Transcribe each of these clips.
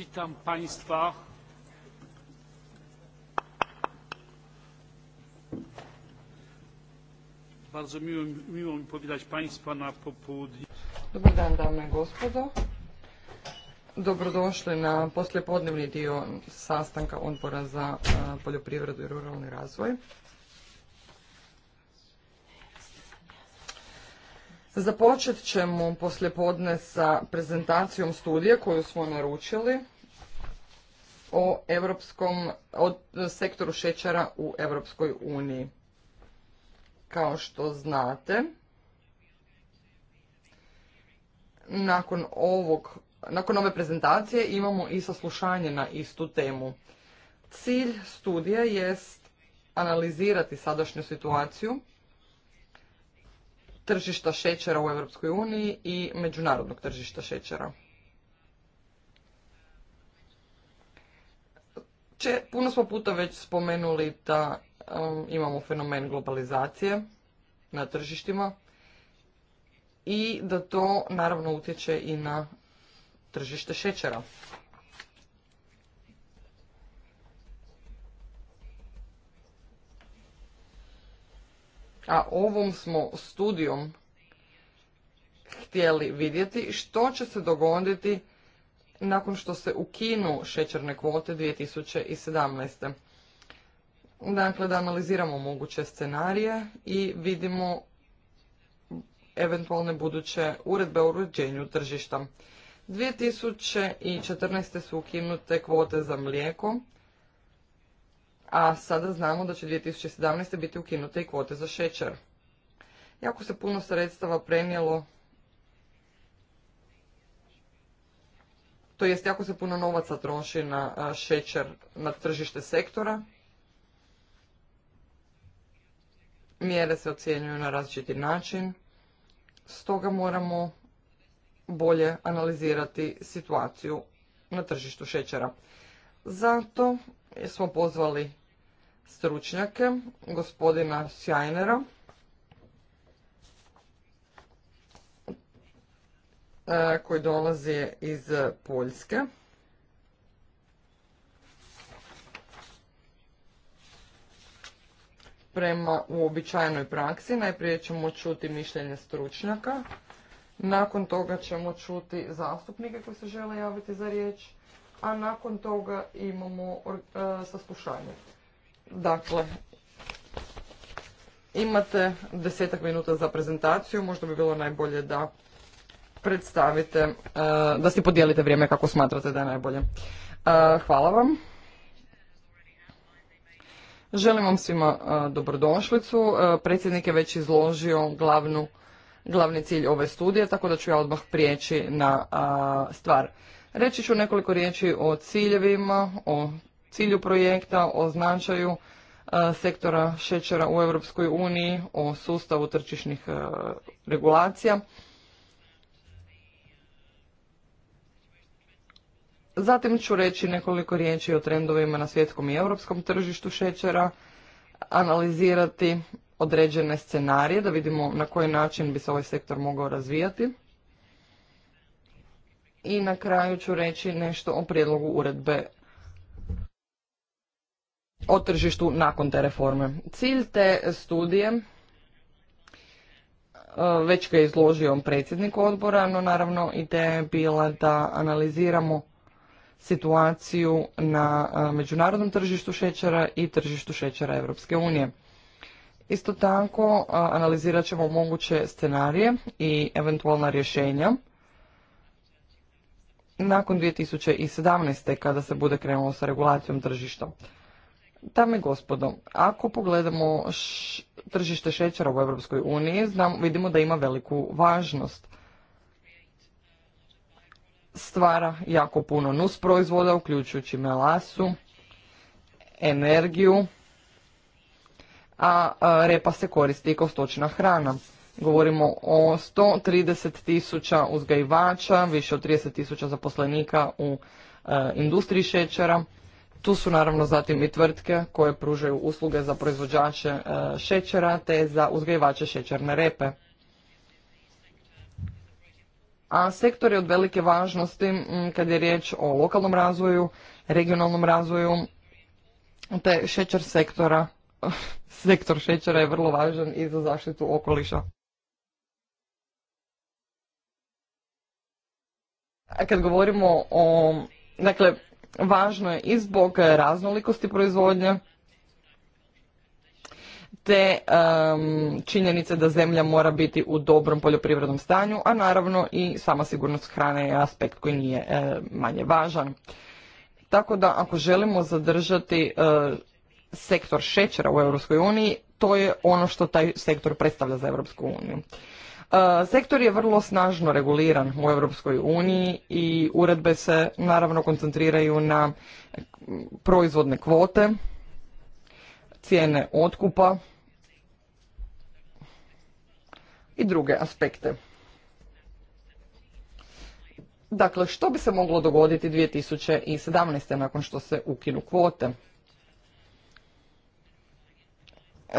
witam państwa bardzo miło, mi powitać państwa na popołudniu Dobar dan dame i gospodo Dobrodošli na poslijepodnevni dio sastanka odbora za eh, poljoprivredu i ruralni razvoj. Započet ćemo poslijepodne sa prezentacijom studije koju smo naručili o europskom sektoru šećera u Europskoj uniji. Kao što znate, nakon nakon ove prezentacije imamo i saslušanje na istu temu. Cilj studije jest analizirati sadašnju situaciju tržišta šećera u Europskoj uniji i međunarodnog tržišta šećera. Če, puno smo puta već spomenuli da um, imamo fenomen globalizacije na tržištima i da to naravno utječe i na tržište šećera. a ovom smo studijom htjeli vidjeti što će se dogoditi nakon što se ukinu šećerne kvote 2017. Dakle, da analiziramo moguće scenarije i vidimo eventualne buduće uredbe o uređenju tržišta. 2014. su ukinute kvote za mlijeko, a sada znamo da će 2017. biti ukinute i kvote za šećer. Jako se puno sredstava prenijelo, to jest jako se puno novaca troši na šećer, na tržište sektora. Mjere se ocjenjuju na različiti način, stoga moramo bolje analizirati situaciju na tržištu šećera. Zato smo pozvali stručnjake, gospodina Sjajnera. E, koji dolazi iz Poljske. Prema uobičajenoj praksi najprije ćemo čuti mišljenje stručnjaka, nakon toga ćemo čuti zastupnike koji se žele javiti za riječ, a nakon toga imamo e, saslušanje. Dakle, imate desetak minuta za prezentaciju, možda bi bilo najbolje da predstavite, e, da si podijelite vrijeme kako smatrate da je najbolje. E, hvala vam. Želim vam svima e, dobrodošlicu. Predsjednik je već izložio glavnu, glavni cilj ove studije, tako da ću ja odmah prijeći na stvar. Reći ću nekoliko riječi o ciljevima, o cilju projekta, o značaju e, sektora šećera u Europskoj uniji, o sustavu tržišnih e, regulacija. Zatim ću reći nekoliko riječi o trendovima na svjetskom i europskom tržištu šećera, analizirati određene scenarije da vidimo na koji način bi se ovaj sektor mogao razvijati. I na kraju ću reći nešto o prijedlogu uredbe o tržištu nakon te reforme. Cilj te studije e, već ga je izložio predsjednik odbora, no naravno ideja je bila da analiziramo situaciju na e, međunarodnom tržištu šećera i tržištu šećera Europske unije. Isto tako e, analizirat ćemo moguće scenarije i eventualna rješenja nakon 2017. kada se bude krenulo sa regulacijom tržišta. Dame i gospodo, ako pogledamo tržište šećera u Europskoj uniji, vidimo da ima veliku važnost. Stvara jako puno nus proizvoda, uključujući melasu, energiju, a repa se koristi i kao stočna hrana. Govorimo o 130 tisuća uzgajivača, više od 30 tisuća zaposlenika u e, industriji šećera tu su naravno zatim i tvrtke koje pružaju usluge za proizvođače e, šećera te za uzgajivače šećerne repe. A sektor je od velike važnosti kad je riječ o lokalnom razvoju, regionalnom razvoju, te šećer sektora, sektor šećera je vrlo važan i za zaštitu okoliša. A kad govorimo o, dakle, Važno je i zbog raznolikosti proizvodnje, te činjenice da zemlja mora biti u dobrom poljoprivrednom stanju, a naravno i sama sigurnost hrane je aspekt koji nije e, manje važan. Tako da ako želimo zadržati e, sektor šećera u EU, to je ono što taj sektor predstavlja za Europsku uniju. E, sektor je vrlo snažno reguliran u Europskoj uniji i uredbe se naravno koncentriraju na proizvodne kvote, cijene otkupa i druge aspekte. Dakle, što bi se moglo dogoditi 2017. nakon što se ukinu kvote?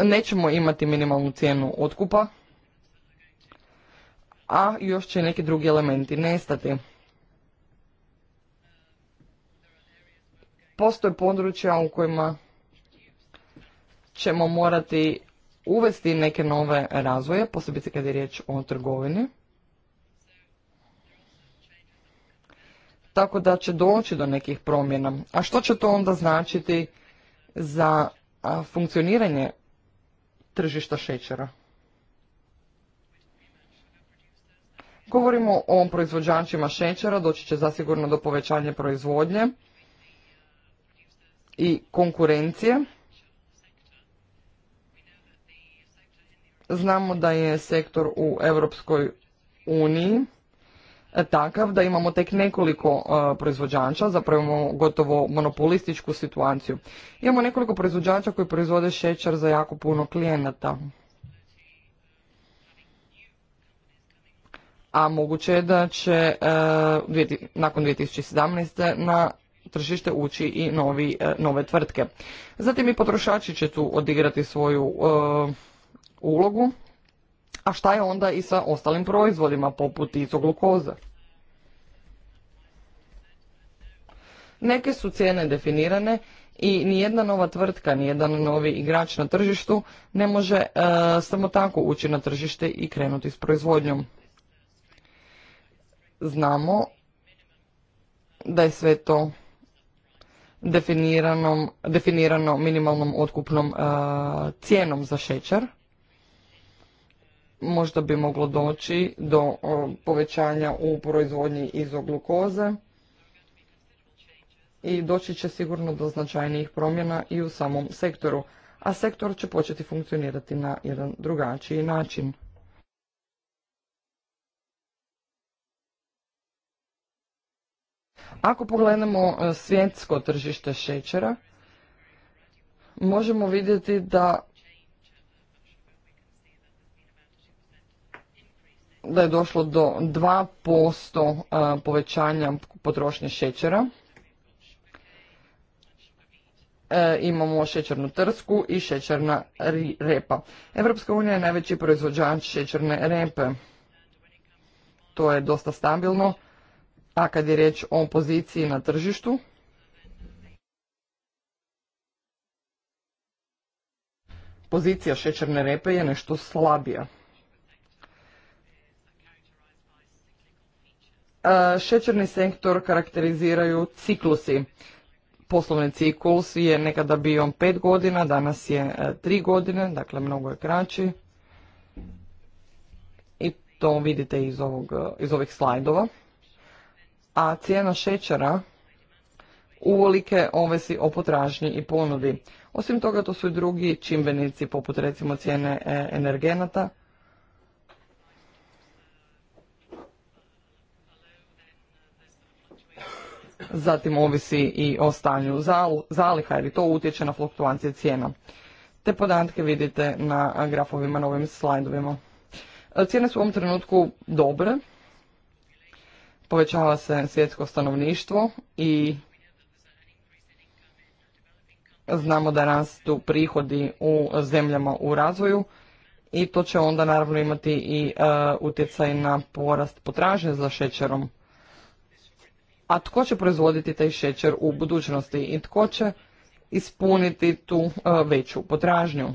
Nećemo imati minimalnu cijenu otkupa, a još će neki drugi elementi nestati. Postoje područja u kojima ćemo morati uvesti neke nove razvoje, posebice kad je riječ o trgovini. Tako da će doći do nekih promjena. A što će to onda značiti za funkcioniranje tržišta šećera? Govorimo o proizvođačima šećera, doći će zasigurno do povećanja proizvodnje i konkurencije. Znamo da je sektor u Europskoj uniji takav da imamo tek nekoliko e, proizvođača, zapravo imamo gotovo monopolističku situaciju. Imamo nekoliko proizvođača koji proizvode šećer za jako puno klijenata. a moguće je da će e, nakon 2017. na tržište ući i novi, e, nove tvrtke. Zatim i potrošači će tu odigrati svoju e, ulogu, a šta je onda i sa ostalim proizvodima poput izoglukoza? Neke su cijene definirane i nijedna nova tvrtka, nijedan novi igrač na tržištu ne može samo tako ući na tržište i krenuti s proizvodnjom znamo da je sve to definirano minimalnom otkupnom cijenom za šećer možda bi moglo doći do povećanja u proizvodnji izoglukoze i doći će sigurno do značajnijih promjena i u samom sektoru, a sektor će početi funkcionirati na jedan drugačiji način. Ako pogledamo e, svjetsko tržište šećera, možemo vidjeti da da je došlo do 2% e, povećanja potrošnje šećera. E, imamo šećernu trsku i šećerna repa. Evropska unija je najveći proizvođač šećerne repe. To je dosta stabilno a kad je riječ o poziciji na tržištu, pozicija šećerne repe je nešto slabija. E, šećerni sektor karakteriziraju ciklusi. Poslovni ciklus je nekada bio 5 godina, danas je 3 e, godine, dakle mnogo je kraći. I to vidite iz, iz ovih slajdova a cijena šećera uvolike ovisi o potražnji i ponudi. Osim toga, to su i drugi čimbenici, poput recimo cijene e, energenata. Zatim ovisi i o stanju zaliha, jer to utječe na fluktuacije cijena. Te podatke vidite na grafovima na ovim slajdovima. E, cijene su u ovom trenutku dobre, povećava se svjetsko stanovništvo i znamo da rastu prihodi u zemljama u razvoju i to će onda naravno imati i e, utjecaj na porast potražnje za šećerom. A tko će proizvoditi taj šećer u budućnosti i tko će ispuniti tu e, veću potražnju?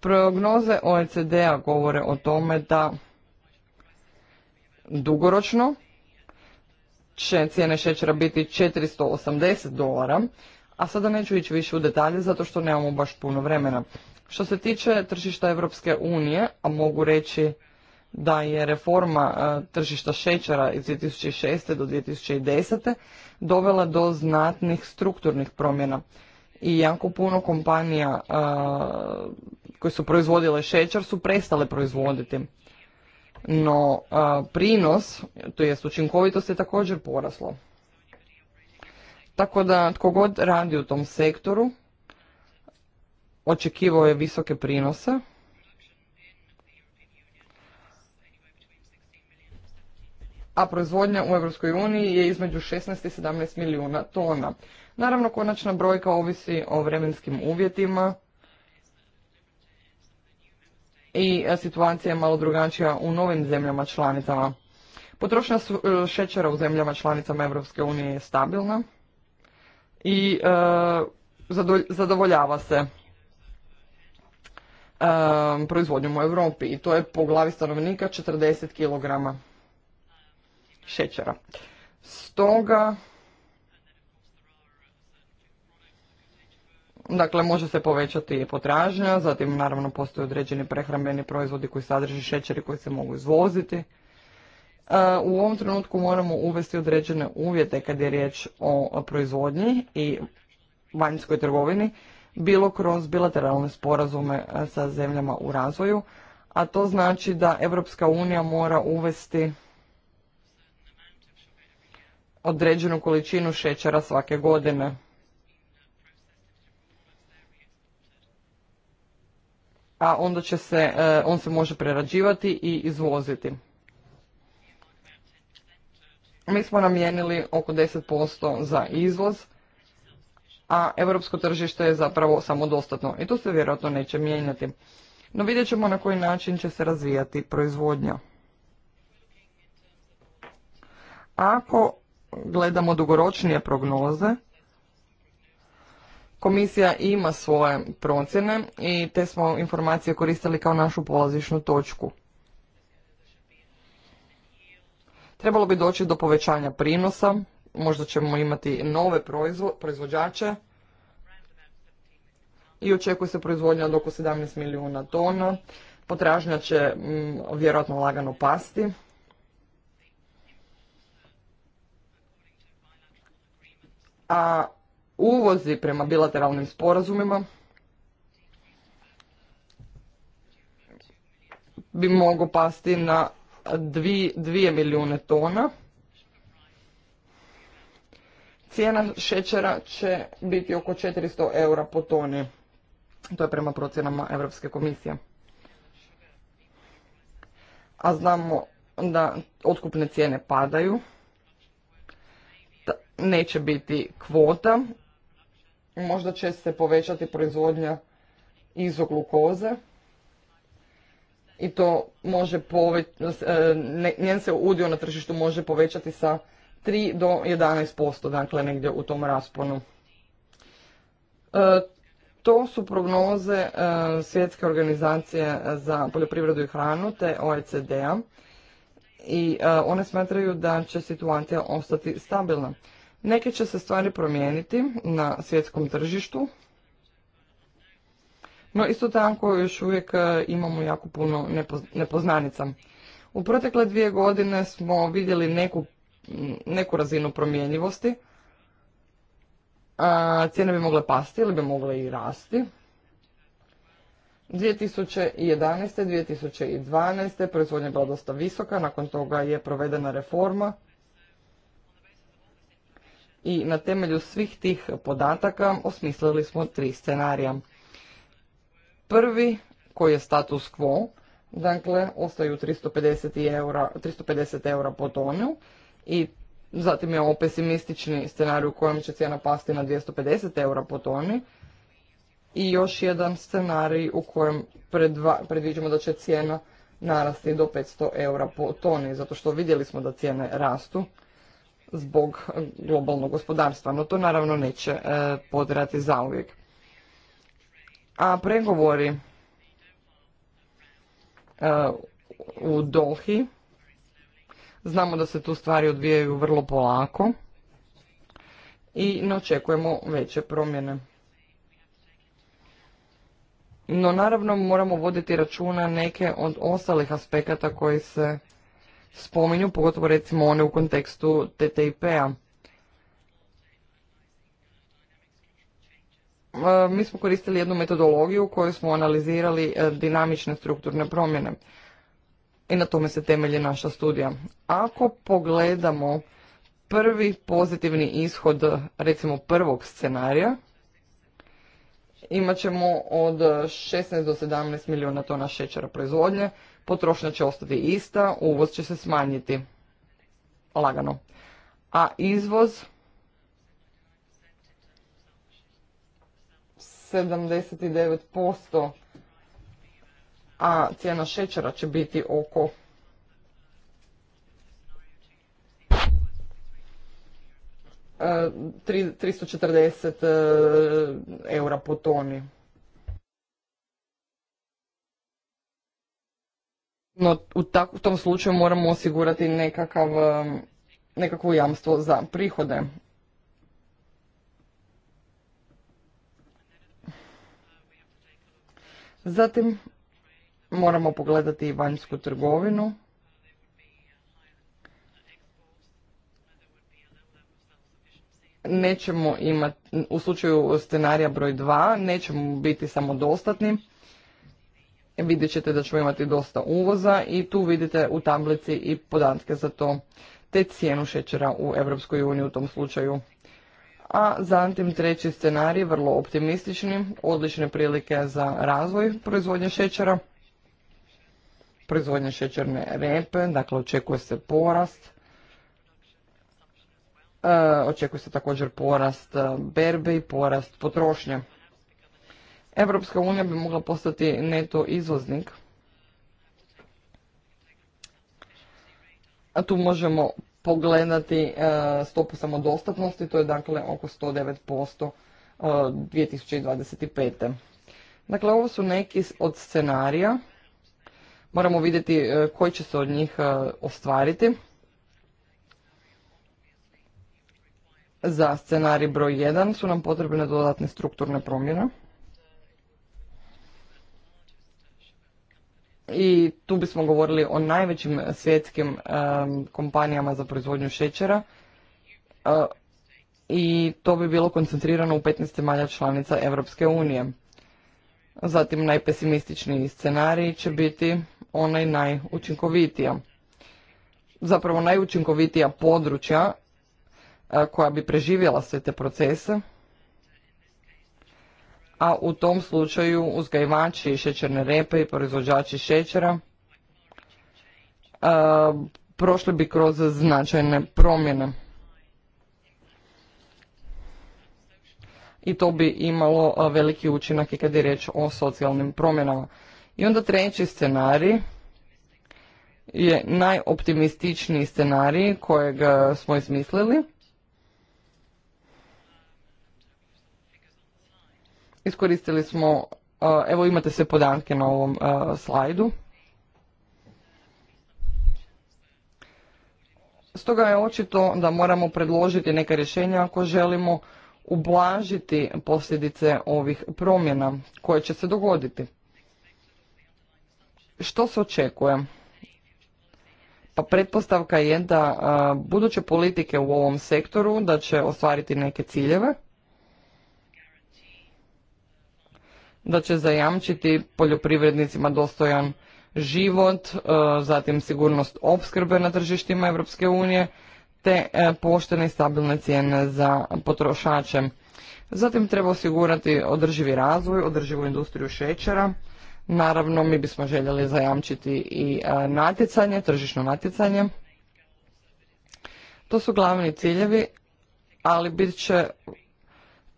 Prognoze OECD-a govore o tome da dugoročno će cijene šećera biti 480 dolara, a sada neću ići više u detalje zato što nemamo baš puno vremena. Što se tiče tržišta Europske unije, a mogu reći da je reforma e, tržišta šećera iz 2006. do 2010. dovela do znatnih strukturnih promjena i jako puno kompanija koje su proizvodile šećer su prestale proizvoditi. No prinos, to jest učinkovitost je također poraslo. Tako da tko god radi u tom sektoru očekivao je visoke prinose a proizvodnja u Europskoj uniji je između 16 i 17 milijuna tona. Naravno, konačna brojka ovisi o vremenskim uvjetima i situacija je malo drugačija u novim zemljama članicama. Potrošnja šećera u zemljama članicama Europske unije je stabilna i e, zadovoljava se e, proizvodnjom u Europi i to je po glavi stanovnika 40 kilograma šećera. Stoga, Dakle, može se povećati potražnja, zatim naravno postoje određeni prehrambeni proizvodi koji sadrže šećeri koji se mogu izvoziti. E, u ovom trenutku moramo uvesti određene uvjete kad je riječ o proizvodnji i vanjskoj trgovini, bilo kroz bilateralne sporazume e, sa zemljama u razvoju, a to znači da Evropska unija mora uvesti određenu količinu šećera svake godine. A onda će se, e, on se može prerađivati i izvoziti. Mi smo namijenili oko 10% za izvoz, a europsko tržište je zapravo samodostatno i to se vjerojatno neće mijenjati. No vidjet ćemo na koji način će se razvijati proizvodnja. Ako gledamo dugoročnije prognoze, komisija ima svoje procjene i te smo informacije koristili kao našu polazišnu točku. Trebalo bi doći do povećanja prinosa, možda ćemo imati nove proizvođače i očekuje se proizvodnja od oko 17 milijuna tona. Potražnja će mm, vjerojatno lagano pasti. a uvozi prema bilateralnim sporazumima bi mogu pasti na 2 milijune tona. Cijena šećera će biti oko 400 eura po toni. To je prema procjenama Europske komisije. A znamo da otkupne cijene padaju neće biti kvota, možda će se povećati proizvodnja izoglukoze i to može e, njen se udio na tržištu može povećati sa 3 do 11%, dakle negdje u tom rasponu. E, to su prognoze e, Svjetske organizacije za poljoprivredu i hranu te OECD-a i one smatraju da će situacija ostati stabilna. Neke će se stvari promijeniti na svjetskom tržištu, no isto tako još uvijek e, imamo jako puno nepoznanica. U protekle dvije godine smo vidjeli neku, neku razinu promjenjivosti. cijene bi mogle pasti ili bi mogle i rasti. 2011. 2012. proizvodnja je bila dosta visoka, nakon toga je provedena reforma i na temelju svih tih podataka osmislili smo tri scenarija. Prvi, koji je status quo, dakle, ostaju 350 eura, 350 eura po tonu i zatim je ovo pesimistični scenarij u kojem će cijena pasti na 250 eura po toni i još jedan scenarij u kojem predviđamo da će cijena narasti do 500 eura po toni, zato što vidjeli smo da cijene rastu zbog globalnog gospodarstva, no to naravno neće e, podrati zauvijek. A pregovori e, u Dohi, znamo da se tu stvari odvijaju vrlo polako i ne očekujemo veće promjene. No naravno moramo voditi računa neke od ostalih aspekata koji se spominju, pogotovo recimo one u kontekstu TTIP-a. E, mi smo koristili jednu metodologiju u kojoj smo analizirali e, dinamične strukturne promjene i na tome se temelji naša studija. Ako pogledamo prvi pozitivni ishod recimo prvog scenarija, imat ćemo od 16 do 17 milijuna tona šećera proizvodnje, potrošnja će ostati ista, uvoz će se smanjiti lagano. A izvoz 79%, a cijena šećera će biti oko 340 e, eura po toni. No u, tak, u tom slučaju moramo osigurati nekakav, um, nekakvo jamstvo za prihode. Zatim moramo pogledati i vanjsku trgovinu. Nećemo imati, u slučaju scenarija broj 2, nećemo biti samodostatni vidjet ćete da ćemo imati dosta uvoza i tu vidite u tablici i podatke za to, te cijenu šećera u EU uniji u tom slučaju. A zatim treći scenarij, vrlo optimistični, odlične prilike za razvoj proizvodnje šećera, proizvodnje šećerne repe, dakle očekuje se porast, e, očekuje se također porast e, berbe i porast potrošnje. Europska unija bi mogla postati neto izvoznik. A tu možemo pogledati e, stopu samodostatnosti, to je dakle oko 109% 2025. E, dakle, ovo su neki od scenarija. Moramo vidjeti e, koji će se od njih ostvariti. Za scenarij broj 1 su nam potrebne dodatne strukturne promjene. i tu bismo govorili o najvećim svjetskim kompanijama za proizvodnju šećera e, i to bi bilo koncentrirano u 15 zemalja članica Europske unije. Zatim najpesimističniji scenarij će biti onaj najučinkovitija. Zapravo najučinkovitija područja e, koja bi preživjela sve te procese a u tom slučaju uzgajivači šećerne repe i proizvođači šećera e, prošli bi kroz značajne promjene. I to bi imalo e, veliki učinak i kad je reč o socijalnim promjenama. I onda treći scenarij je najoptimističniji scenarij kojeg e, smo izmislili Iskoristili smo, e, evo imate sve podatke na ovom e, slajdu. Stoga je očito da moramo predložiti neka rješenja ako želimo ublažiti posljedice ovih promjena koje će se dogoditi. Što se očekuje? Pa pretpostavka je da e, buduće politike u ovom sektoru da će ostvariti neke ciljeve da će zajamčiti poljoprivrednicima dostojan život, e, zatim sigurnost opskrbe na tržištima Europske unije, te e, poštene i stabilne cijene za potrošače. Zatim treba osigurati održivi razvoj, održivu industriju šećera. Naravno, mi bismo željeli zajamčiti i e, natjecanje, tržišno natjecanje. To su glavni ciljevi, ali bit će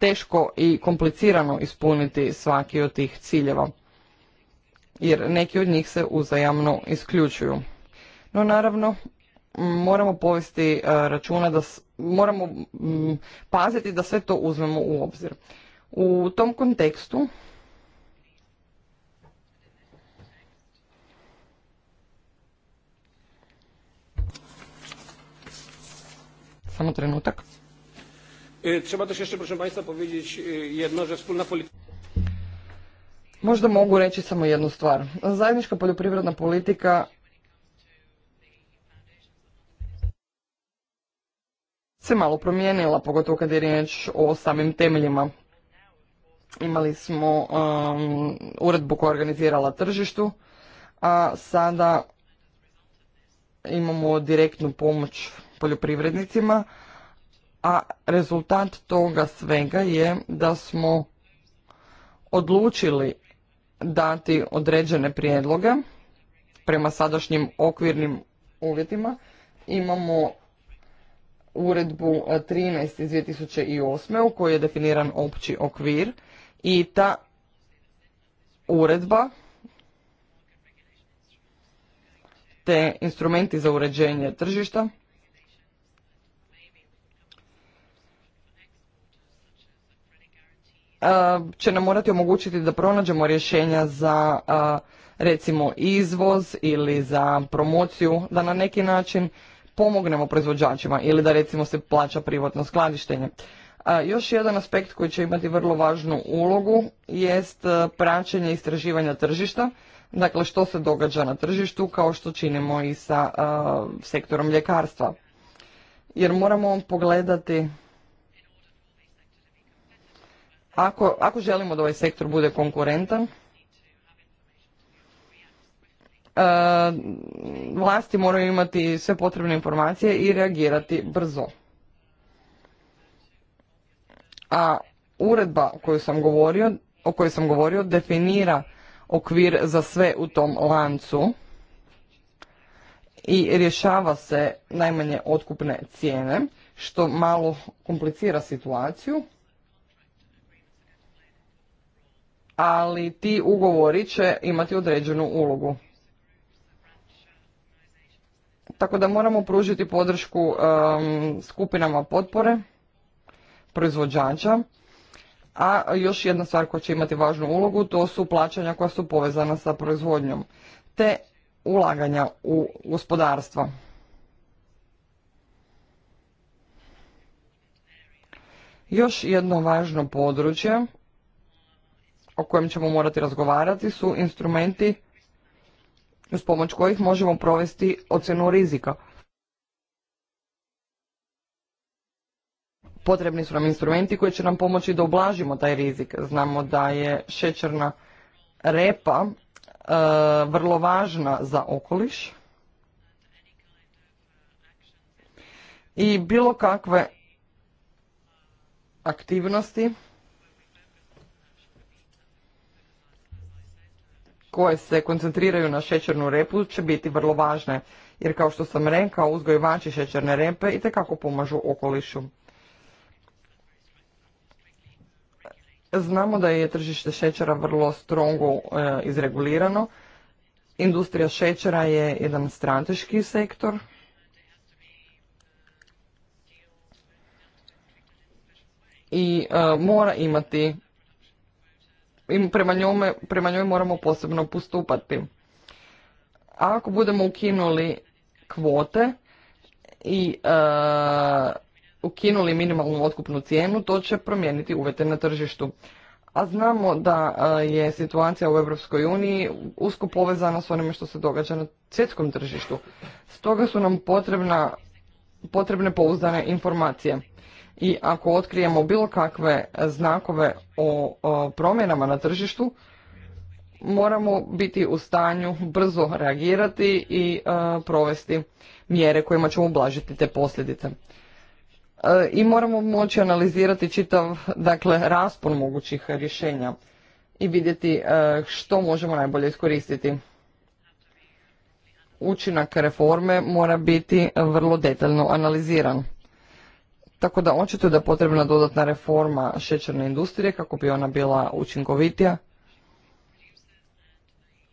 teško i komplicirano ispuniti svaki od tih ciljeva, jer neki od njih se uzajamno isključuju. No naravno, moramo povesti e, računa da moramo mm, paziti da sve to uzmemo u obzir. U tom kontekstu Samo trenutak. E, trzeba też jeszcze, proszę Państwa, powiedzieć e, jedno, że wspólna polityka... Možda mogu reći samo jednu stvar. Zajednička poljoprivredna politika se malo promijenila, pogotovo kad je riječ o samim temeljima. Imali smo um, uredbu koja organizirala tržištu, a sada imamo direktnu pomoć poljoprivrednicima, a rezultat toga svega je da smo odlučili dati određene prijedloge prema sadašnjim okvirnim uvjetima. Imamo uredbu 13 iz 2008. u kojoj je definiran opći okvir i ta uredba te instrumenti za uređenje tržišta E, će nam morati omogućiti da pronađemo rješenja za e, recimo izvoz ili za promociju, da na neki način pomognemo proizvođačima ili da recimo se plaća privatno skladištenje. E, još jedan aspekt koji će imati vrlo važnu ulogu jest praćenje istraživanja tržišta, dakle što se događa na tržištu kao što činimo i sa sektorom ljekarstva. Jer moramo pogledati ako, ako želimo da ovaj sektor bude konkurentan, e, vlasti moraju imati sve potrebne informacije i reagirati brzo. A uredba koju sam govorio, o kojoj sam govorio definira okvir za sve u tom lancu i rješava se najmanje otkupne cijene, što malo komplicira situaciju. ali ti ugovori će imati određenu ulogu. Tako da moramo pružiti podršku um, skupinama potpore, proizvođača, a još jedna stvar koja će imati važnu ulogu, to su plaćanja koja su povezana sa proizvodnjom, te ulaganja u gospodarstvo. Još jedno važno područje o kojem ćemo morati razgovarati su instrumenti uz pomoć kojih možemo provesti ocjenu rizika. Potrebni su nam instrumenti koji će nam pomoći da ublažimo taj rizik. Znamo da je šećerna repa e, vrlo važna za okoliš. I bilo kakve aktivnosti koje se koncentriraju na šećernu repu će biti vrlo važne, jer kao što sam rekao, uzgojivači šećerne repe i tekako pomažu okolišu. Znamo da je tržište šećera vrlo strongo e, izregulirano. Industrija šećera je jedan strateški sektor. I e, mora imati i prema, njome, njoj moramo posebno postupati. ako budemo ukinuli kvote i e, ukinuli minimalnu otkupnu cijenu, to će promijeniti uvjete na tržištu. A znamo da e, je situacija u Europskoj uniji usko povezana s onime što se događa na svjetskom tržištu. Stoga su nam potrebna, potrebne pouzdane informacije i ako otkrijemo bilo kakve znakove o, promjenama na tržištu, moramo biti u stanju brzo reagirati i e, provesti mjere kojima ćemo ublažiti te posljedice. E, I moramo moći analizirati čitav dakle, raspon mogućih rješenja i vidjeti e, što možemo najbolje iskoristiti. Učinak reforme mora biti vrlo detaljno analiziran. Tako da očito da je potrebna dodatna reforma šećerne industrije kako bi ona bila učinkovitija.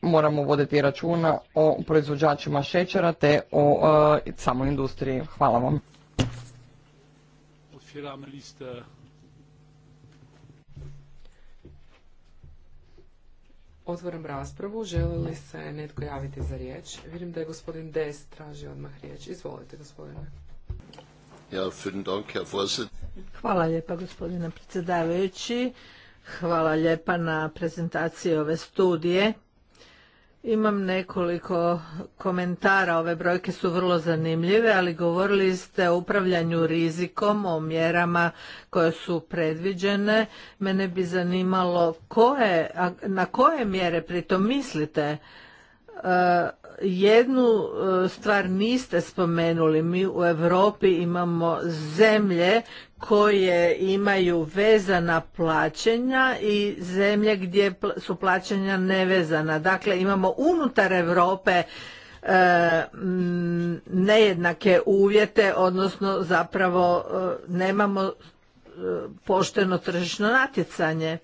Moramo voditi računa o proizvođačima šećera te o e, samoj industriji. Hvala vam. Otvaram raspravu. Želi li se netko javiti za riječ? Vidim da je gospodin Des tražio odmah riječ. Izvolite, gospodine. Hvala lijepa gospodine predsjedavajući. Hvala lijepa na prezentaciji ove studije. Imam nekoliko komentara, ove brojke su vrlo zanimljive, ali govorili ste o upravljanju rizikom, o mjerama koje su predviđene. Mene bi zanimalo na koje mjere pritom mislite? E, jednu e, stvar niste spomenuli. Mi u Europi imamo zemlje koje imaju vezana plaćanja i zemlje gdje su plaćanja nevezana. Dakle, imamo unutar Europe e, nejednake uvjete, odnosno zapravo e, nemamo pošteno tržišno natjecanje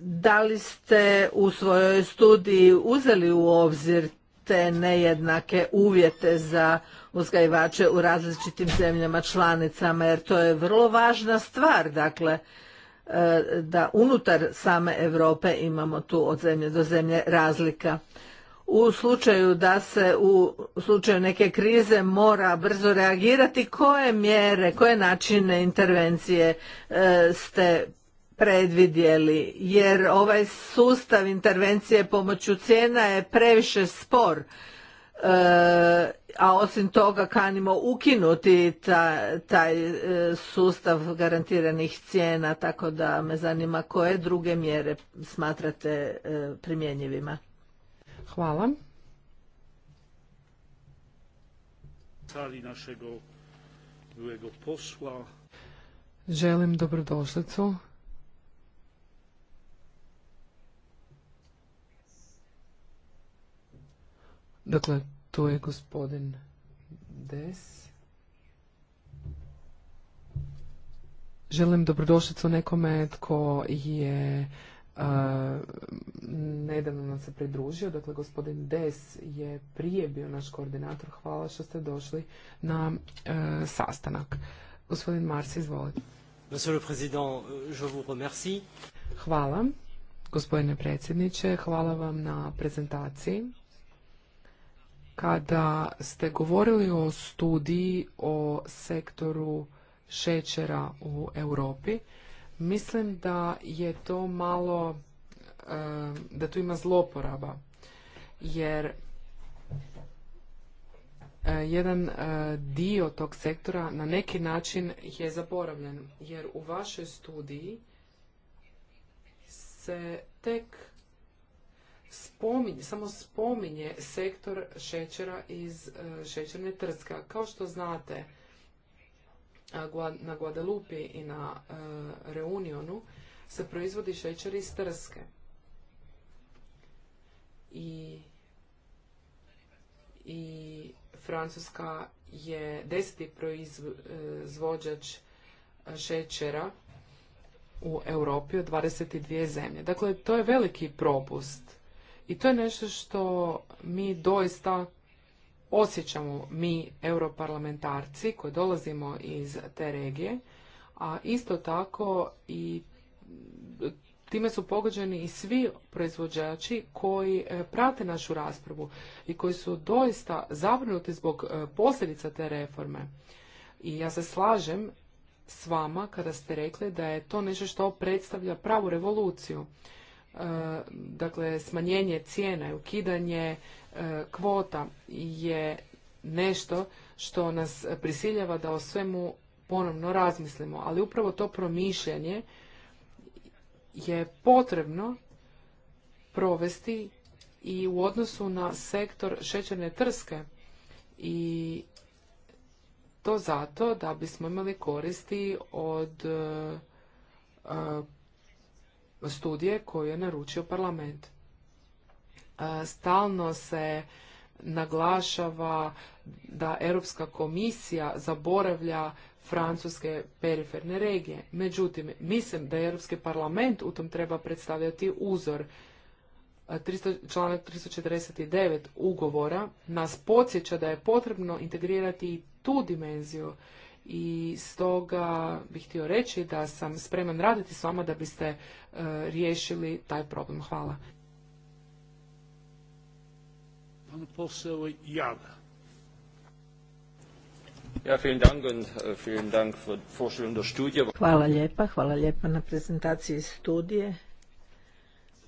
da li ste u svojoj studiji uzeli u obzir te nejednake uvjete za uzgajivače u različitim zemljama članicama jer to je vrlo važna stvar dakle e, da unutar same Europe imamo tu od zemlje do zemlje razlika u slučaju da se u slučaju neke krize mora brzo reagirati koje mjere koje načine intervencije e, ste predvidjeli jer ovaj sustav intervencije pomoću cijena je previše spor e, a osim toga kanimo ukinuti taj e, sustav garantiranih cijena tako da me zanima koje druge mjere smatrate e, primjenjivima hvala sali Želim dobrodošlicu Dakle, tu je gospodin Des. Želim dobrodošlicu nekome tko je Uh, nedavno nam se pridružio, dakle gospodin Des je prije bio naš koordinator. Hvala što ste došli na e, sastanak. Gospodin Mars, izvolite. Monsieur le Président, je vous remercie. Hvala, gospodine predsjedniče. Hvala vam na prezentaciji. Kada ste govorili o studiji o sektoru šećera u Europi, mislim da je to malo, da tu ima zloporaba, jer e, jedan e, dio tog sektora na neki način je zaboravljen, jer u vašoj studiji se tek spominje, samo spominje sektor šećera iz e, šećerne trske. Kao što znate, na Guadalupe i na e, Reunionu se proizvodi šećer iz trske. I, i Francuska je deseti proizvođač e, šećera u Europi od 22 zemlje. Dakle, to je veliki propust i to je nešto što mi doista osjećamo, mi europarlamentarci koji dolazimo iz te regije, a isto tako i time su pogođeni i svi proizvođači koji e, prate našu raspravu i koji su doista zabrinuti zbog e, posljedica te reforme. I ja se slažem s vama kada ste rekli da je to nešto što predstavlja pravu revoluciju. E, dakle smanjenje cijena i ukidanje e, kvota je nešto što nas prisiljava da o svemu ponovno razmislimo, ali upravo to promišljanje je potrebno provesti i u odnosu na sektor šećerne trske i to zato da bismo imali koristi od e, studije koju je naručio parlament. E, stalno se naglašava da Europska komisija zaboravlja francuske periferne regije. Međutim, mislim da Europski parlament u tom treba predstavljati uzor. 300, e, članak 349 ugovora nas podsjeća da je potrebno integrirati i tu dimenziju i stoga bih htio reći da sam spreman raditi s vama da biste e, riješili taj problem. Hvala. Äh, hvala lijepa, hvala lijepa na prezentaciji studije.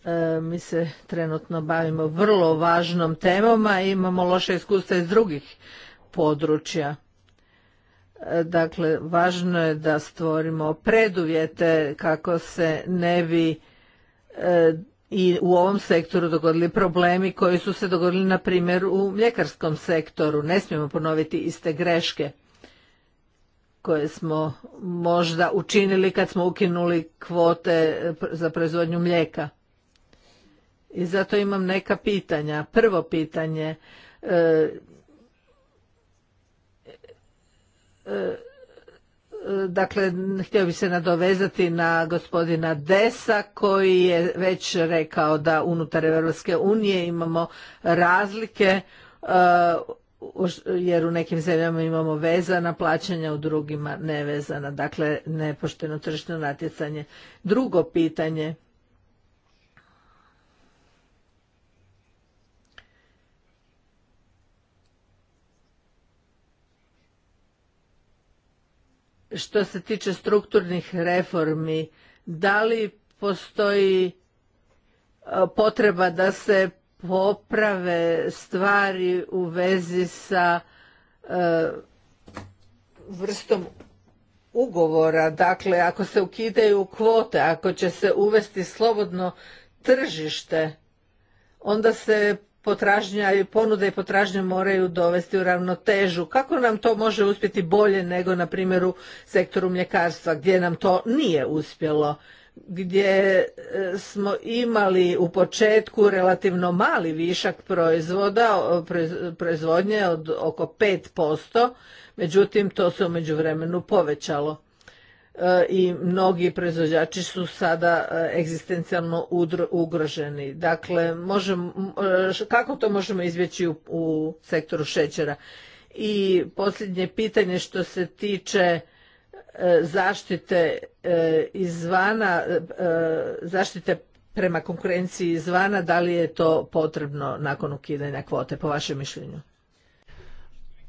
E, mi se trenutno bavimo vrlo važnom temom, a imamo loše iskustva iz drugih područja Dakle, važno je da stvorimo preduvjete kako se ne bi e, i u ovom sektoru dogodili problemi koji su se dogodili, na primjer, u mljekarskom sektoru. Ne smijemo ponoviti iste greške koje smo možda učinili kad smo ukinuli kvote e, za proizvodnju mlijeka. I zato imam neka pitanja. Prvo pitanje, e, Dakle, htio bi se nadovezati na gospodina Desa koji je već rekao da unutar Europske unije imamo razlike e, jer u nekim zemljama imamo vezana plaćanja, u drugima nevezana. Dakle, nepošteno tržišno natjecanje. Drugo pitanje – što se tiče strukturnih reformi, da li postoji e, potreba da se poprave stvari u vezi sa e, vrstom ugovora, dakle ako se ukidaju kvote, ako će se uvesti slobodno tržište, onda se potražnja i ponuda i potražnja moraju dovesti u ravnotežu. Kako nam to može uspjeti bolje nego na primjer u sektoru mljekarstva gdje nam to nije uspjelo? gdje e, smo imali u početku relativno mali višak proizvoda, proizvodnje od oko 5%, međutim to se u međuvremenu povećalo. E, i mnogi proizvođači su sada e, egzistencijalno ugroženi. Dakle, možemo, e, kako to možemo izbjeći u, sektoru šećera? I posljednje pitanje što se tiče zaštite izvana, zaštite prema konkurenciji izvana, da li je to potrebno nakon ukidanja kvote, po vašem mišljenju?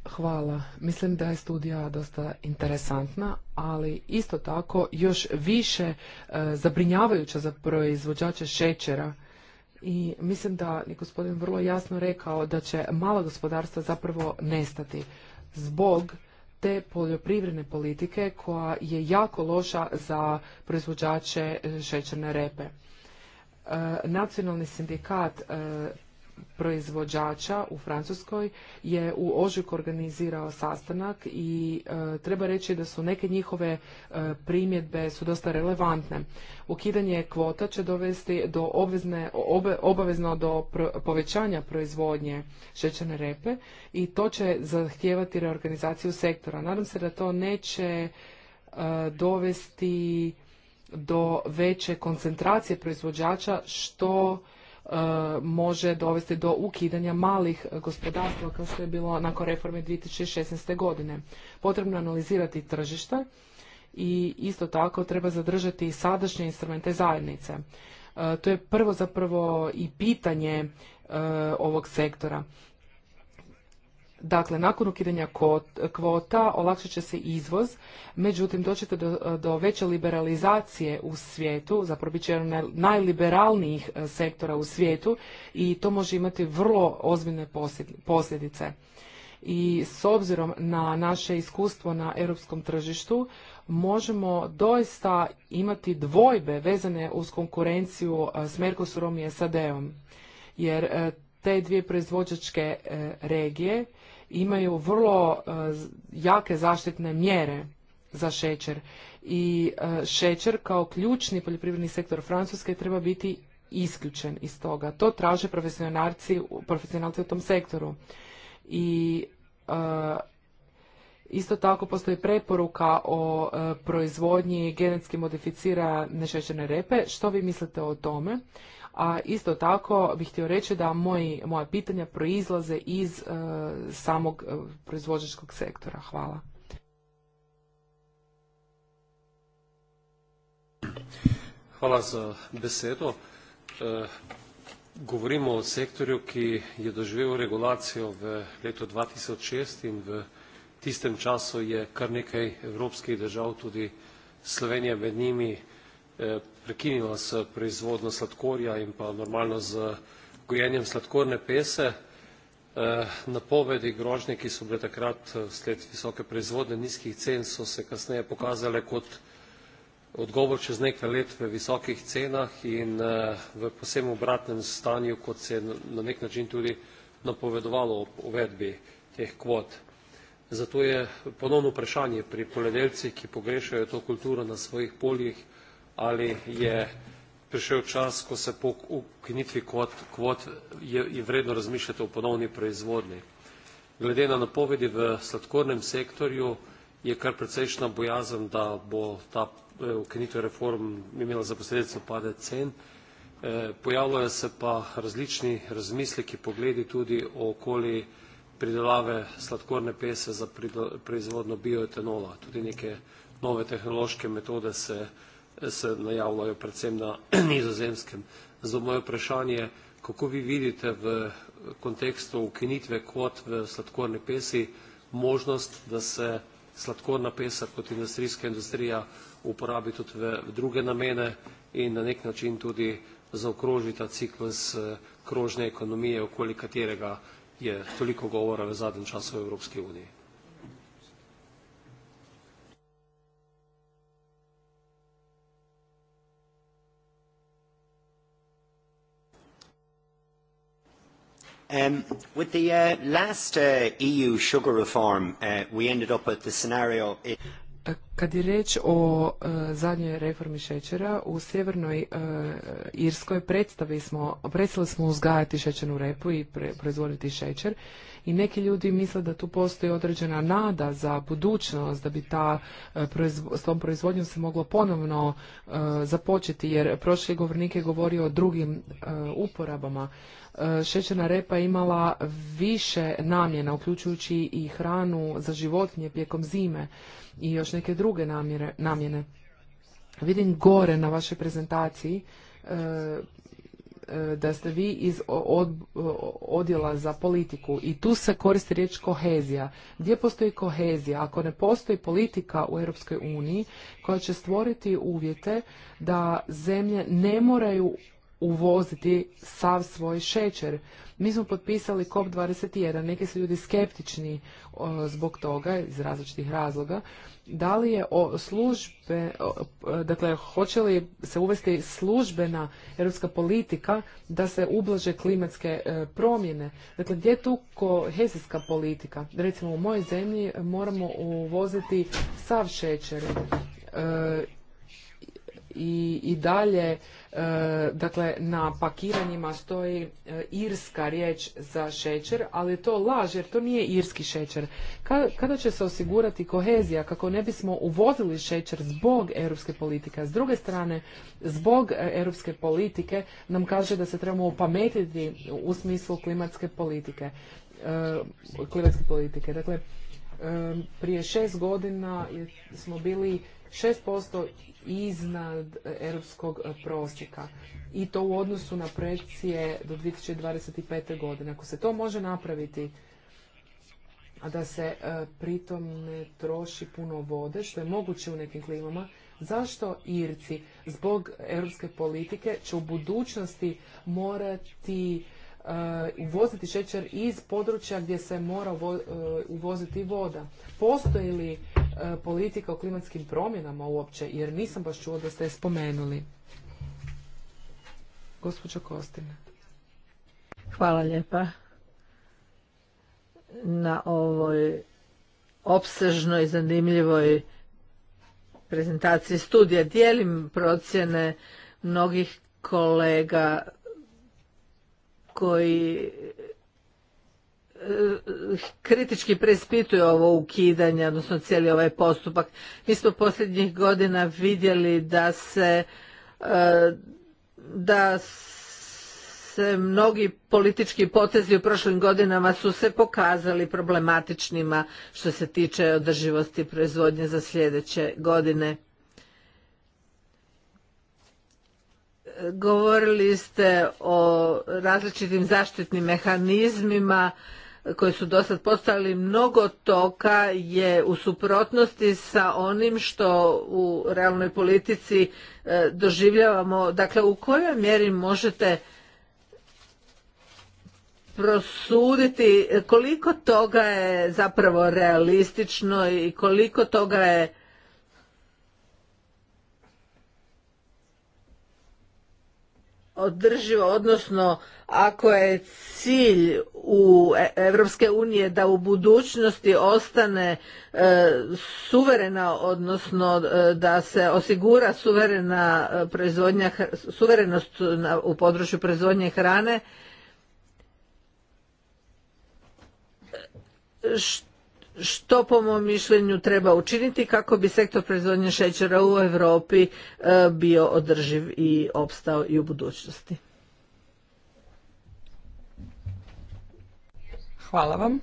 Hvala. Mislim da je studija dosta interesantna, ali isto tako još više e, zabrinjavajuća za proizvođače šećera i mislim da je gospodin vrlo jasno rekao da će mala gospodarstva zapravo nestati zbog te poljoprivredne politike koja je jako loša za proizvođače e, šećerne repe. E, nacionalni sindikat proizvođača u Francuskoj je u ožujku organizirao sastanak i e, treba reći da su neke njihove e, primjedbe su dosta relevantne. Ukidanje kvota će dovesti do obvezne, obavezno do povećanja proizvodnje šećerne repe i to će zahtijevati reorganizaciju sektora. Nadam se da to neće e, dovesti do veće koncentracije proizvođača što E, može dovesti do ukidanja malih gospodarstva kao što je bilo nakon reforme 2016. godine. Potrebno je analizirati tržište i isto tako treba zadržati i sadašnje instrumente zajednice. E, to je prvo zapravo i pitanje e, ovog sektora. Dakle, nakon ukidanja kvota olakšat će se izvoz, međutim doćete do, do veće liberalizacije u svijetu, zapravo bit će jedan najliberalnijih e, sektora u svijetu i to može imati vrlo ozbiljne posljedice. I s obzirom na naše iskustvo na europskom tržištu, možemo doista imati dvojbe vezane uz konkurenciju e, s Mercosurom i SAD-om. Jer e, te dvije proizvođačke regije imaju vrlo e, jake zaštitne mjere za šećer i e, šećer kao ključni poljoprivredni sektor Francuske treba biti isključen iz toga. To traže profesionalci, profesionalci u tom sektoru. I e, isto tako postoji preporuka o proizvodnji genetski modificirane šećerne repe. Što vi mislite o tome? a isto tako bih htio reći da moji, moja pitanja proizlaze iz e, samog e, proizvođačkog sektora. Hvala. Hvala za besedo. E, govorimo o sektorju, ki je doživel regulacijo v letu 2006 in v tistem času je kar nekaj evropskih držav, tudi Slovenija med njimi, e, prekinila se proizvodno sladkorja in pa normalno z gojenjem sladkorne pese. Eh, napovedi grožnje, ki so bile takrat eh, sled visoke proizvodnje nizkih cen, so se kasneje pokazale kot odgovor čez nekaj let v visokih cenah in eh, v posebno obratnem stanju, kot se na nek način tudi napovedovalo ob uvedbi teh kvot. Zato je ponovno vprašanje pri poljedelcih, ki pogrešajo to kulturo na svojih poljih, ali je prišel čas, ko se po ukinitvi kvot, je, vredno razmišljati o ponovni proizvodni. Glede na napovedi v sladkornem sektorju je kar precejšna bojazen, da bo ta eh, ukinitev reform imela za posledico pade cen. Eh, pojavljajo se pa različni ki pogledi tudi okoli pridelave sladkorne pese za proizvodno bioetanola. Tudi neke nove tehnološke metode se se najavljajo predvsem na nizozemskem. Zato moje vprašanje, kako vi vidite v kontekstu ukinitve kot v sladkorni pesi možnost, da se sladkorna pesa kot industrijska industrija uporabi tudi druge namene in na nek način tudi zaokroži ta ciklus eh, krožne ekonomije, okoli katerega je toliko govora v zadnjem času v Evropski uniji. Um, with the uh, last uh, EU sugar reform, uh, we ended up with the scenario... It... Kad je riječ o e, zadnjoj reformi šećera, u Sjevernoj e, Irskoj predstavili smo, predstavili smo uzgajati šećernu repu i pre, proizvoditi šećer i neki ljudi misle da tu postoji određena nada za budućnost, da bi ta, e, proizvo, s tom proizvodnjom se moglo ponovno e, započeti, jer prošli govornik je govorio o drugim e, uporabama. Uh, šećerna repa je imala više namjena, uključujući i hranu za životinje tijekom zime i još neke druge namjene. Vidim gore na vašoj prezentaciji E, da ste vi iz od, odjela za politiku i tu se koristi riječ kohezija. Gdje postoji kohezija? Ako ne postoji politika u Europskoj uniji koja će stvoriti uvjete da zemlje ne moraju uvoziti sav svoj šećer. Mi smo potpisali COP21, neki su ljudi skeptični zbog toga, iz različitih razloga. Da li je o službe, dakle, hoće li se uvesti službena europska politika da se ublaže klimatske e, promjene? Dakle, gdje je tu kohezijska politika? Recimo, u mojoj zemlji moramo uvoziti sav šećer. E, i, i dalje e, dakle na pakiranjima stoji e, irska riječ za šećer, ali to laž jer to nije irski šećer. kada će se osigurati kohezija kako ne bismo uvozili šećer zbog europske politike, s druge strane zbog e, europske politike nam kaže da se trebamo opametiti u smislu klimatske politike. klimatske politike. Dakle, prije šest godina smo bili 6% iznad europskog e, prosjeka i to u odnosu na projekcije do 2025. godine. Ako se to može napraviti, a da se e, pritom ne troši puno vode, što je moguće u nekim klimama, zašto Irci zbog europske politike će u budućnosti morati e, uvoziti šećer iz područja gdje se mora uvoziti voda? Postoji li E, politika o klimatskim promjenama uopće, jer nisam baš čuo da ste je spomenuli. Gospođa Kostina. Hvala lijepa na ovoj opsežnoj, zanimljivoj prezentaciji studija. Dijelim procjene mnogih kolega koji kritički preispituje ovo ukidanje, odnosno cijeli ovaj postupak. Mi smo posljednjih godina vidjeli da se e, da se mnogi politički potezi u prošlim godinama su se pokazali problematičnima što se tiče održivosti proizvodnje za sljedeće godine. Govorili ste o različitim zaštitnim mehanizmima koji su dosad postavili mnogo toka je u suprotnosti sa onim što u realnoj politici e, doživljavamo. Dakle, u kojoj mjeri možete prosuditi koliko toga je zapravo realistično i koliko toga je održivo, odnosno ako je cilj u Europske unije da u budućnosti ostane e, suverena, odnosno e, da se osigura suverena e, proizvodnja, suverenost u području proizvodnje hrane, što što po mom mišljenju treba učiniti kako bi sektor proizvodnje šećera u Europi e, bio održiv i opstao i u budućnosti. Hvala vam.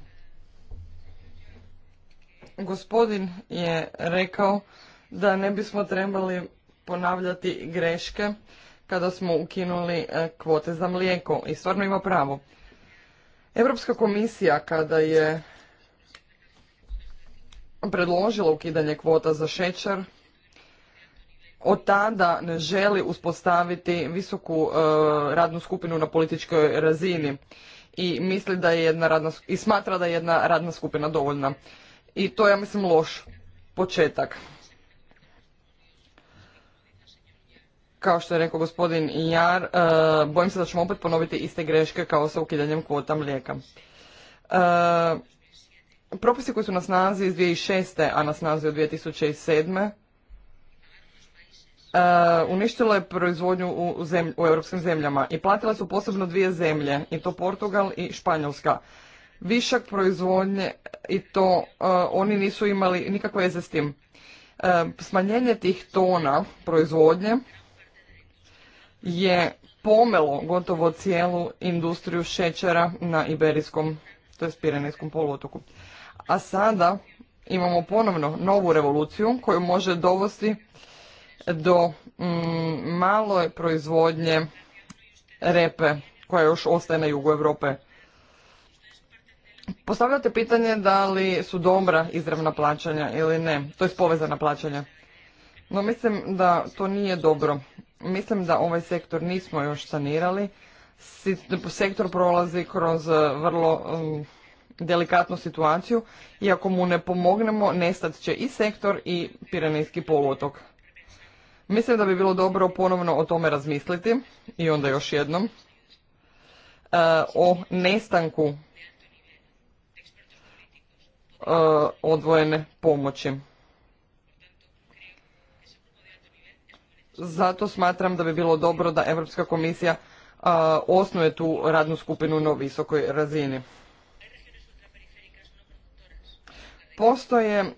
Gospodin je rekao da ne bismo trebali ponavljati greške kada smo ukinuli e, kvote za mlijeko i stvarno ima pravo. Europska komisija kada je predložila ukidanje kvota za šećer, od tada ne želi uspostaviti visoku e, radnu skupinu na političkoj razini i misli da je jedna radna i smatra da je jedna radna skupina dovoljna. I to ja mislim loš početak. Kao što je rekao gospodin Jar, e, bojim se da ćemo opet ponoviti iste greške kao sa ukidanjem kvota mlijeka. E, propisi koji su na snazi iz 2006. a na snazi od 2007. Uh, je proizvodnju u, u europskim zemljama i platile su posebno dvije zemlje, i to Portugal i Španjolska. Višak proizvodnje i to e, oni nisu imali nikakve veze s tim. E, smanjenje tih tona proizvodnje je pomelo gotovo cijelu industriju šećera na Iberijskom, to je Pirenejskom poluotoku. A sada imamo ponovno novu revoluciju koju može dovesti do mm, malo proizvodnje repe koja još ostaje na jugu Europe. Postavljate pitanje da li su dobra izravna plaćanja ili ne, to je povezana plaćanja. No mislim da to nije dobro. Mislim da ovaj sektor nismo još sanirali. Sektor prolazi kroz eh, vrlo mm, delikatnu situaciju i ako mu ne pomognemo, nestat će i sektor i Pirenejski poluotok. Mislim da bi bilo dobro ponovno o tome razmisliti i onda još jednom e, o nestanku e, odvojene pomoći. Zato smatram da bi bilo dobro da Europska komisija e, osnuje tu radnu skupinu na visokoj razini. Postoje e,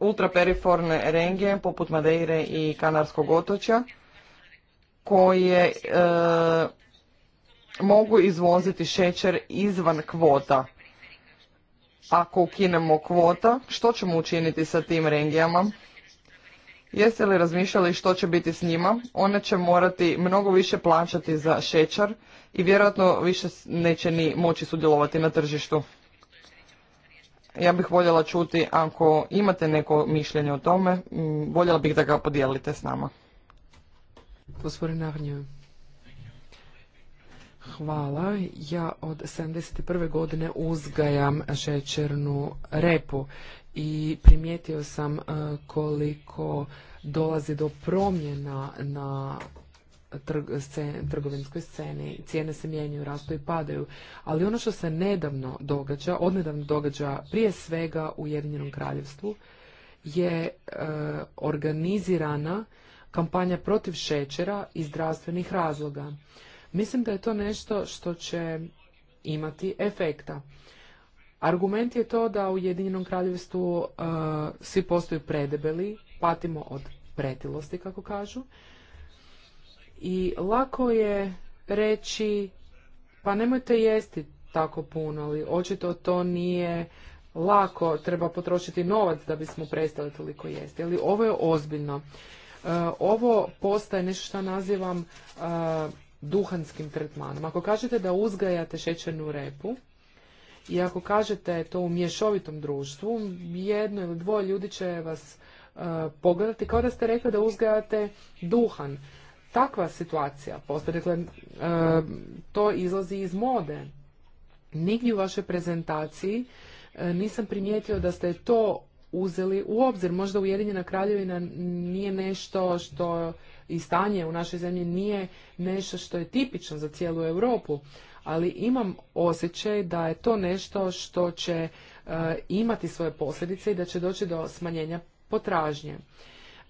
ultraperiforne rengije, poput Madeire i Kanarskog otočja koje e, mogu izvoziti šećer izvan kvota. Ako ukinemo kvota, što ćemo učiniti sa tim rengijama? Jeste li razmišljali što će biti s njima? One će morati mnogo više plaćati za šećer i vjerojatno više neće ni moći sudjelovati na tržištu. Ja bih voljela čuti, ako imate neko mišljenje o tome, voljela bih da ga podijelite s nama. Gospodin Hvala. Ja od 71. godine uzgajam šećernu repu i primijetio sam e, koliko dolazi do promjena na trgovinskoj sceni. Cijene se mijenjaju, rastu i padaju. Ali ono što se nedavno događa, odnedavno događa prije svega u Ujedinjenom kraljevstvu, je e, organizirana kampanja protiv šećera i zdravstvenih razloga. Mislim da je to nešto što će imati efekta. Argument je to da u Jedinjenom kraljevstvu e, svi postaju predebeli, patimo od pretilosti, kako kažu, i lako je reći pa nemojte jesti tako puno, ali očito to nije lako, treba potrošiti novac da bismo prestali toliko jesti. Ali ovo je ozbiljno. E, ovo postaje nešto što nazivam e, duhanskim tretmanom. Ako kažete da uzgajate šećernu repu i ako kažete to u mješovitom društvu, jedno ili dvoje ljudi će vas e, pogledati kao da ste rekli da uzgajate duhan takva situacija postoje. Dakle, e, to izlazi iz mode. Nigdje u vašoj prezentaciji e, nisam primijetio da ste to uzeli u obzir. Možda Ujedinjena kraljevina nije nešto što i stanje u našoj zemlji nije nešto što je tipično za cijelu Europu, ali imam osjećaj da je to nešto što će e, imati svoje posljedice i da će doći do smanjenja potražnje.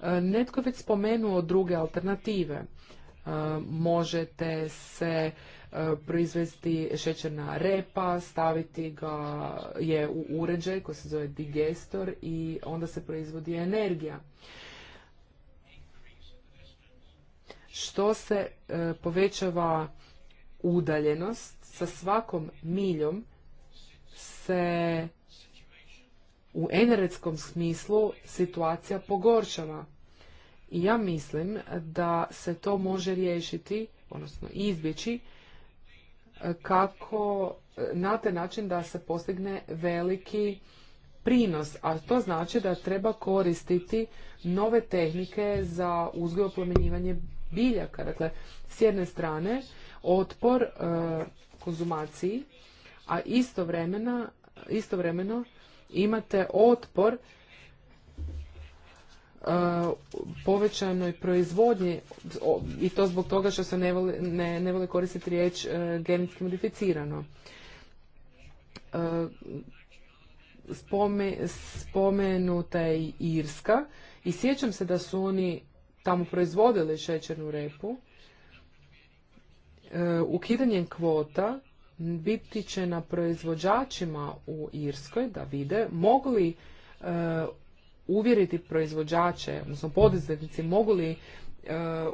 Netko je već spomenuo druge alternative. E, možete se e, proizvesti šećerna repa, staviti ga je u uređaj koji se zove digestor i onda se proizvodi energija. Što se e, povećava udaljenost sa svakom miljom se u energetskom smislu situacija pogoršava. I ja mislim da se to može riješiti, odnosno izbjeći, kako na taj način da se postigne veliki prinos, a to znači da treba koristiti nove tehnike za uzgoj oplemenjivanje biljaka. Dakle, s jedne strane otpor e, konzumaciji, a istovremeno, istovremeno imate otpor e, povećanoj proizvodnji i to zbog toga što se ne voli, koristiti riječ e, genetski modificirano. E, spomenuta je Irska i sjećam se da su oni tamo proizvodili šećernu repu. Ukidanjem kvota biti će na proizvođačima u Irskoj da vide mogu li e, uvjeriti proizvođače, odnosno poduzetnici mogu li e,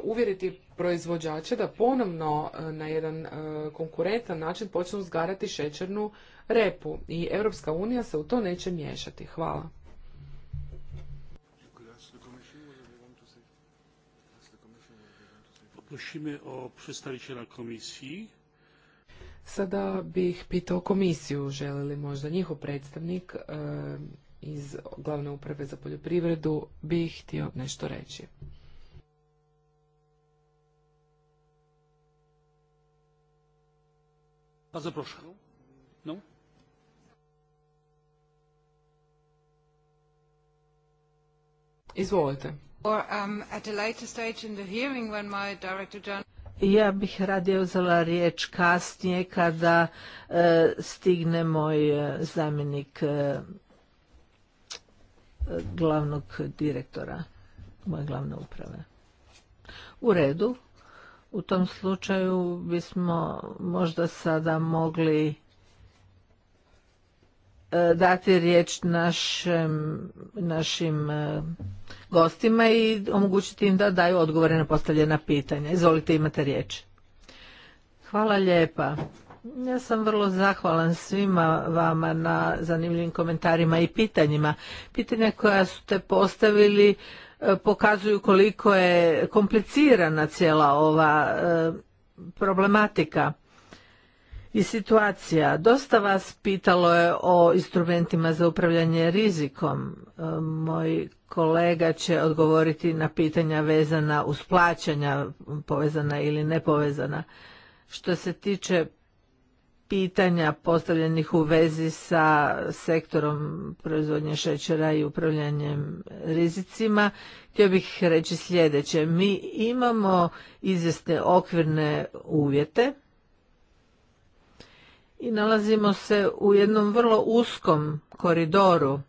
uvjeriti proizvođače da ponovno e, na jedan konkurentan način počnu zgarati šećernu repu i Europska unija se u to neće miješati. Hvala. Prosimy o przedstawiciela komisji Sada bih pitao komisiju, Žele li možda njihov predstavnik e, iz glavne uprave za poljoprivredu bi htio nešto reći. Pa zaprošam. No? Izvolite. Or, um, at a later stage in the hearing when my director ja bih radije uzela riječ kasnije kada e, stigne moj e, zamjenik e, glavnog direktora moje glavne uprave. U redu. U tom slučaju bismo možda sada mogli dati riječ našem, našim gostima i omogućiti im da daju odgovore na postavljena pitanja. Izvolite, imate riječ. Hvala lijepa. Ja sam vrlo zahvalan svima vama na zanimljivim komentarima i pitanjima. Pitanja koja ste postavili e, pokazuju koliko je komplicirana cijela ova e, problematika i situacija. Dosta vas pitalo je o instrumentima za upravljanje rizikom. E, moj kolega će odgovoriti na pitanja vezana uz plaćanja, povezana ili nepovezana. Što se tiče pitanja postavljenih u vezi sa sektorom proizvodnje šećera i upravljanjem rizicima, htio bih reći sljedeće. Mi imamo izvjesne okvirne uvjete i nalazimo se u jednom vrlo uskom koridoru.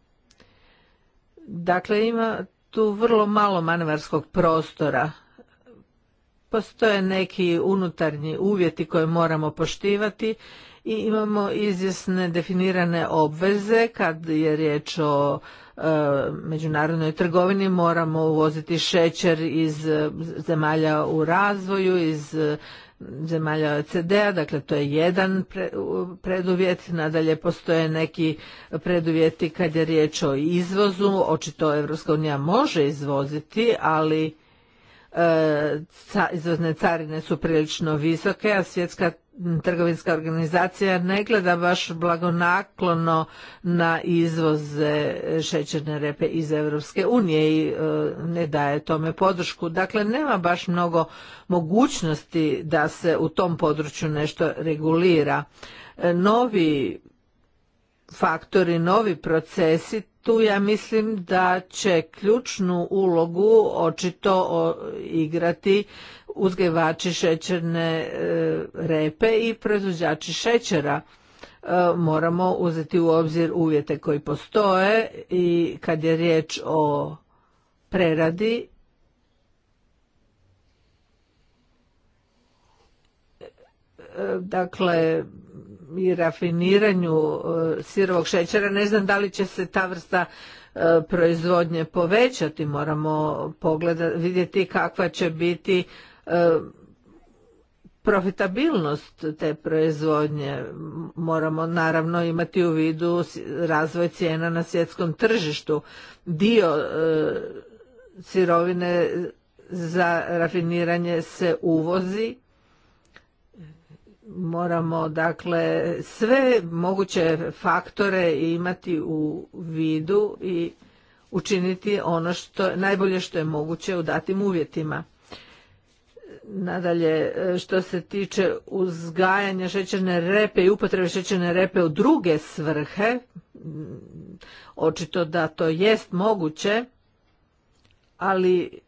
Dakle, ima tu vrlo malo manevarskog prostora. Postoje neki unutarnji uvjeti koje moramo poštivati i imamo izvjesne definirane obveze kad je riječ o e, međunarodnoj trgovini moramo uvoziti šećer iz e, zemalja u razvoju, iz zemalja OECD-a, dakle to je jedan preduvjet, nadalje postoje neki preduvjeti kad je riječ o izvozu, očito Evropska unija može izvoziti, ali e, izvozne carine su prilično visoke, a svjetska trgovinska organizacija ne gleda baš blagonaklono na izvoze šećerne repe iz Europske unije i e, ne daje tome podršku. Dakle, nema baš mnogo mogućnosti da se u tom području nešto regulira. E, novi faktori, novi procesi, tu ja mislim da će ključnu ulogu očito igrati uzgajivači šećerne e, repe i proizvođači šećera e, moramo uzeti u obzir uvjete koji postoje i kad je riječ o preradi dakle i rafiniranju e, sirovog šećera ne znam da li će se ta vrsta proizvodnje povećati moramo pogledati vidjeti kakva će biti profitabilnost te proizvodnje moramo naravno imati u vidu razvoj cijena na svjetskom tržištu dio e, sirovine za rafiniranje se uvozi moramo dakle sve moguće faktore imati u vidu i učiniti ono što najbolje što je moguće u datim uvjetima Nadalje, e, što se tiče uzgajanja šećerne repe i upotrebe šećerne repe u druge svrhe, mm, očito da to jest moguće, ali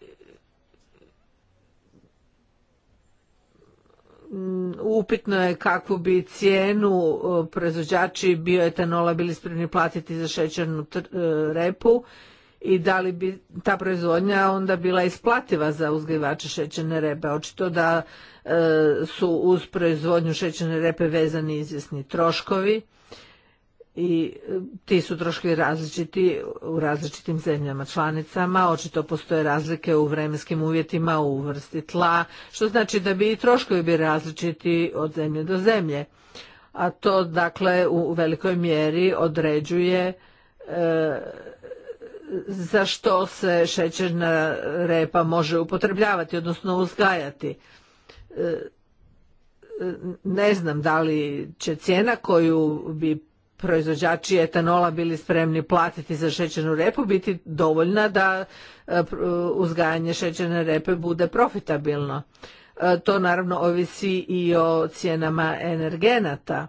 mm, upitno je kakvu bi cijenu e, proizvođači bioetanola bili spremni platiti za šećernu e, repu i da li bi ta proizvodnja onda bila isplativa za uzgajivače šećerne repe. Očito da e, su uz proizvodnju šećerne repe vezani izvjesni troškovi i e, ti su troškovi različiti u različitim zemljama članicama, očito postoje razlike u vremenskim uvjetima, u vrsti tla, što znači da bi i troškovi bili različiti od zemlje do zemlje. A to dakle u velikoj mjeri određuje e, za što se šećerna repa može upotrebljavati, odnosno uzgajati. E, e, ne znam da li će cijena koju bi proizvođači etanola bili spremni platiti za šećernu repu biti dovoljna da e, uzgajanje šećerne repe bude profitabilno. To naravno ovisi i o cijenama energenata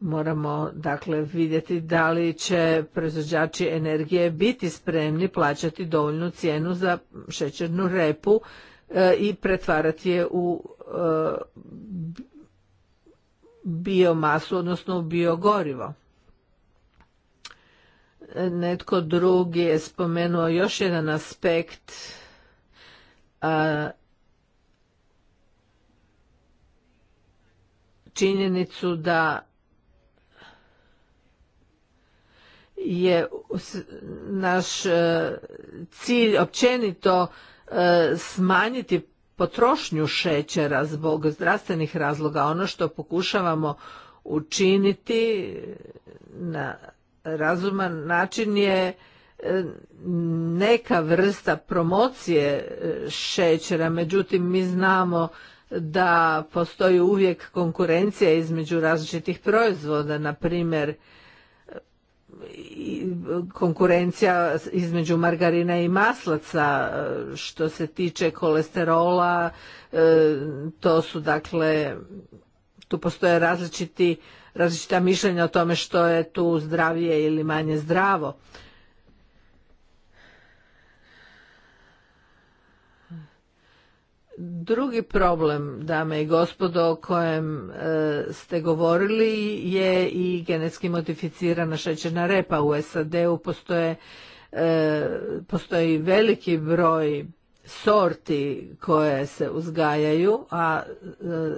Moramo dakle vidjeti da li će proizvođači energije biti spremni plaćati dovoljnu cijenu za šećernu repu e, i pretvarati je u e, biomasu, odnosno u biogorivo. Netko drugi je spomenuo još jedan aspekt činjenicu da je naš e, cilj općenito e, smanjiti potrošnju šećera zbog zdravstvenih razloga. Ono što pokušavamo učiniti na razuman način je e, neka vrsta promocije šećera, međutim mi znamo da postoji uvijek konkurencija između različitih proizvoda, na primjer konkurencija između margarina i maslaca e, što se tiče kolesterola e, to su dakle tu postoje različita mišljenja o tome što je tu zdravije ili manje zdravo Drugi problem, dame i gospodo, o kojem e, ste govorili je i genetski modificirana šećerna repa u SAD-u. E, postoji veliki broj sorti koje se uzgajaju, a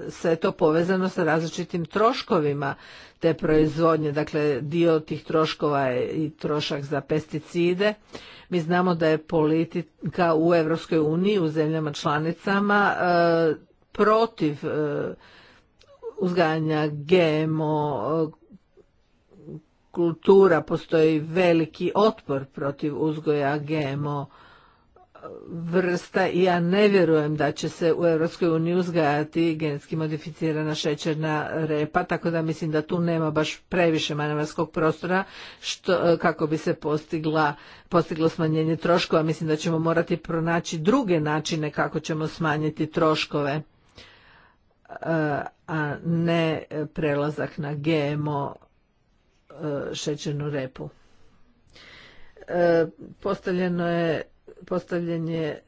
e, sve to povezano sa različitim troškovima te proizvodnje. Dakle, dio tih troškova je i trošak za pesticide. Mi znamo da je politika u Europskoj uniji, u zemljama članicama, e, protiv e, uzgajanja GMO kultura, postoji veliki otpor protiv uzgoja GMO vrsta i ja ne vjerujem da će se u Europskoj uniji uzgajati genski modificirana šećerna repa, tako da mislim da tu nema baš previše manevarskog prostora što, e, kako bi se postigla, postiglo smanjenje troškova. Mislim da ćemo morati pronaći druge načine kako ćemo smanjiti troškove, e, a ne prelazak na GMO e, šećernu repu. Postavljeno je postavljen je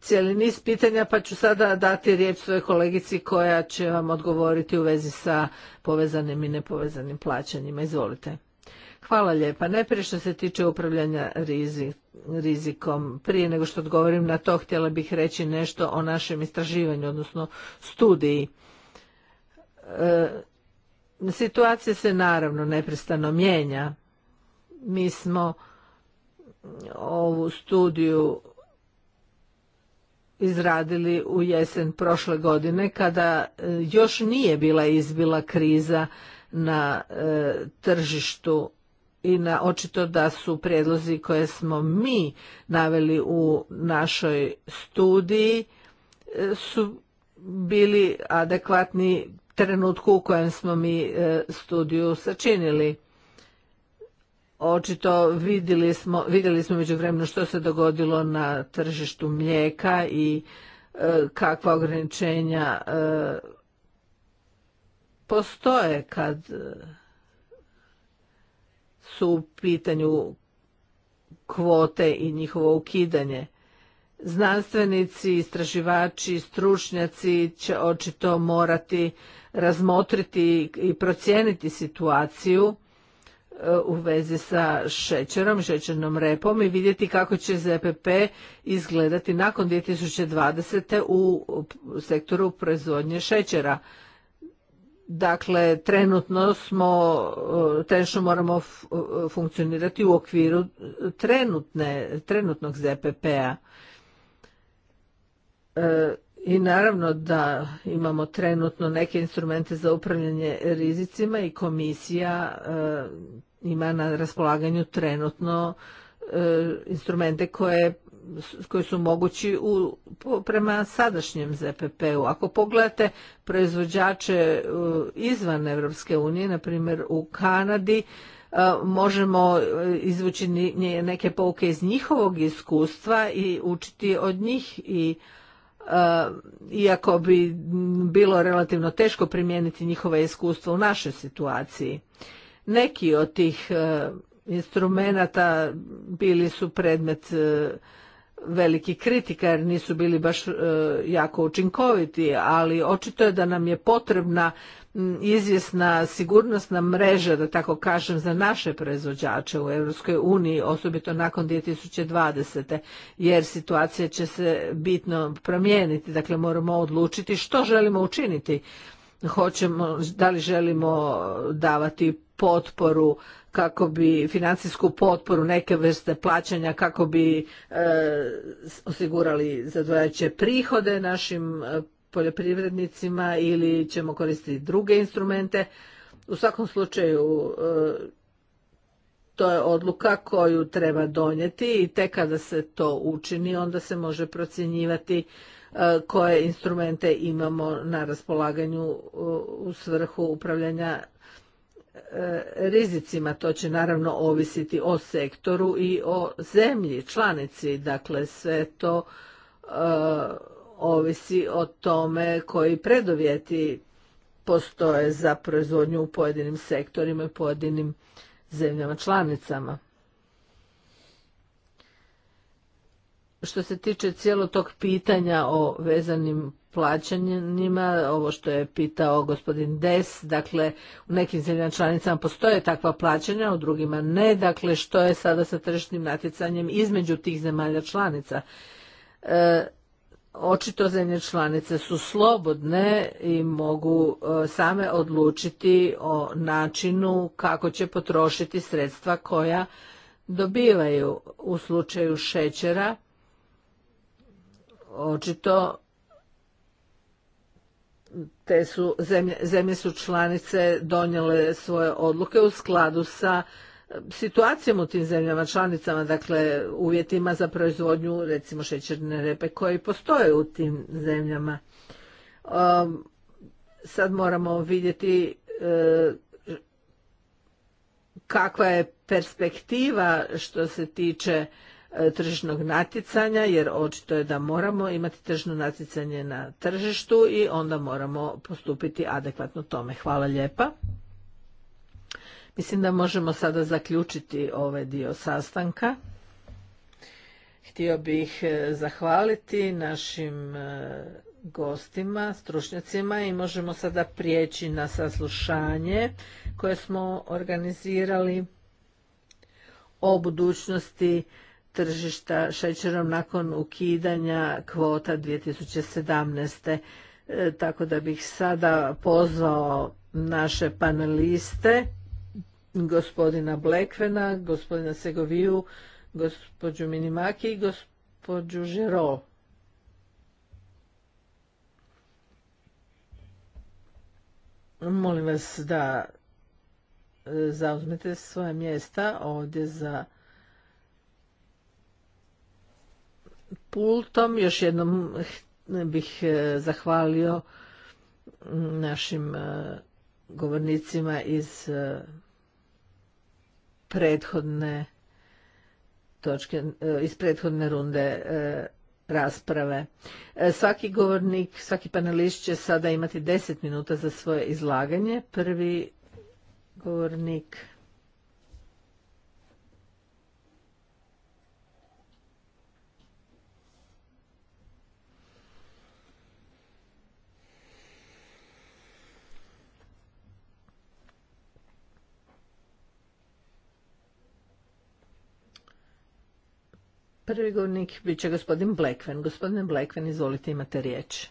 cijeli niz pitanja, pa ću sada dati riječ svojoj kolegici koja će vam odgovoriti u vezi sa povezanim i nepovezanim plaćanjima. Izvolite. Hvala lijepa. Najprije što se tiče upravljanja rizikom, prije nego što odgovorim na to, htjela bih reći nešto o našem istraživanju, odnosno studiji. E, situacija se naravno neprestano mijenja. Mi smo ovu studiju izradili u jesen prošle godine kada e, još nije bila izbila kriza na e, tržištu i na očito da su prijedlozi koje smo mi naveli u našoj studiji e, su bili adekvatni trenutku u kojem smo mi studiju sačinili Očito vidjeli smo, vidjeli smo među što se dogodilo na tržištu mlijeka i e, kakva ograničenja e, postoje kad e, su u pitanju kvote i njihovo ukidanje. Znanstvenici, istraživači, stručnjaci će očito morati razmotriti i procijeniti situaciju u vezi sa šećerom, šećernom repom i vidjeti kako će ZPP izgledati nakon 2020. u sektoru proizvodnje šećera. Dakle, trenutno smo, e, trenutno moramo e, funkcionirati u okviru trenutne, trenutnog ZPP-a. E, i naravno da imamo trenutno neke instrumente za upravljanje rizicima i komisija e, ima na raspolaganju trenutno e, instrumente koje koji su mogući u, prema sadašnjem ZPP-u. Ako pogledate proizvođače e, izvan Europske unije, na primjer u Kanadi, možemo izvući neke pouke iz njihovog iskustva i učiti od njih i E, iako bi bilo relativno teško primijeniti njihova iskustva u našoj situaciji. Neki od tih e, instrumenata bili su predmet e, veliki kritika jer nisu bili baš jako učinkoviti, ali očito je da nam je potrebna izvjesna sigurnosna mreža, da tako kažem, za naše proizvođače u Europskoj uniji, osobito nakon 2020. jer situacija će se bitno promijeniti. Dakle, moramo odlučiti što želimo učiniti. Hoćemo, da li želimo davati potporu kako bi financijsku potporu neke vrste plaćanja kako bi e, osigurali zadovoljajuće prihode našim e, poljoprivrednicima ili ćemo koristiti druge instrumente. U svakom slučaju e, to je odluka koju treba donijeti i tek kada se to učini onda se može procjenjivati e, koje instrumente imamo na raspolaganju e, u svrhu upravljanja rizicima. To će naravno ovisiti o sektoru i o zemlji, članici. Dakle, sve to ovisi o tome koji predovjeti postoje za proizvodnju u pojedinim sektorima i pojedinim zemljama članicama. Što se tiče cijelo tog pitanja o vezanim plaćanjima, ovo što je pitao gospodin Des, dakle u nekim zemljama članicama postoje takva plaćanja, u drugima ne, dakle što je sada sa tržišnim natjecanjem između tih zemalja članica. E, očito zemlje članice su slobodne i mogu e, same odlučiti o načinu kako će potrošiti sredstva koja dobivaju u slučaju šećera očito te su zemlje, zemlje su članice donijele svoje odluke u skladu sa situacijom u tim zemljama članicama, dakle uvjetima za proizvodnju recimo šećerne repe koji postoje u tim zemljama. Um, sad moramo vidjeti e, kakva je perspektiva što se tiče e, tržišnog natjecanja, jer očito je da moramo imati tržno natjecanje na tržištu i onda moramo postupiti adekvatno tome. Hvala lijepa. Mislim da možemo sada zaključiti ovaj dio sastanka. Htio bih e, zahvaliti našim e, gostima, stručnjacima i možemo sada prijeći na saslušanje koje smo organizirali o budućnosti tržišta šećerom nakon ukidanja kvota 2017. E, tako da bih sada pozvao naše paneliste gospodina Blekvena, gospodina Segoviju, gospođu Minimaki i gospođu Žiro. Molim vas da e, zauzmete svoje mjesta ovdje za pultom. Još jednom bih e, zahvalio našim e, govornicima iz prethodne točke, e, iz prethodne runde e, rasprave. E, svaki govornik, svaki panelist će sada imati 10 minuta za svoje izlaganje. Prvi govornik Prvi govornik bit će gospodin Blekven. Gospodine Blekven, izvolite, imate riječ.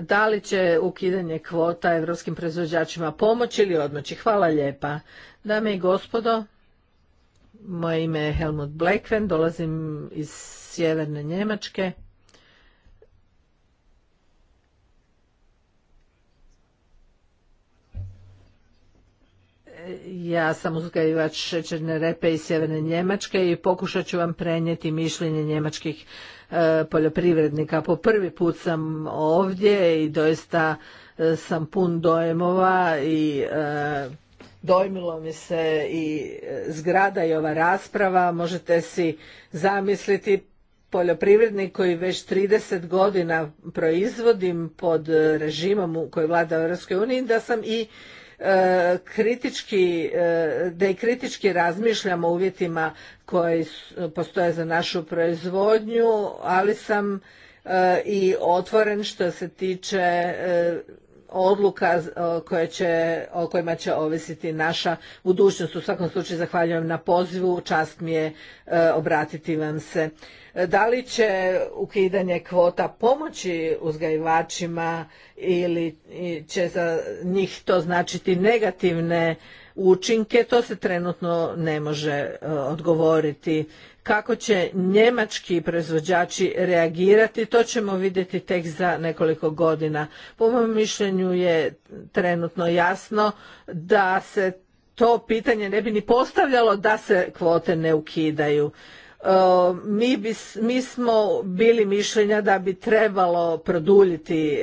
Da li će ukidanje kvota evropskim proizvođačima pomoći ili odmoći? Hvala lijepa. Dame i gospodo, moje ime je Helmut Blekven, dolazim iz sjeverne Njemačke. ja sam uzgajivač šećerne repe iz sjeverne Njemačke i pokušat ću vam prenijeti mišljenje njemačkih e, poljoprivrednika. Po prvi put sam ovdje i doista e, sam pun dojmova i e, dojmilo mi se i zgrada i ova rasprava. Možete si zamisliti poljoprivrednik koji već 30 godina proizvodim pod režimom koji vlada u EU da sam i kritički, e, da i kritički razmišljamo o uvjetima koji postoje za našu proizvodnju, ali sam e, i otvoren što se tiče e, odluka e, koje će, o kojima će ovisiti naša budućnost. U svakom slučaju zahvaljujem na pozivu, čast mi je e, obratiti vam se. Da li će ukidanje kvota pomoći uzgajivačima ili će za njih to značiti negativne učinke, to se trenutno ne može e, odgovoriti. Kako će njemački proizvođači reagirati, to ćemo vidjeti tek za nekoliko godina. Po mom mišljenju je trenutno jasno da se to pitanje ne bi ni postavljalo da se kvote ne ukidaju. E, mi, mi smo bili mišljenja da bi trebalo produljiti e,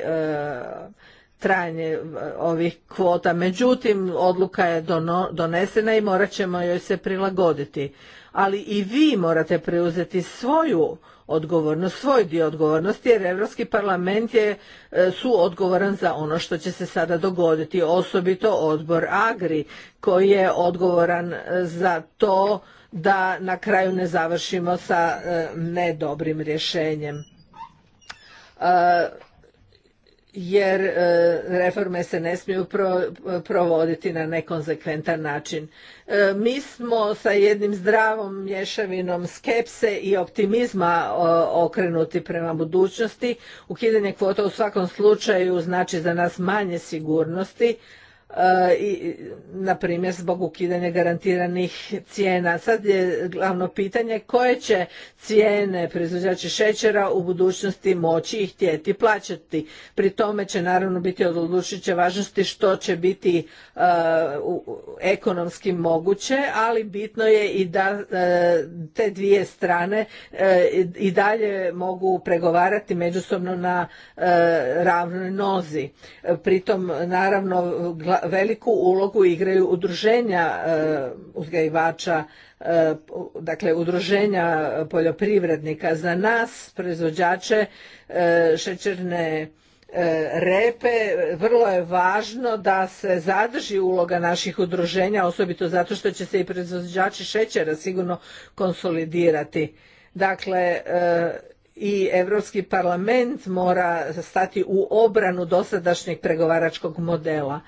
trajanje e, ovih kvota, međutim odluka je donesena i morat ćemo joj se prilagoditi ali i vi morate preuzeti svoju odgovornost, svoj dio odgovornosti jer Europski parlament je e, su odgovoran za ono što će se sada dogoditi, osobito odbor Agri koji je odgovoran e, za to da na kraju ne završimo sa e, nedobrim rješenjem jer e, reforme se ne smiju provoditi na nekonzekventan način. E, mi smo sa jednim zdravom mješavinom skepse i optimizma okrenuti prema budućnosti. Ukidanje kvota u svakom slučaju znači za nas manje sigurnosti, E, i na primjer zbog ukidanja garantiranih cijena. Sad je glavno pitanje koje će cijene proizvođači šećera u budućnosti moći i htjeti plaćati. Pri tome će naravno biti od odlučujuće važnosti što će biti e, ekonomski moguće, ali bitno je i da e, te dvije strane i dalje mogu pregovarati međusobno na ravnoj nozi. Pritom naravno veliku ulogu igraju udruženja e, uzgajivača, e, dakle udruženja poljoprivrednika. Za nas, proizvođače e, šećerne repe, vrlo je važno da se zadrži uloga naših udruženja, osobito zato što će se i proizvođači šećera sigurno konsolidirati. Dakle, i Europski parlament mora stati u obranu dosadašnjeg pregovaračkog modela.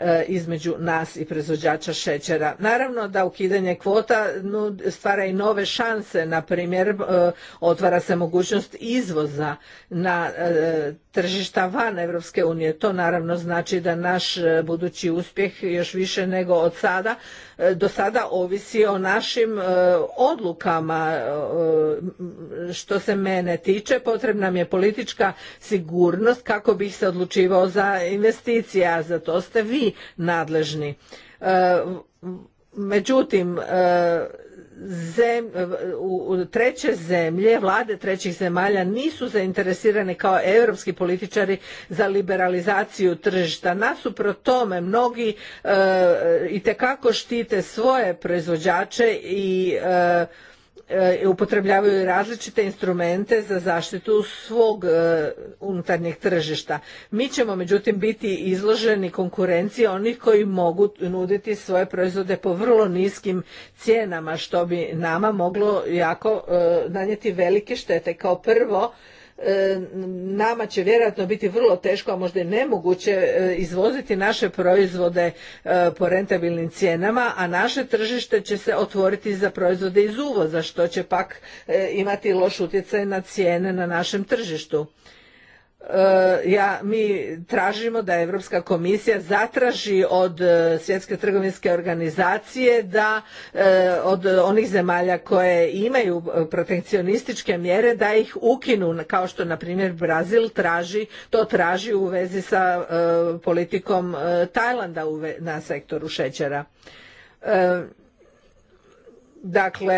E, između nas i proizvođača šećera. Naravno da ukidanje kvota stvara i nove šanse, na primjer e, otvara se mogućnost izvoza na e, tržišta van Europske unije. To naravno znači da naš budući uspjeh još više nego od sada E, do sada ovisi o našim e, odlukama e, što se mene tiče potrebna mi je politička sigurnost kako bih se odlučivao za investicije a za to ste vi nadležni međutim treće zemlje, vlade trećih zemalja nisu zainteresirane kao europski političari za liberalizaciju tržišta. Nasuprot tome mnogi e, itekako i štite svoje proizvođače i e, E, upotrebljavaju različite instrumente za zaštitu svog e, unutarnjeg tržišta. Mi ćemo međutim biti izloženi konkurenciji onih koji mogu nuditi svoje proizvode po vrlo niskim cijenama što bi nama moglo jako e, nanijeti velike štete. Kao prvo E, nama će vjerojatno biti vrlo teško, a možda i nemoguće e, izvoziti naše proizvode e, po rentabilnim cijenama, a naše tržište će se otvoriti za proizvode iz uvoza, što će pak imati loš utjecaj na cijene na našem tržištu. E, ja, mi tražimo da Europska komisija zatraži od e, Svjetske trgovinske organizacije da e, od onih zemalja koje imaju protekcionističke mjere da ih ukinu kao što na primjer Brazil traži to traži u vezi sa politikom Tajlanda na sektoru šećera. Dakle,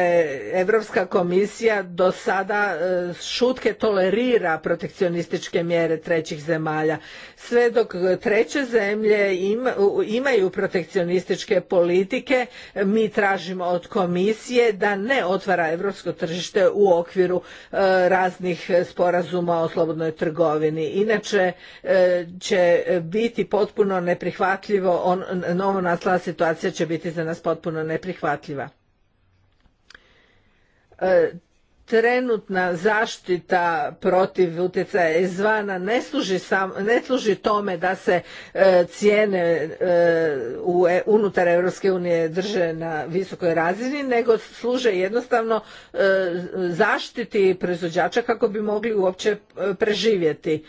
Europska komisija do sada e, šutke tolerira protekcionističke mjere trećih zemalja. Sve dok treće zemlje imaju protekcionističke politike, mi tražimo od komisije da ne otvara europsko tržište u okviru e, raznih sporazuma o slobodnoj trgovini. Inače e, će biti potpuno neprihvatljivo, novo situacija će biti za nas potpuno neprihvatljiva e trenutna zaštita protiv utjecaja izvana ne služi, sam, ne služi tome da se e, cijene e, u, e, unutar Europske unije drže na visokoj razini, nego služe jednostavno zaštiti proizvođača kako bi mogli uopće preživjeti.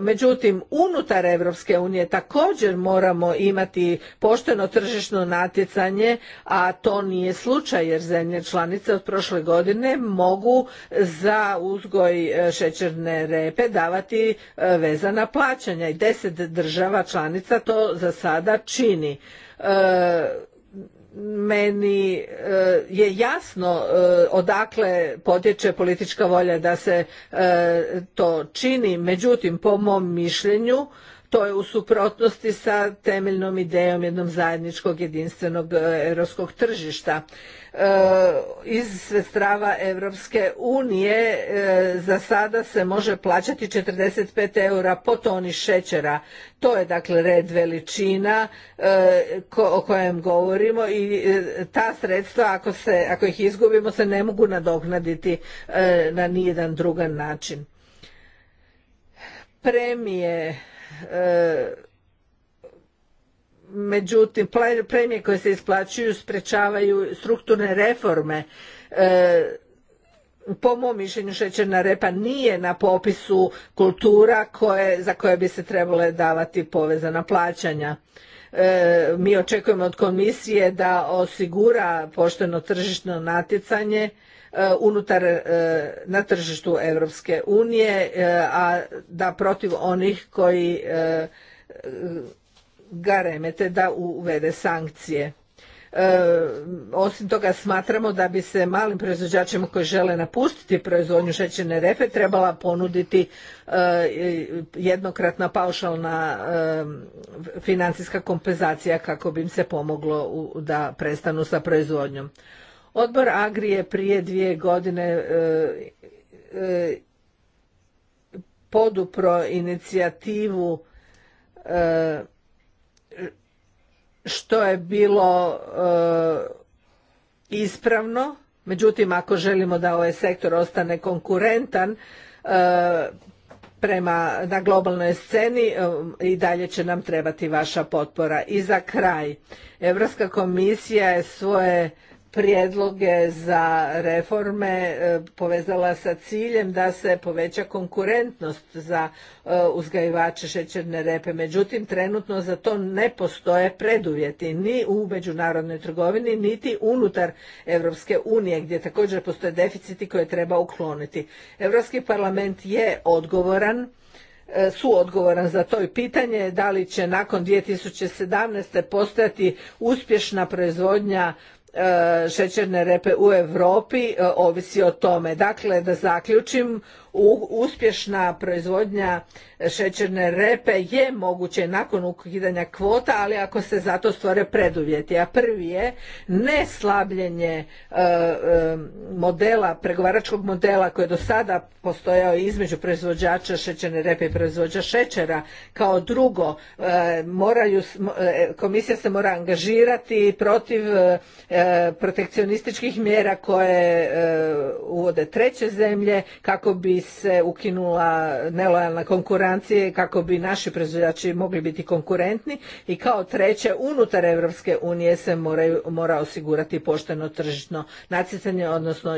Međutim, unutar Europske unije također moramo imati pošteno tržišno natjecanje, a to nije slučaj jer zemlje članice od prošle godine mogu za uzgoj e, šećerne repe davati e, vezana plaćanja i deset država članica to za sada čini. E, meni je jasno odakle potječe politička volja da se to čini, međutim po mom mišljenju to je u suprotnosti sa temeljnom idejom jednog zajedničkog jedinstvenog e, europskog tržišta. E, iz sredstava Europske unije e, za sada se može plaćati 45 eura po toni šećera. To je dakle red veličina o kojem govorimo i ta sredstva ako, se, ako ih izgubimo se ne mogu nadoknaditi na nijedan drugan način. Premije međutim premije koje se isplaćuju sprečavaju strukturne reforme e, po mom mišljenju šećerna repa nije na popisu kultura koje, za koje bi se trebalo davati povezana plaćanja. E, mi očekujemo od komisije da osigura pošteno tržišno natjecanje E, unutar e, na tržištu Europske unije, e, a da protiv onih koji ga remete da uvede sankcije. osim toga smatramo da bi se malim proizvođačima koji žele napustiti proizvodnju šećerne repe trebala ponuditi jednokratna paušalna financijska kompenzacija kako bi im se pomoglo da prestanu sa proizvodnjom. Odbor Agri je prije dvije godine e, e, podupro inicijativu e, što je bilo ispravno, međutim ako želimo da ovaj sektor ostane konkurentan prema na globalnoj sceni i dalje će nam trebati vaša potpora. I za kraj, Europska komisija je svoje prijedloge za reforme e, povezala sa ciljem da se poveća konkurentnost za e, uzgajivače šećerne repe. Međutim, trenutno za to ne postoje preduvjeti ni u međunarodnoj trgovini, niti unutar Europske unije, gdje također postoje deficiti koje treba ukloniti. Europski parlament je odgovoran e, su odgovoran za to i pitanje da li će nakon 2017. postati uspješna proizvodnja E, šećerne repe u Europi e, ovisi o tome. Dakle, da zaključim, uspješna proizvodnja šećerne repe je moguće nakon ukidanja kvota, ali ako se zato stvore preduvjeti. A prvi je neslabljenje e, e, modela, pregovaračkog modela koji je do sada postojao između proizvođača šećerne repe i proizvođača šećera. Kao drugo, e, moraju, komisija se mora angažirati protiv protekcionističkih mjera koje uvode treće zemlje kako bi se ukinula nelojalna konkurencija kako bi naši proizvođači mogli biti konkurentni i kao treće unutar Europske unije se mora osigurati pošteno tržišno natjecanje odnosno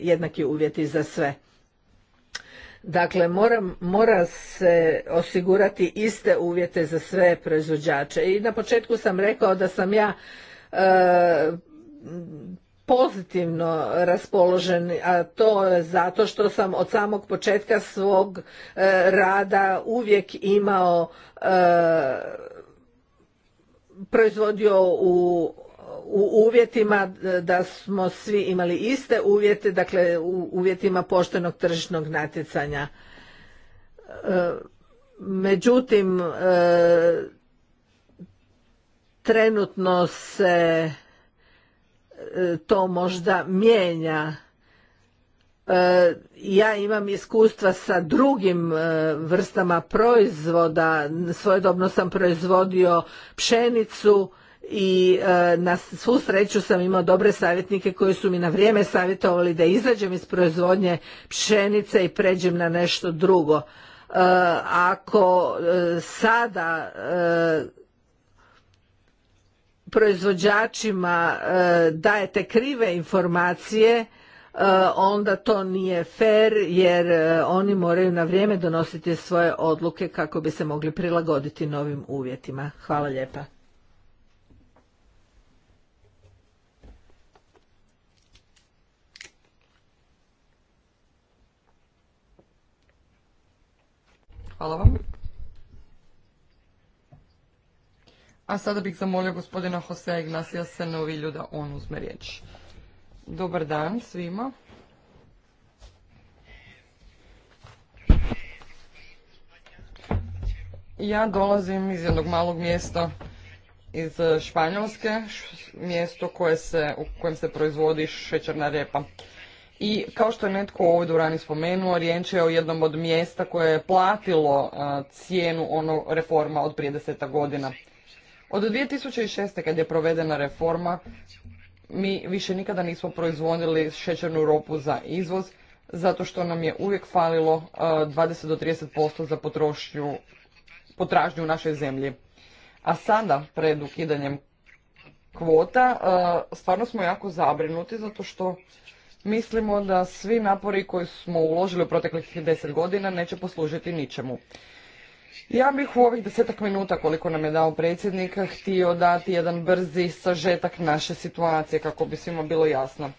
jednaki uvjeti za sve. Dakle, mora, se osigurati iste uvjete za sve proizvođače. I na početku sam rekao da sam ja e, pozitivno raspoložen, a to je zato što sam od samog početka svog e, rada uvijek imao e, proizvodio u u uvjetima da smo svi imali iste uvjete, dakle u uvjetima poštenog tržišnog natjecanja. E, međutim, trenutno se E, to možda mijenja. E, ja imam iskustva sa drugim e, vrstama proizvoda. Svojedobno sam proizvodio pšenicu i na svu sreću sam imao dobre savjetnike koji su mi na vrijeme savjetovali da izađem iz proizvodnje pšenice i pređem na nešto drugo. Ako sada proizvođačima eh, dajete krive informacije eh, onda to nije fer jer eh, oni moraju na vrijeme donositi svoje odluke kako bi se mogli prilagoditi novim uvjetima. Hvala lijepa. Hvala vam. A sada bih zamolio gospodina se Ignacija Senovilju da on uzme riječ. Dobar dan svima. Ja dolazim iz jednog malog mjesta iz Španjolske, mjesto koje u kojem se proizvodi šećerna repa. I kao što je netko ovdje u rani spomenuo, riječ je o jednom od mjesta koje je platilo cijenu ono reforma od prije deseta godina. Od 2006. kad je provedena reforma, mi više nikada nismo proizvodili šećernu ropu za izvoz, zato što nam je uvijek falilo 20 e, do 30% za potrošnju, potražnju u našoj zemlji. A sada, pred ukidanjem kvota, e, stvarno smo jako zabrinuti zato što mislimo da svi napori koji smo uložili u proteklih 10 godina neće poslužiti ničemu. Ja bih u ovih desetak minuta koliko nam je dao predsjednik htio dati jedan brzi sažetak naše situacije kako bi svima bilo jasno.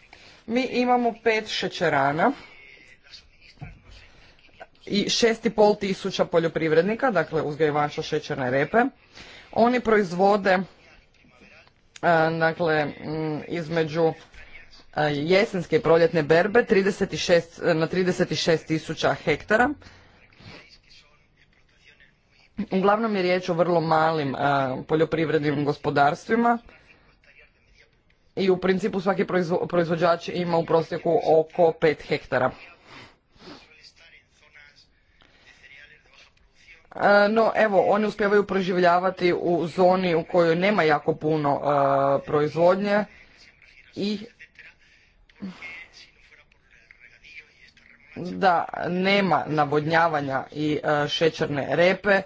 Mi imamo pet šećerana i pol tisuća poljoprivrednika, dakle uzgajivača šećerne repe. Oni proizvode e, dakle, između e, jesenske i proljetne berbe 36, na 36 tisuća hektara Uglavnom je riječ o vrlo malim e, poljoprivrednim gospodarstvima i u principu svaki proizvođač ima u prosjeku oko 5 hektara. E, no evo, oni uspjevaju preživljavati u zoni u kojoj nema jako puno e, proizvodnje i da nema navodnjavanja i šećerne repe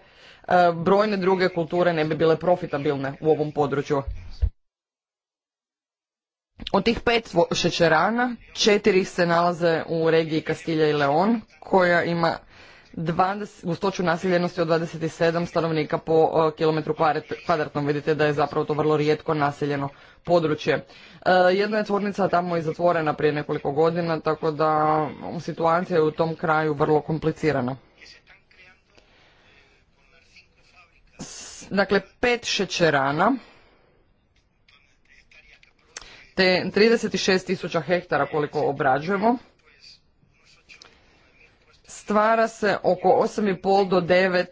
E, brojne druge kulture ne bi bile profitabilne u ovom području. Od tih pet šećerana, četiri se nalaze u regiji Kastilja i Leon, koja ima gustoću naseljenosti od 27 stanovnika po e, kilometru kvadratnom. Vidite da je zapravo to vrlo rijetko naseljeno područje. E, jedna je tvornica tamo i zatvorena prije nekoliko godina, tako da um, situacija je u tom kraju vrlo komplicirana. Dakle, pet šećerana, te 36 tisuća hektara koliko obrađujemo, stvara se oko 8,5 do 9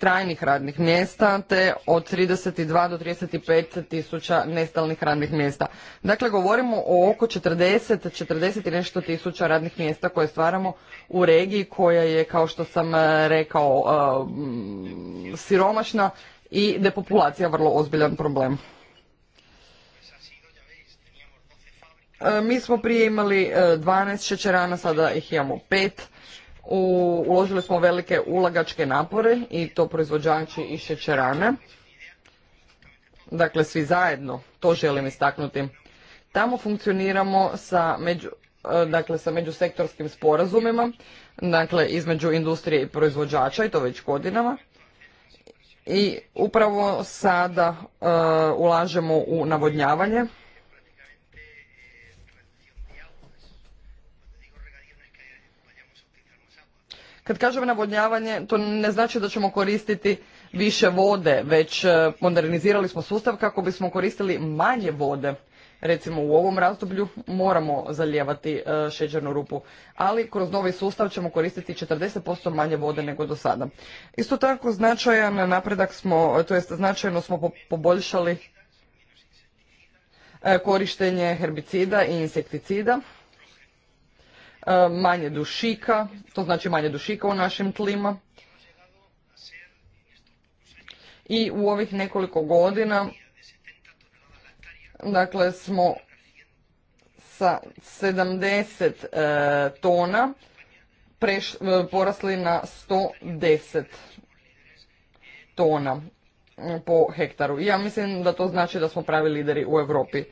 trajnih radnih mjesta te od 32 do 35 tisuća nestalnih radnih mjesta. Dakle, govorimo o oko 40, 40 i nešto tisuća radnih mjesta koje stvaramo u regiji koja je, kao što sam eh, rekao, siromašna i depopulacija vrlo ozbiljan problem. Mi smo prije imali 12 eh, šećerana, sada ih imamo 5 u, uložili smo velike ulagačke napore i to proizvođači i šećerane. Dakle, svi zajedno, to želim istaknuti. Tamo funkcioniramo sa, među, e, dakle, sa međusektorskim sporazumima, dakle, između industrije i proizvođača i to već godinama. I upravo sada uh, ulažemo u navodnjavanje, Kad kažemo navodnjavanje, to ne znači da ćemo koristiti više vode, već e, modernizirali smo sustav kako bismo koristili manje vode. Recimo u ovom razdoblju moramo zalijevati e, šeđernu rupu, ali kroz novi sustav ćemo koristiti 40% manje vode nego do sada. Isto tako značajan napredak smo, to jest značajno smo poboljšali e, korištenje herbicida i insekticida E, manje dušika, to znači manje dušika u našim tlima. I u ovih nekoliko godina dakle smo sa 70 e, tona e, porasli na 110 tona po hektaru. Ja mislim da to znači da smo pravi lideri u Europi.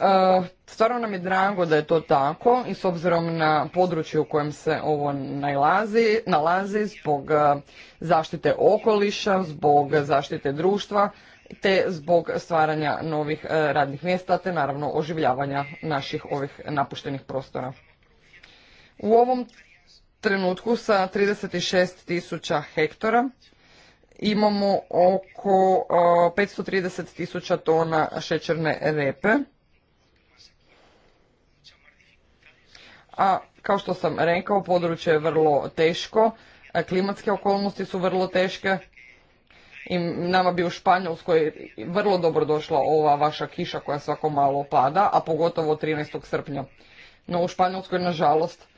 E, stvarno nam je drago da je to tako i s obzirom na područje u kojem se ovo nalazi, nalazi zbog e, zaštite okoliša, zbog zaštite društva te zbog stvaranja novih e, radnih mjesta te naravno oživljavanja naših ovih napuštenih prostora. U ovom trenutku sa 36 tisuća hektara imamo oko 530 tisuća tona šećerne repe a kao što sam rekao područje je vrlo teško, klimatske okolnosti su vrlo teške i nama bi u Španjolskoj vrlo dobro došla ova vaša kiša koja svako malo pada, a pogotovo 13. srpnja. No u Španjolskoj nažalost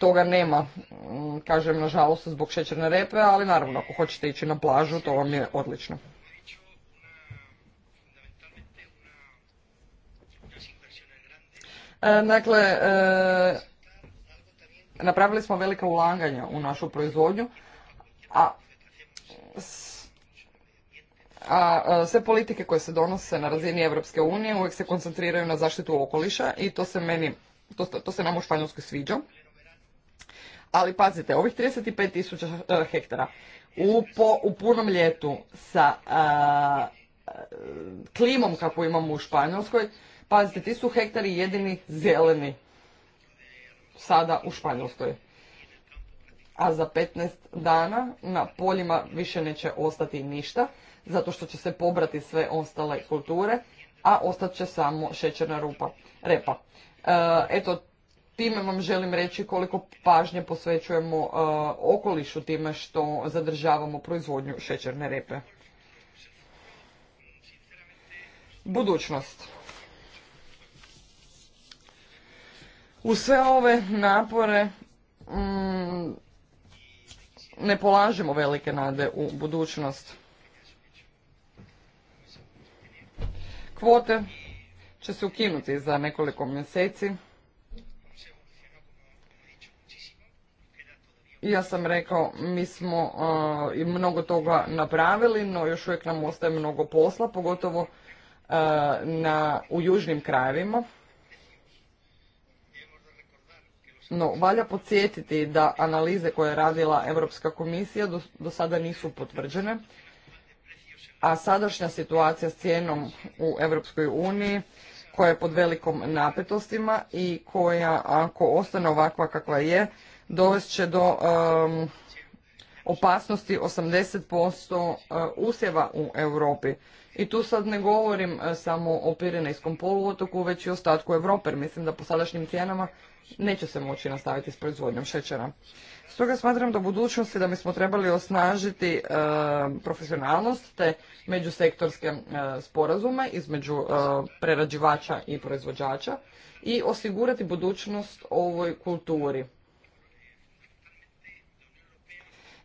toga nema, mm, kažem nažalost zbog šećerne repe, ali naravno ako hoćete ići na plažu to vam je odlično. E, dakle, e, napravili smo velika ulaganja u našu proizvodnju, a, a sve politike koje se donose na razini Europske unije uvijek se koncentriraju na zaštitu okoliša i to se meni, to, se nam u Španjolskoj sviđa. Ali pazite, ovih 35.000 tisuća e, hektara u, po, u punom ljetu sa klimom kako imamo u Španjolskoj, pazite, ti su hektari jedini zeleni sada u Španjolskoj. A za 15 dana na poljima više neće ostati ništa, zato što će se pobrati sve ostale kulture, a ostat će samo šećerna rupa, repa. E, eto, time vam želim reći koliko pažnje posvećujemo e, okolišu time što zadržavamo proizvodnju šećerne repe. Budućnost. U sve ove napore mm, ne polažemo velike nade u budućnost. Kvote će se ukinuti za nekoliko mjeseci. Ja sam rekao, mi smo i mnogo toga napravili, no još uvijek nam ostaje mnogo posla, pogotovo u južnim krajevima. No, valja podsjetiti da analize koje je radila Europska komisija do, sada nisu potvrđene, a sadašnja situacija s cijenom u Europskoj uniji koja je pod velikom napetostima i koja ako ostane ovakva kakva je, dovest će do opasnosti opasnosti 80% usjeva u Europi. I tu sad ne govorim e, samo o Pirinejskom poluotoku, već i o ostatku Europe, jer mislim da po sadašnjim cijenama neće se moći nastaviti s proizvodnjom šećera. Stoga smatram da u budućnosti da bismo trebali osnažiti e, profesionalnost te međusektorske e, sporazume između prerađivača i proizvođača i osigurati budućnost ovoj kulturi.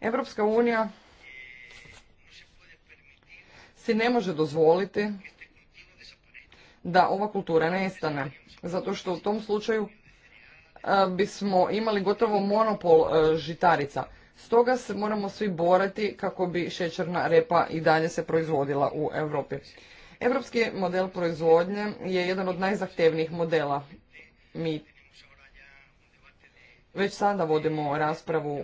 Europska unija ne može dozvoliti da ova kultura nestane. Zato što u tom slučaju e, bismo imali gotovo monopol e, žitarica. Stoga se moramo svi borati kako bi šećerna repa i dalje se proizvodila u Europi. Europski model proizvodnje je jedan od najzahtevnijih modela. Mi već sada vodimo raspravu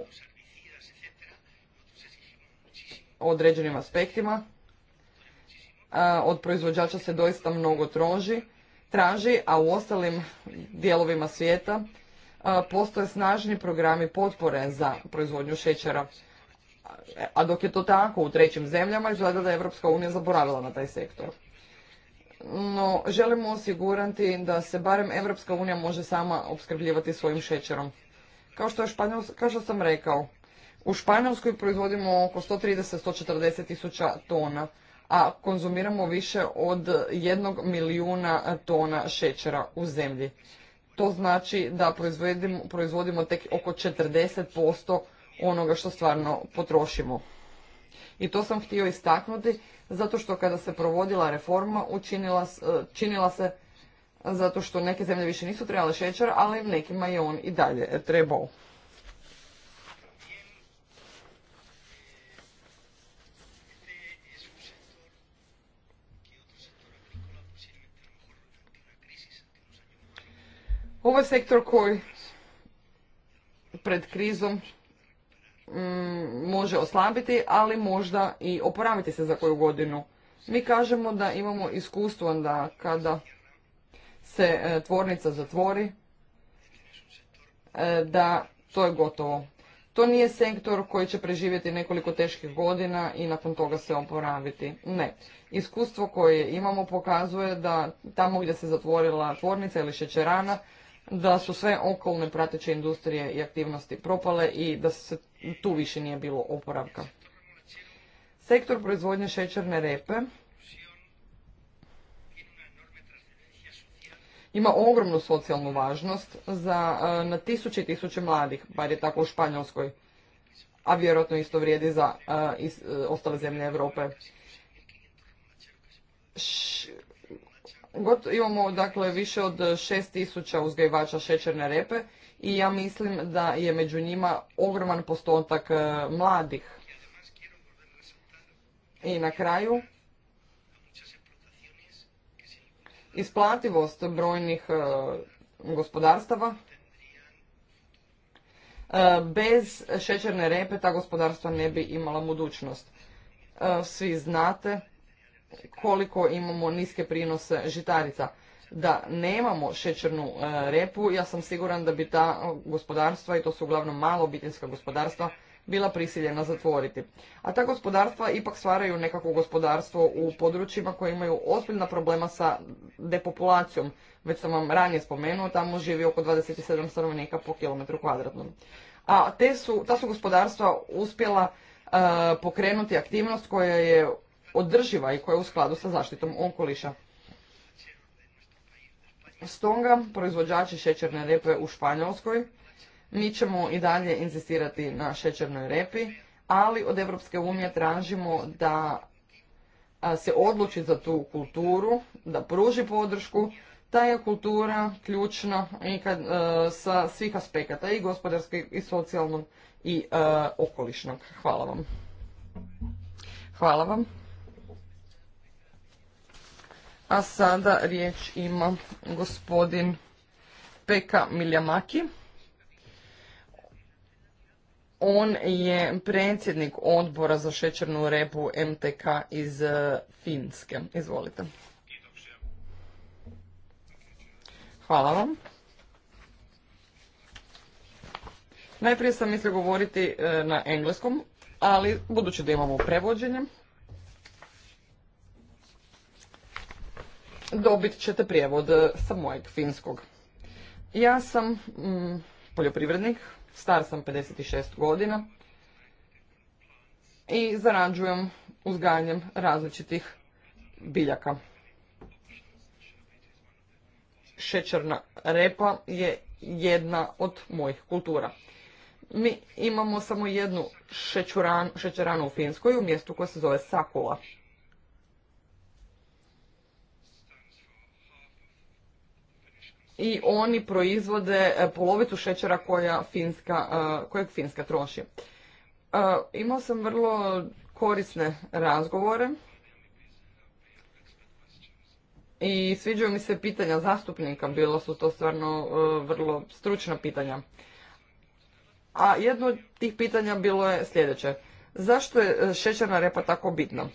o određenim aspektima od proizvođača se doista mnogo troži, traži, a u ostalim dijelovima svijeta postoje snažni programi potpore za proizvodnju šećera. A dok je to tako u trećim zemljama, izgleda da je Europska unija zaboravila na taj sektor. No, želimo osigurati da se barem Evropska unija može sama opskrbljivati svojim šećerom. Kao što, je kao što sam rekao, u Španjolskoj proizvodimo oko 130-140 tisuća tona a konzumiramo više od jednog milijuna tona šećera u zemlji. To znači da proizvodimo, tek oko 40% onoga što stvarno potrošimo. I to sam htio istaknuti zato što kada se provodila reforma učinila, činila se zato što neke zemlje više nisu trebale šećer, ali nekima je on i dalje trebao. Ovo je sektor koji pred krizom mm, može oslabiti, ali možda i oporaviti se za koju godinu. Mi kažemo da imamo iskustvo da kada se e, tvornica zatvori, e, da to je gotovo. To nije sektor koji će preživjeti nekoliko teških godina i nakon toga se oporaviti. Ne. Iskustvo koje imamo pokazuje da tamo gdje se zatvorila tvornica ili šećerana, da su sve okolne prateće industrije i aktivnosti propale i da se tu više nije bilo oporavka. Sektor proizvodnje šećerne repe ima ogromnu socijalnu važnost za e, na tisuće i tisuće mladih, bar je tako u Španjolskoj, a vjerojatno isto vrijedi za e, e, ostale zemlje Europe imamo dakle više od tisuća uzgajivača šećerne repe i ja mislim da je među njima ogroman postotak e, mladih. I na kraju isplativost brojnih e, gospodarstava e, bez šećerne repe ta gospodarstva ne bi imala budućnost. Svi znate koliko imamo niske prinose žitarica. Da nemamo šećernu e, repu, ja sam siguran da bi ta e, gospodarstva, i to su uglavnom malo obiteljska gospodarstva, bila prisiljena zatvoriti. A ta gospodarstva ipak stvaraju nekako gospodarstvo u područjima koje imaju ozbiljna problema sa depopulacijom. Već sam vam ranije spomenuo, tamo živi oko 27 stanovnika po kilometru kvadratnom. A ta su gospodarstva uspjela e, pokrenuti aktivnost koja je održiva i koja je u skladu sa zaštitom okoliša. Stoga proizvođači šećerne repe u Španjolskoj mi ćemo i dalje insistirati na šećernoj repi, ali od Europske unije tražimo da se odluči za tu kulturu, da pruži podršku. Ta je kultura ključna e, sa svih aspekata, i gospodarskog, i socijalnog, i e, okolišnog. Hvala vam. Hvala vam. A sada riječ ima gospodin Peka Miljamaki. On je predsjednik odbora za šećernu repu MTK iz e, Finske. Izvolite. Hvala vam. Najprije sam mislio govoriti e, na engleskom, ali budući da imamo prevođenje, dobit ćete prijevod e, sa mojeg finskog. Ja sam mm, poljoprivrednik, star sam 56 godina i zarađujem uzgajanjem različitih biljaka. Šećerna repa je jedna od mojih kultura. Mi imamo samo jednu šećeranu u Finskoj u mjestu koje se zove Sakula. i oni proizvode e, polovicu šećera koja Finska, e, kojeg Finska troši. E, imao sam vrlo korisne razgovore i sviđaju mi se pitanja zastupnika, bilo su to stvarno vrlo stručna pitanja. A jedno od tih pitanja bilo je sljedeće. Zašto je šećerna repa tako bitna?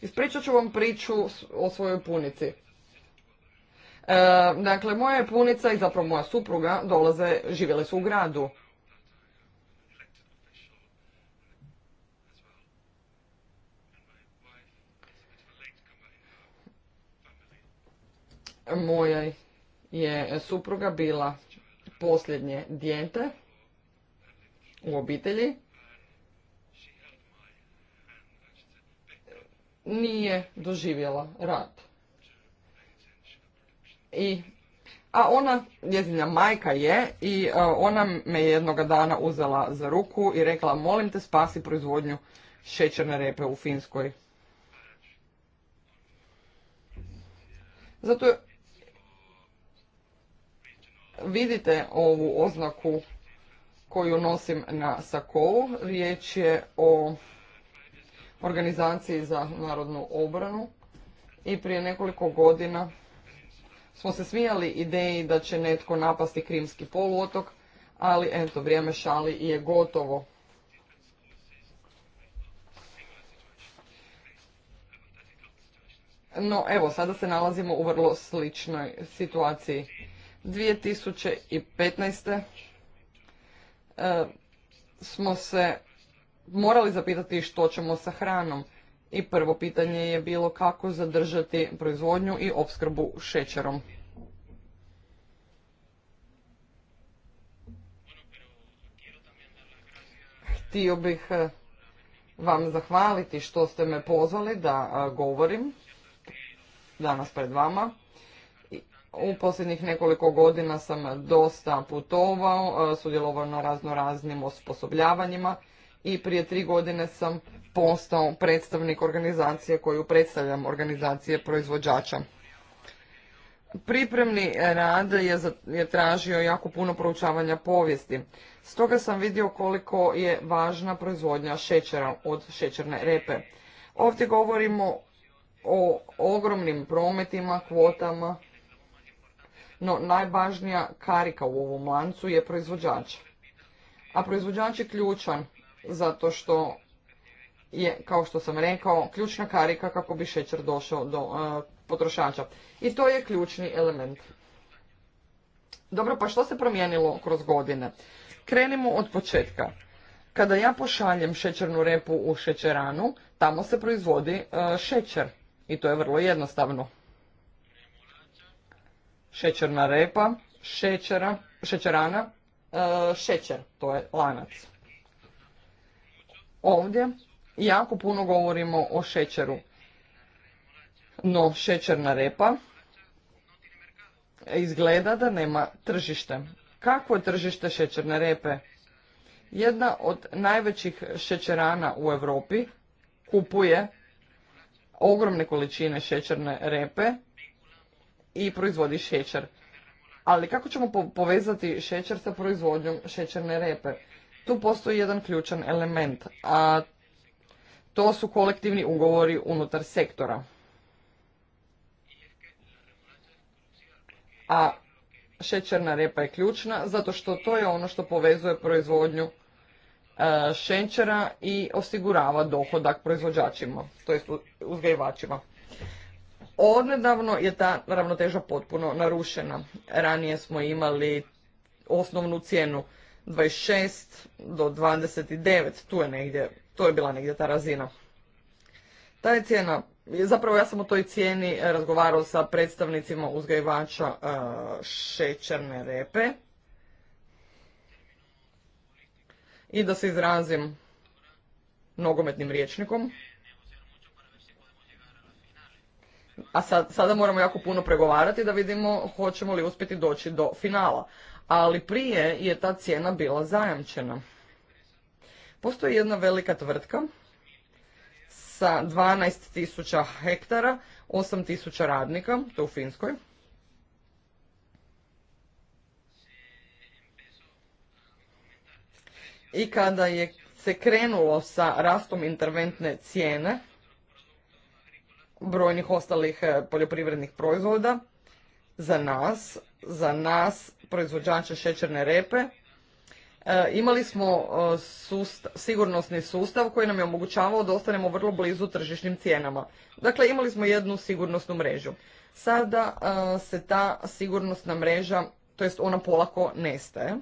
Ispričat ću vam priču o svojoj punici. E, dakle, moja punica i zapravo moja supruga dolaze, živjele su u gradu. Moja je supruga bila posljednje dijete u obitelji. Nije doživjela rat i a ona, njezina majka je i e, ona me jednoga dana uzela za ruku i rekla molim te spasi proizvodnju šećerne repe u Finskoj. Zato vidite ovu oznaku koju nosim na sakovu. Riječ je o organizaciji za narodnu obranu i prije nekoliko godina smo se smijali ideji da će netko napasti Krimski poluotok, ali eto, vrijeme šali i je gotovo. No, evo, sada se nalazimo u vrlo sličnoj situaciji. 2015. E, smo se morali zapitati što ćemo sa hranom. I prvo pitanje je bilo kako zadržati proizvodnju i opskrbu šećerom. Htio bih eh, vam zahvaliti što ste me pozvali da eh, govorim danas pred vama. U posljednjih nekoliko godina sam dosta putovao, eh, sudjelovao na razno raznim osposobljavanjima i prije tri godine sam postao predstavnik organizacije koju predstavljam, organizacije proizvođača. Pripremni rad je, je tražio jako puno proučavanja povijesti. Stoga sam vidio koliko je važna proizvodnja šećera od šećerne repe. Ovdje govorimo o ogromnim prometima, kvotama, no najvažnija karika u ovom lancu je proizvođač. A proizvođač je ključan zato što je, kao što sam rekao, ključna karika kako bi šećer došao do e, potrošača. I to je ključni element. Dobro, pa što se promijenilo kroz godine? Krenimo od početka. Kada ja pošaljem šećernu repu u šećeranu, tamo se proizvodi e, šećer. I to je vrlo jednostavno. Šećerna repa, šećera, šećerana, e, šećer, to je lanac. Ovdje jako puno govorimo o šećeru. No, šećerna repa izgleda da nema tržište. Kako je tržište šećerne repe? Jedna od najvećih šećerana u Europi kupuje ogromne količine šećerne repe i proizvodi šećer. Ali kako ćemo povezati šećer sa proizvodnjom šećerne repe? Tu postoji jedan ključan element, a to su kolektivni ugovori unutar sektora. A šećerna repa je ključna zato što to je ono što povezuje proizvodnju e, šećera i osigurava dohodak proizvođačima, to jest uzgajivačima. Odnedavno je ta ravnoteža potpuno narušena. Ranije smo imali osnovnu cijenu 26 do 29, tu je negdje to je bila negdje ta razina. Ta je cijena, zapravo ja sam o toj cijeni razgovarao sa predstavnicima uzgajivača e, šećerne repe. I da se izrazim nogometnim riječnikom. A sada moramo jako puno pregovarati da vidimo hoćemo li uspjeti doći do finala. Ali prije je ta cijena bila zajamčena. Postoji jedna velika tvrtka sa 12.000 hektara, 8.000 radnika, to u Finskoj. I kada je se krenulo sa rastom interventne cijene brojnih ostalih e, poljoprivrednih proizvoda, za nas, za nas proizvođače šećerne repe, E, imali smo e, sigurnosni sustav koji nam je omogućavao da ostanemo vrlo blizu tržišnim cijenama. Dakle, imali smo jednu sigurnosnu mrežu. Sada e, se ta sigurnosna mreža, to jest ona polako nestaje.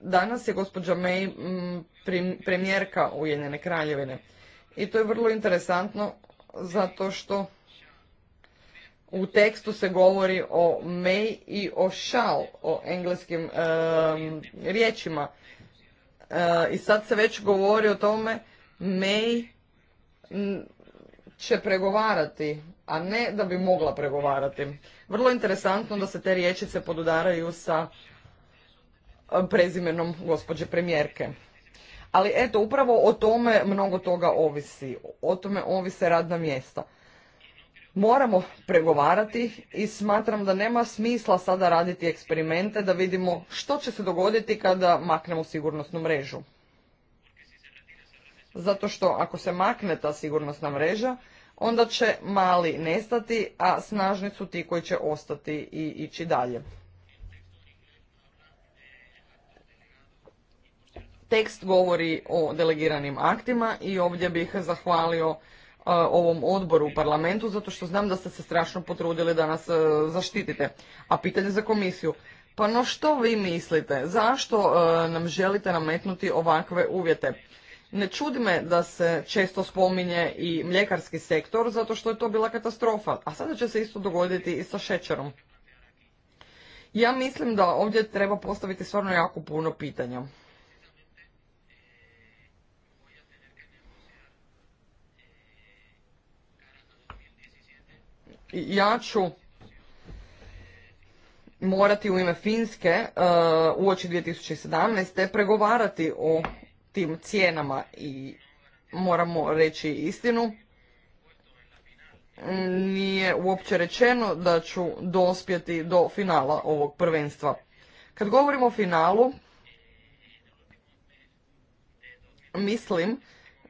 Danas je gospođa May premijerka Ujedinjene kraljevine. I to je vrlo interesantno zato što u tekstu se govori o may i o shall, o engleskim riječima. E, I sad se već govori o tome may će pregovarati, a ne da bi mogla pregovarati. Vrlo interesantno da se te riječice podudaraju sa prezimenom gospođe premijerke. Ali eto, upravo o tome mnogo toga ovisi. O tome ovise radna mjesta moramo pregovarati i smatram da nema smisla sada raditi eksperimente da vidimo što će se dogoditi kada maknemo sigurnosnu mrežu. Zato što ako se makne ta sigurnosna mreža, onda će mali nestati, a snažni su ti koji će ostati i ići dalje. Tekst govori o delegiranim aktima i ovdje bih zahvalio ovom odboru u parlamentu, zato što znam da ste se strašno potrudili da nas e, zaštitite. A pitanje za komisiju. Pa no što vi mislite? Zašto e, nam želite nametnuti ovakve uvjete? Ne čudi me da se često spominje i mljekarski sektor, zato što je to bila katastrofa. A sada će se isto dogoditi i sa šećerom. Ja mislim da ovdje treba postaviti stvarno jako puno pitanja. ja ću morati u ime Finske uh, uoči 2017. pregovarati o tim cijenama i moramo reći istinu. Nije uopće rečeno da ću dospjeti do finala ovog prvenstva. Kad govorimo o finalu, mislim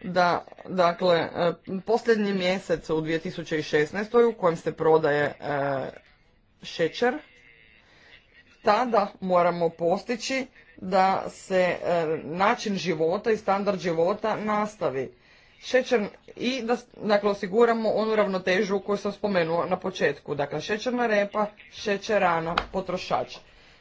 da dakle e, posljednji mjesec u 2016. u kojem se prodaje e, šećer tada moramo postići da se e, način života i standard života nastavi šećer i da dakle, osiguramo onu ravnotežu koju sam spomenuo na početku. Dakle, šećerna repa, šećerana, potrošač.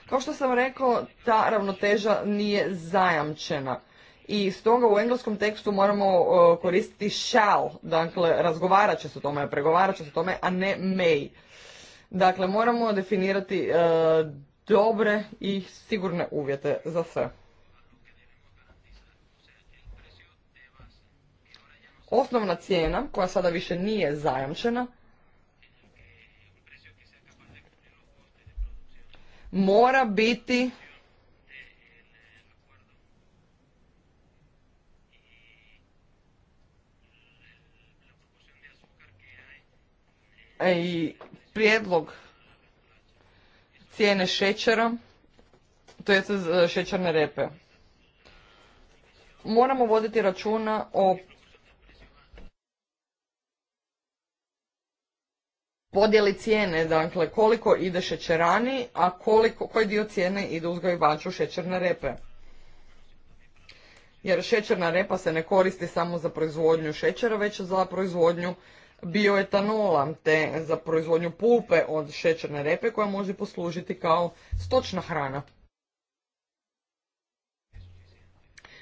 Kao što sam rekao, ta ravnoteža nije zajamčena i stoga u engleskom tekstu moramo e, koristiti shall, dakle razgovarat će se o tome, pregovarat će se o tome, a ne may. Dakle, moramo definirati e, dobre i sigurne uvjete za sve. Osnovna cijena, koja sada više nije zajamčena, mora biti i prijedlog cijene šećera, to je e, šećerne repe. Moramo voditi računa o podjeli cijene, dakle koliko ide šećerani, a koliko, koji dio cijene ide uzgojivaču šećerne repe. Jer šećerna repa se ne koristi samo za proizvodnju šećera, već za proizvodnju bioetanola te za proizvodnju pulpe od šećerne repe koja može poslužiti kao stočna hrana.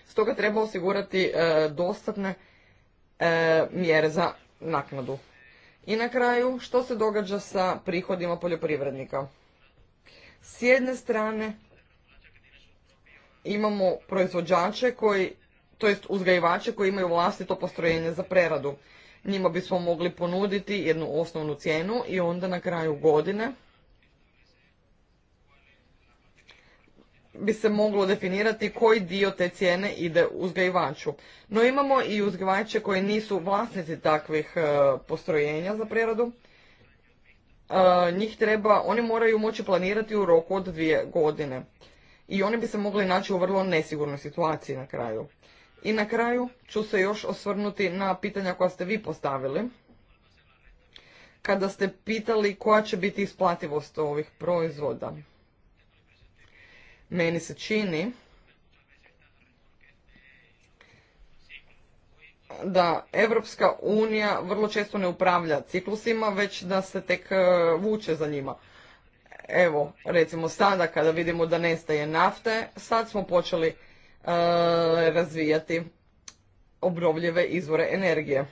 Stoga treba osigurati e, dostatne e, mjere za naknadu. I na kraju, što se događa sa prihodima poljoprivrednika? S jedne strane imamo proizvođače koji, to jest uzgajivače koji imaju vlastito postrojenje za preradu. Njima bismo mogli ponuditi jednu osnovnu cijenu i onda na kraju godine bi se moglo definirati koji dio te cijene ide uzgajivaču. No imamo i uzgajivače koji nisu vlasnici takvih e, postrojenja za preradu. E, njih treba, oni moraju moći planirati u roku od dvije godine. I oni bi se mogli naći u vrlo nesigurnoj situaciji na kraju. I na kraju ću se još osvrnuti na pitanja koja ste vi postavili. Kada ste pitali koja će biti isplativost ovih proizvoda. Meni se čini da Evropska unija vrlo često ne upravlja ciklusima, već da se tek e, vuče za njima. Evo, recimo sada kada vidimo da nestaje nafte, sad smo počeli E, razvijati obnovljive izvore energije.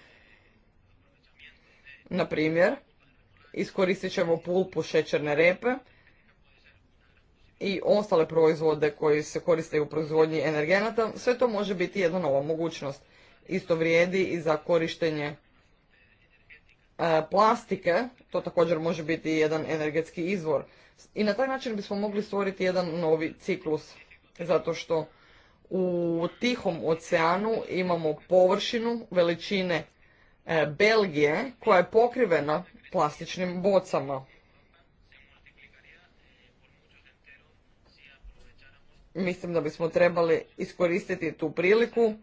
Na primjer, iskoristit ćemo pulpu šećerne repe i ostale proizvode koji se koriste u proizvodnji energenata, sve to može biti jedna nova mogućnost. Isto vrijedi i za korištenje e, plastike, to također može biti jedan energetski izvor. I na taj način bismo mogli stvoriti jedan novi ciklus, zato što u Tihom oceanu imamo površinu veličine e, Belgije koja je pokrivena plastičnim bocama. Mislim da bismo trebali iskoristiti tu priliku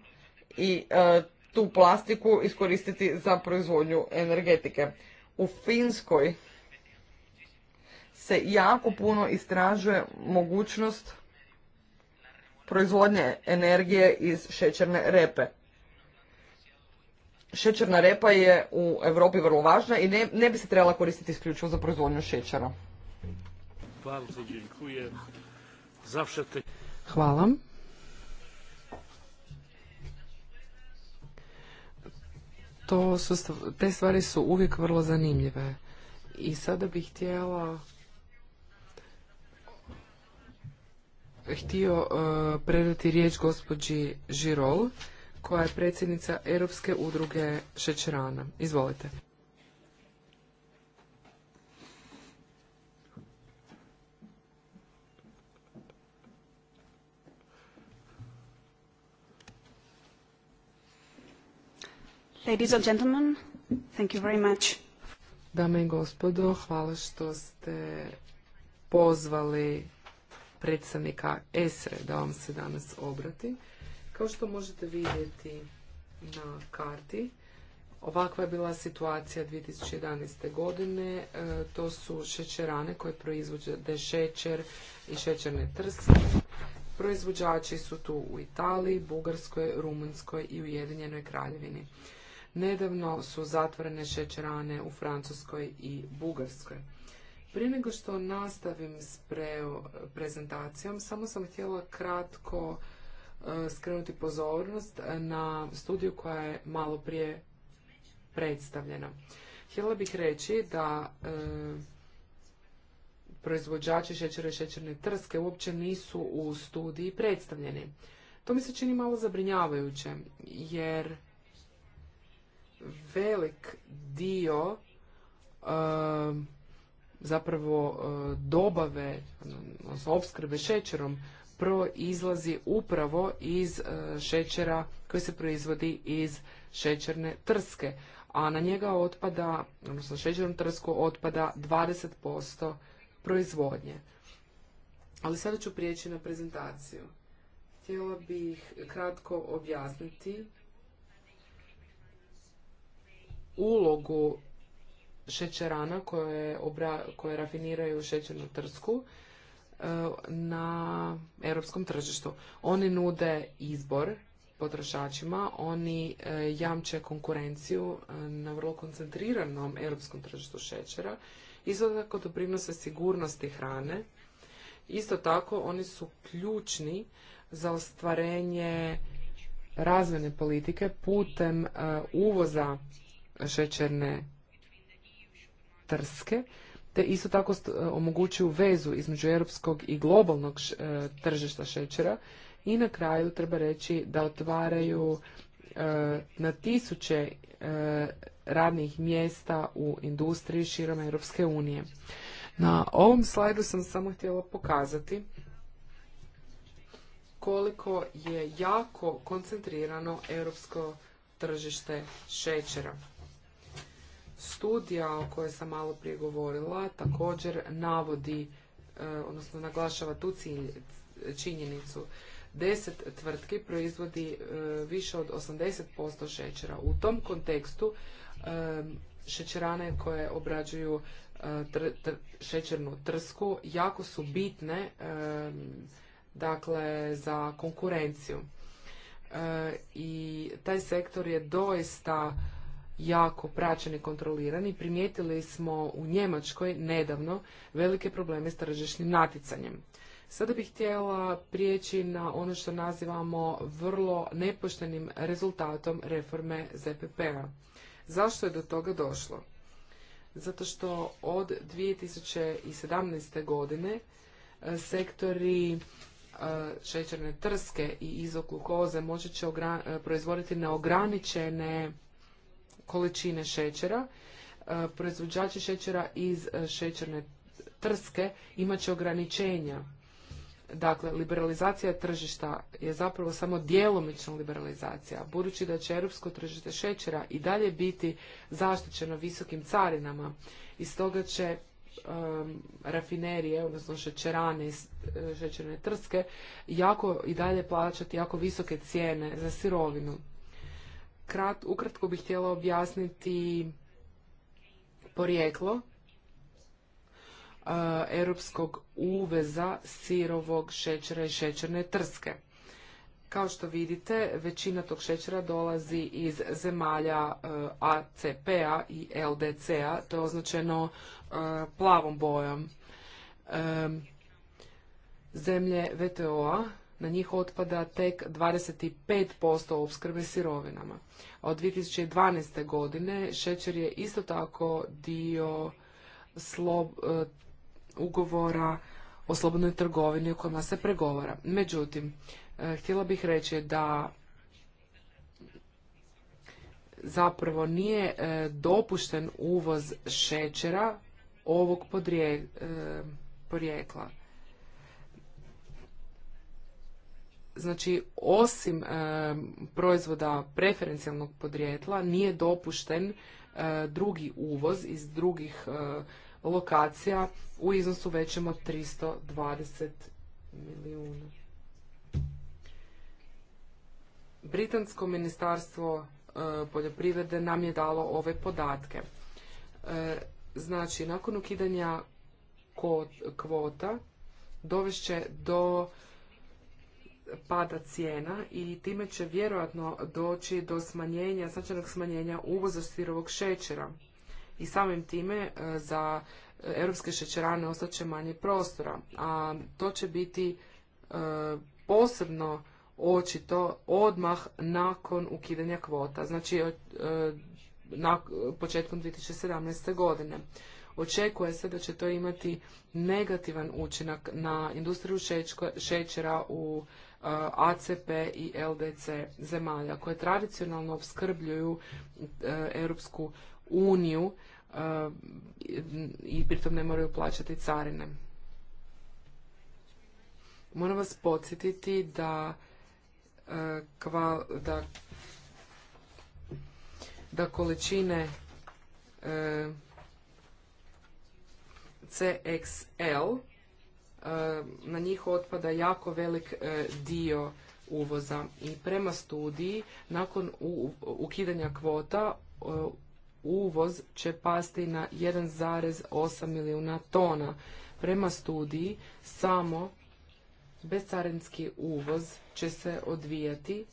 i e, tu plastiku iskoristiti za proizvodnju energetike. U Finskoj se jako puno istražuje mogućnost proizvodnje energije iz šećerne repe. Šećerna repa je u Europi vrlo važna i ne, bi se trebala koristiti isključivo za proizvodnju šećera. Hvala. To su, te stvari su uvijek vrlo zanimljive. I sada bih htjela htio e, predati riječ gospođi Žirol, koja je predsjednica Europske udruge šećerana. Izvolite. Ladies and gentlemen, thank you very much. Dame i gospodo, hvala što ste pozvali predstavnika ESRE da vam se danas obrati. Kao što možete vidjeti na karti, ovakva je bila situacija 2011. godine. E, to su šećerane koje proizvode šećer i šećerne trske. Proizvođači su tu u Italiji, Bugarskoj, Rumunskoj i Ujedinjenoj kraljevini. Nedavno su zatvorene šećerane u Francuskoj i Bugarskoj. Prije nego što nastavim s pre prezentacijom, samo sam htjela kratko e, skrenuti pozornost na studiju koja je malo prije predstavljena. Htjela bih reći da e, proizvođači šećera i šećerne trske uopće nisu u studiji predstavljeni. To mi se čini malo zabrinjavajuće, jer velik dio e, zapravo e, dobave, odnosno opskrbe šećerom, proizlazi izlazi upravo iz e, šećera koji se proizvodi iz šećerne trske, a na njega otpada, odnosno šećernu trsku otpada 20% proizvodnje. Ali sada ću prijeći na prezentaciju. Htjela bih kratko objasniti ulogu šećerana koje, obra, koje rafiniraju šećernu trsku e, na europskom tržištu. Oni nude izbor potrošačima, oni e, jamče konkurenciju e, na vrlo koncentriranom europskom tržištu šećera, isto tako doprinose sigurnosti hrane, isto tako oni su ključni za ostvarenje razvojne politike putem uvoza šećerne trske, te isto tako e, omogućuju vezu između europskog i globalnog e, tržišta šećera i na kraju treba reći da otvaraju e, na tisuće radnih mjesta u industriji širom Europske unije. Na ovom slajdu sam samo htjela pokazati koliko je jako koncentrirano europsko tržište šećera. Studija o kojoj sam malo prije govorila također navodi, e, odnosno naglašava tu činjenicu. Deset tvrtki proizvodi e, više od 80% šećera. U tom kontekstu e, šećerane koje obrađuju šećernu trsku jako su bitne dakle za konkurenciju. I taj sektor je doista jako praćeni i primijetili smo u Njemačkoj nedavno velike probleme s tržišnim naticanjem. Sada bih htjela prijeći na ono što nazivamo vrlo nepoštenim rezultatom reforme ZPP-a. Zašto je do toga došlo? Zato što od 2017. godine e, sektori e, šećerne trske i izoklukoze moći će e, proizvoditi neograničene količine šećera. E, proizvođači šećera iz e, šećerne trske imat će ograničenja. Dakle, liberalizacija tržišta je zapravo samo djelomična liberalizacija, budući da će europsko tržište šećera i dalje biti zaštićeno visokim carinama. I stoga će rafinerije, odnosno šećerane, e, šećerne trske, jako i dalje plaćati jako visoke cijene za sirovinu ukratko bih htjela objasniti porijeklo e, europskog uveza sirovog šećera i šećerne trske. Kao što vidite, većina tog šećera dolazi iz zemalja e, ACP-a i LDC-a, to je označeno e, plavom bojom. Zemlje VTO-a na njih otpada tek 25% opskrbe sirovinama. od 2012. godine šećer je isto tako dio slob, e, ugovora o slobodnoj trgovini o kojima se pregovara. Međutim, e, htjela bih reći da zapravo nije e, dopušten uvoz šećera ovog podrije, porijekla. znači osim e, proizvoda preferencijalnog podrijetla nije dopušten e, drugi uvoz iz drugih e, lokacija u iznosu većem od 320 milijuna. Britansko ministarstvo poljoprivrede nam je dalo ove podatke. Znači, nakon ukidanja kvota dovešće do pada cijena i time će vjerojatno doći do smanjenja, značajnog smanjenja uvoza sirovog šećera. I samim time e, za e, europske šećerane ostaće manje prostora, a to će biti e, posebno očito odmah nakon ukidanja kvota, znači na, početkom 2017. godine. Očekuje se da će to imati negativan učinak na industriju šećera u ACP i LDC zemalja koje tradicionalno opskrbljuju e, Europsku uniju e, i pritom ne moraju plaćati carine. Moram vas podsjetiti da e, da, da količine CXL E, na njih otpada jako velik e, dio uvoza i prema studiji nakon ukidanja kvota e, uvoz će pasti na 1,8 milijuna tona. Prema studiji samo bezcarinski uvoz će se odvijati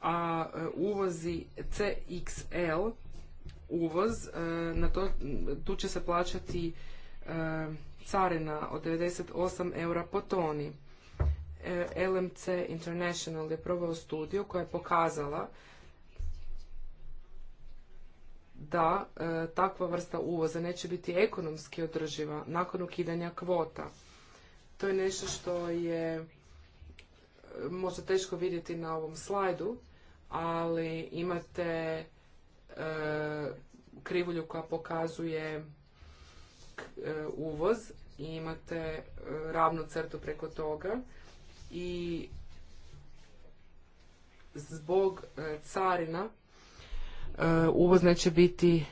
a uvozi CXL uvoz, e, na to, tu će se plaćati e, carina od 98 eura po toni. E, LMC International je proveo studiju koja je pokazala da takva vrsta uvoza neće biti ekonomski održiva nakon ukidanja kvota. To je nešto što je možda teško vidjeti na ovom slajdu, ali imate E, krivulju koja pokazuje e, uvoz i imate e, ravnu crtu preko toga i zbog carina uvoz neće biti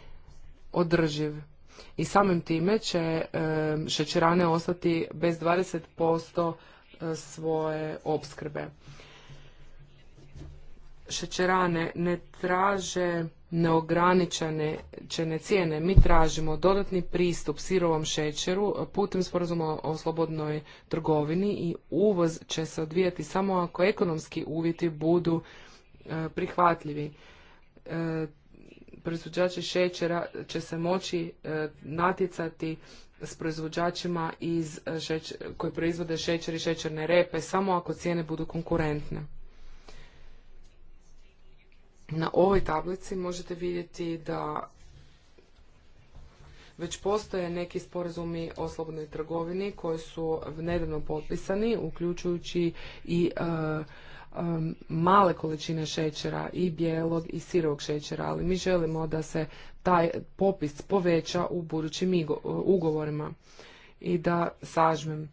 održiv i samim time će šećerane ostati bez 20% svoje opskrbe. Šećerane ne traže neograničene cijene. Mi tražimo dodatni pristup sirovom šećeru putem sporazuma o slobodnoj trgovini i uvoz će se odvijati samo ako ekonomski uvjeti budu e, prihvatljivi. E, proizvođači šećera će se moći e, natjecati s proizvođačima iz koji proizvode šećer i šećerne repe samo ako cijene budu konkurentne. Na ovoj tablici možete vidjeti da već postoje neki sporazumi o slobodnoj trgovini koji su nedavno potpisani, uključujući i e, e, male količine šećera i bijelog i sirovog šećera, ali mi želimo da se taj popis poveća u budućim e, ugovorima. I da sažmem,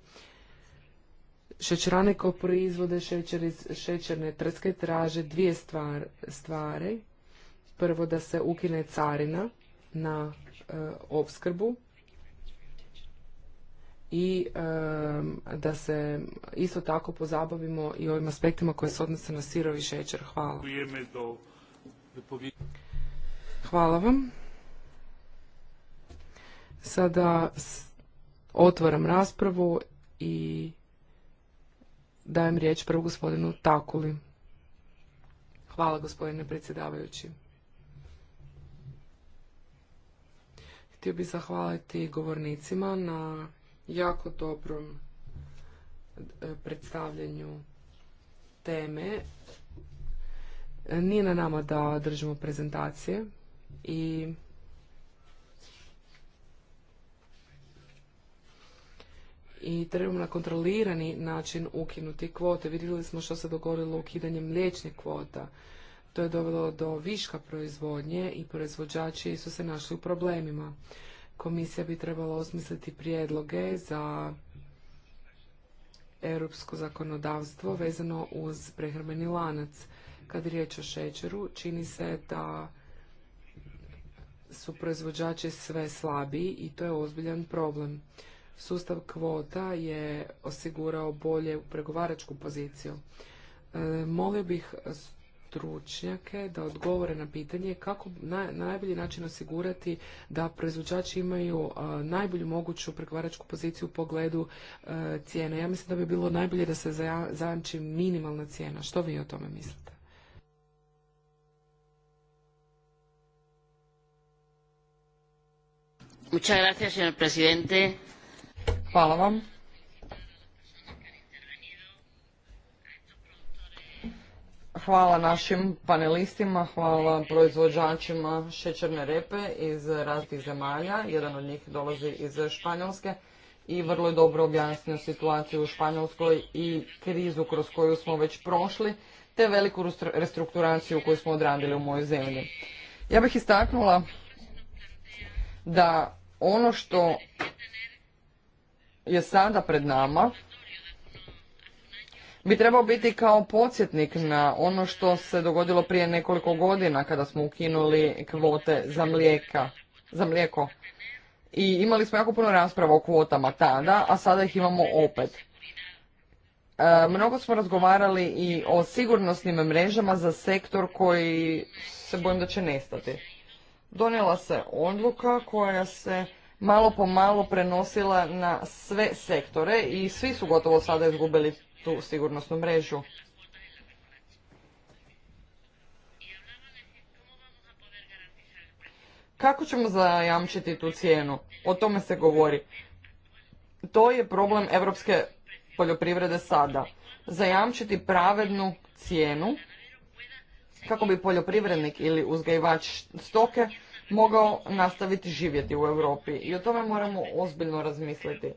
Šećerane koje proizvode šećer iz šećerne trske traže dvije stvar, stvari. Prvo da se ukine carina na eh, opskrbu i eh, da se isto tako pozabavimo i ovim aspektima koje se odnose na sirovi šećer. Hvala. Hvala vam. Sada otvaram raspravu i Dajem riječ prvo gospodinu Takuli. Hvala gospodine predsjedavajući. Htio bih zahvaliti govornicima na jako dobrom e, predstavljanju teme. E, nije na nama da držimo prezentacije i i trebamo na kontrolirani način ukinuti kvote. Vidjeli smo što se dogodilo ukidanjem mliječnih kvota. To je dovelo do viška proizvodnje i proizvođači su se našli u problemima. Komisija bi trebala osmisliti prijedloge za europsko zakonodavstvo vezano uz prehrambeni lanac. Kad je riječ o šećeru, čini se da su proizvođači sve slabiji i to je ozbiljan problem. Sustav kvota je osigurao bolje pregovaračku poziciju. E, molio bih stručnjake da odgovore na pitanje kako na, najbolji način osigurati da proizvođači imaju e, najbolju moguću pregovaračku poziciju u pogledu e, cijene. Ja mislim da bi bilo najbolje da se zajamči minimalna cijena. Što vi o tome mislite? Muchas gracias, señor presidente. Hvala vam. Hvala našim panelistima, hvala proizvođačima šećerne repe iz raznih zemalja. Jedan od njih dolazi iz Španjolske i vrlo je dobro objasnio situaciju u Španjolskoj i krizu kroz koju smo već prošli, te veliku restrukturaciju koju smo odradili u mojoj zemlji. Ja bih istaknula da ono što je sada pred nama bi trebao biti kao podsjetnik na ono što se dogodilo prije nekoliko godina kada smo ukinuli kvote za mlijeka, za mlijeko. I imali smo jako puno rasprava o kvotama tada, a sada ih imamo opet. E, mnogo smo razgovarali i o sigurnosnim mrežama za sektor koji se bojim da će nestati. Donijela se odluka koja se malo po malo prenosila na sve sektore i svi su gotovo sada izgubili tu sigurnosnu mrežu. Kako ćemo zajamčiti tu cijenu? O tome se govori. To je problem evropske poljoprivrede sada. Zajamčiti pravednu cijenu kako bi poljoprivrednik ili uzgajivač stoke mogao nastaviti živjeti u Europi i o tome moramo ozbiljno razmisliti.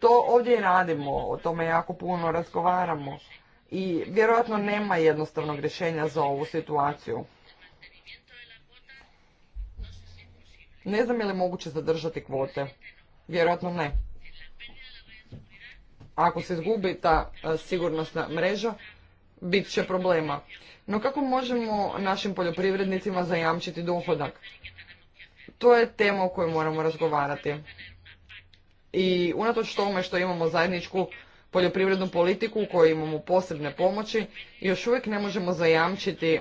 To ovdje i radimo, o tome jako puno razgovaramo i vjerojatno nema jednostavnog rješenja za ovu situaciju. Ne znam je li moguće zadržati kvote. Vjerojatno ne. Ako se izgubi ta e, sigurnosna mreža, bit će problema. No kako možemo našim poljoprivrednicima zajamčiti dohodak? To je tema o kojoj moramo razgovarati. I unatoč tome što imamo zajedničku poljoprivrednu politiku u kojoj imamo posebne pomoći, još uvijek ne možemo zajamčiti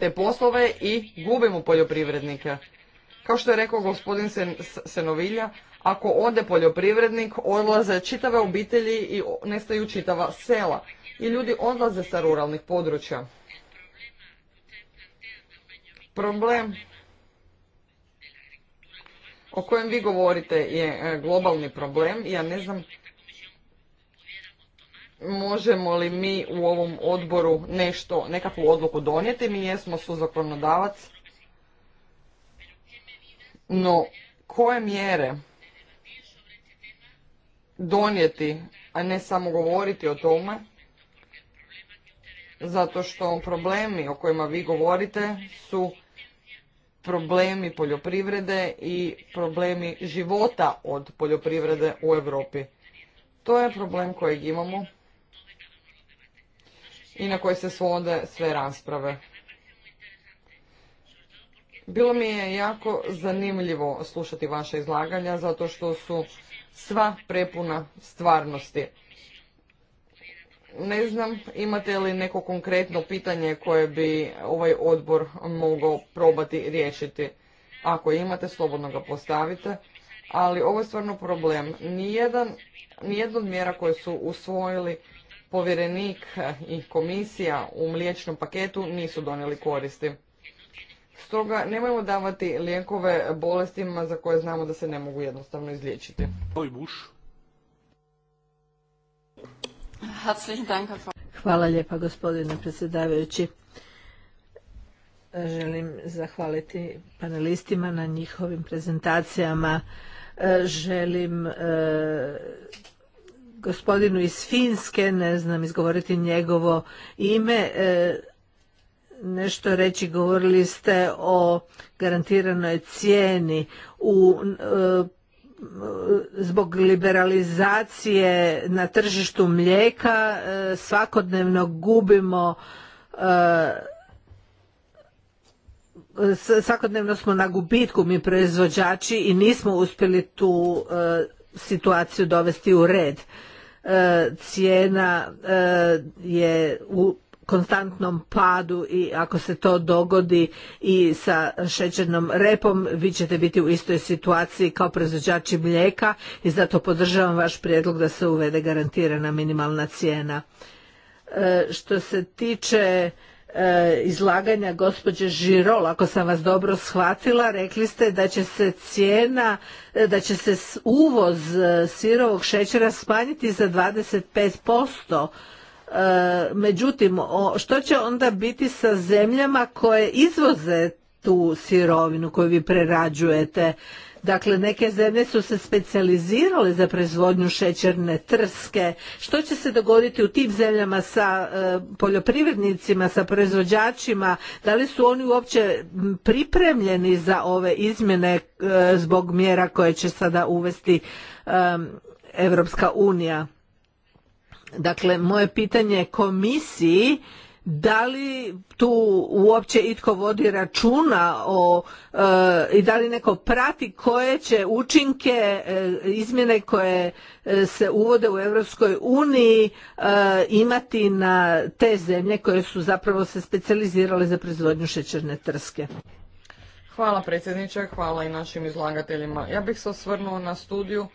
te poslove i gubimo poljoprivrednike. Kao što je rekao gospodin Senovilja, ako ode poljoprivrednik, odlaze čitave obitelji i nestaju čitava sela. I ljudi odlaze sa ruralnih područja. Problem o kojem vi govorite je e, globalni problem. Ja ne znam možemo li mi u ovom odboru nešto, nekakvu odluku donijeti. Mi jesmo suzakonodavac. No, koje mjere donijeti, a ne samo govoriti o tome, zato što problemi o kojima vi govorite su problemi poljoprivrede i problemi života od poljoprivrede u Europi. To je problem kojeg imamo i na koji se svode sve rasprave. Bilo mi je jako zanimljivo slušati vaše izlaganja zato što su sva prepuna stvarnosti ne znam imate li neko konkretno pitanje koje bi ovaj odbor mogao probati riješiti. Ako imate, slobodno ga postavite. Ali ovo je stvarno problem. Nijedan, nijedna od mjera koje su usvojili povjerenik i komisija u mliječnom paketu nisu donijeli koristi. Stoga nemojmo davati lijekove bolestima za koje znamo da se ne mogu jednostavno izliječiti. Hvala lijepa gospodine predsjedavajući. Želim zahvaliti panelistima na njihovim prezentacijama. E, želim e, gospodinu iz Finske, ne znam izgovoriti njegovo ime, e, nešto reći, govorili ste o garantiranoj cijeni. U zbog liberalizacije na tržištu mlijeka e, svakodnevno gubimo e, svakodnevno smo na gubitku mi proizvođači i nismo uspjeli tu e, situaciju dovesti u red cijena je u konstantnom padu i ako se to dogodi i sa šećernom repom vi ćete biti u istoj situaciji kao proizvođači mlijeka i zato podržavam vaš prijedlog da se uvede garantirana minimalna cijena. E, što se tiče e, izlaganja gospođe Žirol, ako sam vas dobro shvatila, rekli ste da će se cijena, e, da će se uvoz sirovog šećera smanjiti za 25%. E, međutim, što će onda biti sa zemljama koje izvoze tu sirovinu koju vi prerađujete? Dakle, neke zemlje su se specijalizirale za proizvodnju šećerne trske. Što će se dogoditi u tim zemljama sa e, poljoprivrednicima, sa proizvođačima? Da li su oni uopće pripremljeni za ove izmjene e, zbog mjera koje će sada uvesti Evropska unija? Dakle, moje pitanje komisiji da li tu uopće itko vodi računa o, e, i da li neko prati koje će učinke e, izmjene koje e, se uvode u Europskoj uniji imati na te zemlje koje su zapravo se specijalizirale za proizvodnju šećerne trske. Hvala predsjedniče, hvala i našim izlagateljima. Ja bih se osvrnuo na studiju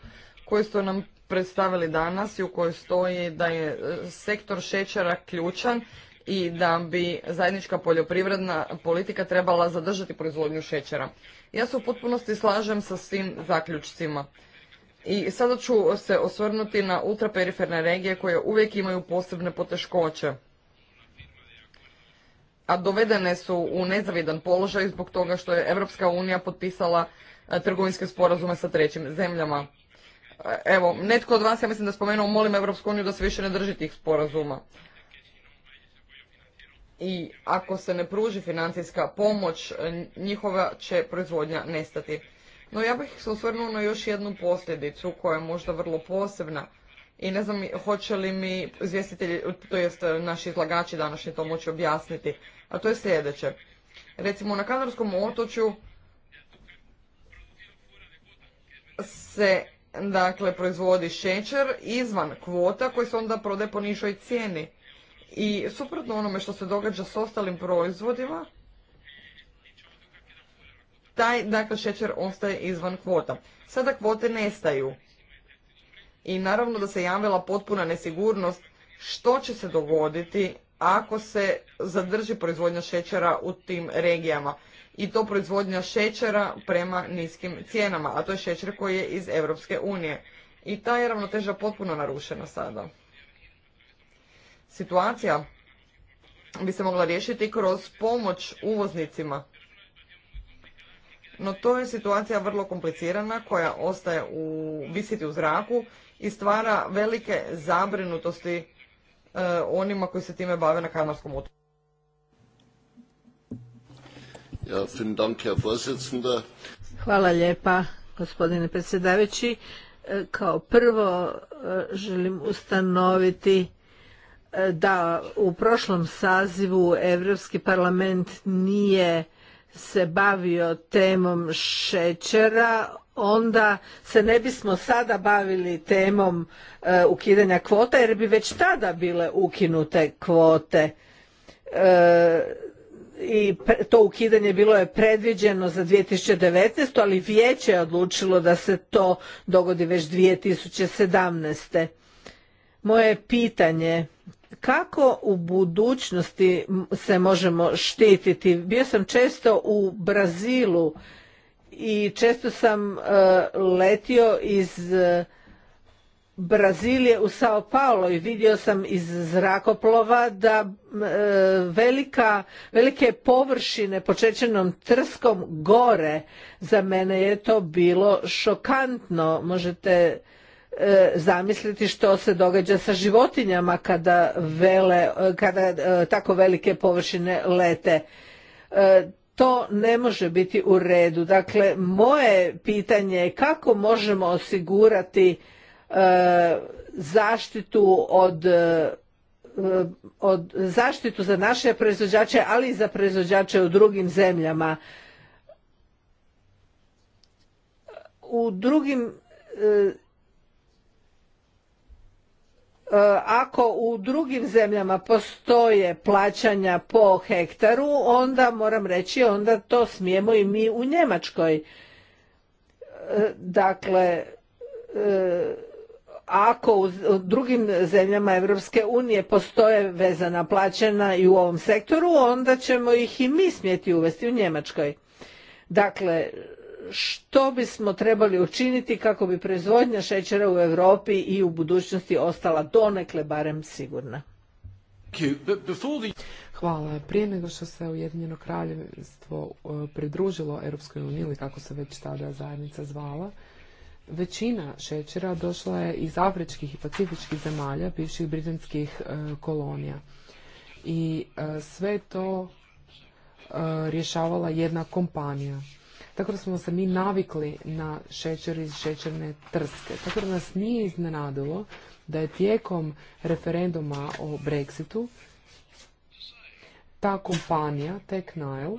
koju ste nam predstavili danas i u kojoj stoji da je e, sektor šećera ključan i da bi zajednička poljoprivredna politika trebala zadržati proizvodnju šećera. Ja se u potpunosti slažem sa svim zaključcima. I sada ću se osvrnuti na ultraperiferne regije koje uvijek imaju posebne poteškoće. A dovedene su u nezavidan položaj zbog toga što je Europska unija potpisala e, trgovinske sporazume sa trećim zemljama. E, evo, netko od vas, ja mislim da spomenuo, molim Evropsku uniju da se više ne drži tih sporazuma. I ako se ne pruži financijska pomoć, njihova će proizvodnja nestati. No ja bih se osvrnuo na još jednu posljedicu koja je možda vrlo posebna. I ne znam hoće li mi izvjestitelji, to jest naši izlagači današnji to moći objasniti. A to je sljedeće. Recimo na Kanarskom otočju se dakle, proizvodi šećer izvan kvota koji se onda prode po nižoj cijeni. I suprotno onome što se događa s ostalim proizvodima, taj dakle, šećer ostaje izvan kvota. Sada kvote nestaju. I naravno da se javila potpuna nesigurnost što će se dogoditi ako se zadrži proizvodnja šećera u tim regijama i to proizvodnja šećera prema niskim cijenama, a to je šećer koji je iz Europske unije. I ta je ravnoteža potpuno narušena sada. Situacija bi se mogla riješiti kroz pomoć uvoznicima. No to je situacija vrlo komplicirana koja ostaje u, visiti u zraku i stvara velike zabrinutosti e, onima koji se time bave na Kanarskom otoku. Hvala lijepa, gospodine predsjedavajući. E, kao prvo e, želim ustanoviti e, da u prošlom sazivu Europski parlament nije se bavio temom šećera, onda se ne bismo sada bavili temom ukidanja kvota jer bi već tada bile ukinute kvote i to ukidanje bilo je predviđeno za 2019. ali vijeće je odlučilo da se to dogodi već 2017. Moje pitanje kako u budućnosti se možemo štititi? Bio sam često u Brazilu i često sam e, letio iz Brazil je u Sao Paulo i vidio sam iz zrakoplova da e, velika, velike površine počećenom trskom gore za mene je to bilo šokantno. Možete e, zamisliti što se događa sa životinjama kada, vele, kada e, tako velike površine lete. To ne može biti u redu. Dakle, moje pitanje je kako možemo osigurati E, zaštitu od e, od zaštitu za naše proizvođače, ali i za proizvođače u drugim zemljama. U drugim e, ako u drugim zemljama postoje plaćanja po hektaru, onda moram reći onda to smijemo i mi u Njemačkoj. Dakle, ako u drugim zemljama Europske unije postoje vezana plaćena i u ovom sektoru, onda ćemo ih i mi smjeti uvesti u Njemačkoj. Dakle, što bismo trebali učiniti kako bi proizvodnja šećera u Europi i u budućnosti ostala donekle barem sigurna? Hvala. Prije nego što se Ujedinjeno kraljevstvo e, pridružilo Europskoj uniji ili kako se već tada zajednica zvala, Većina šećera došla je iz afričkih i pacifičkih zemalja, bivših britanskih e, kolonija. I e, sve to e, rješavala jedna kompanija. Tako da smo se mi navikli na šećer iz šećerne trske. Tako da nas nije iznenadilo da je tijekom referenduma o Brexitu ta kompanija, Tech Nile,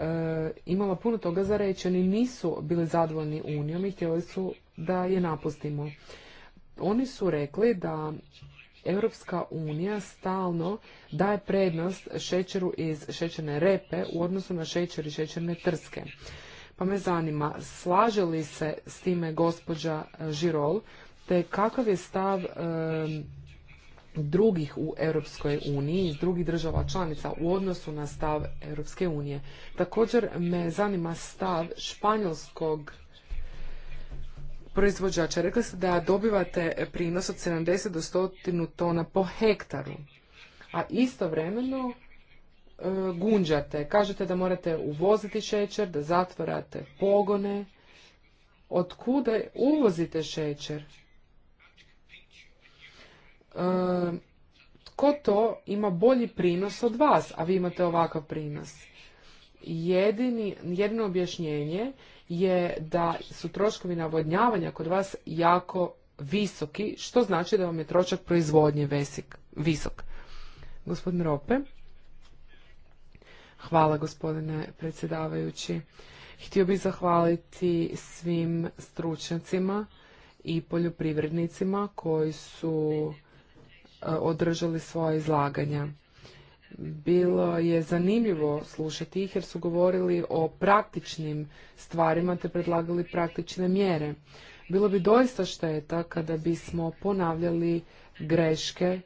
E, imala puno toga za reći. Oni nisu bili zadovoljni Unijom i htjeli su da je napustimo. Oni su rekli da Europska unija stalno daje prednost šećeru iz šećerne repe u odnosu na šećer i šećerne trske. Pa me zanima, slaže li se s time gospođa Žirol, te kakav je stav drugih u Europskoj uniji, iz drugih država članica u odnosu na stav Europske unije. Također me zanima stav španjolskog proizvođača. Rekli ste da dobivate prinos od 70 do 100 tona po hektaru, a istovremeno e, gunđate. Kažete da morate uvoziti šećer, da zatvarate pogone. Od kuda uvozite šećer? tko to ima bolji prinos od vas, a vi imate ovakav prinos. Jedini, jedino objašnjenje je da su troškovi navodnjavanja kod vas jako visoki, što znači da vam je trošak proizvodnje vesik, visok. Gospodin Rope. Hvala gospodine predsjedavajući. Htio bih zahvaliti svim stručnjacima i poljoprivrednicima koji su E, održali svoje izlaganja. Bilo je zanimljivo slušati ih jer su govorili o praktičnim stvarima te predlagali praktične mjere. Bilo bi doista šteta kada bismo ponavljali greške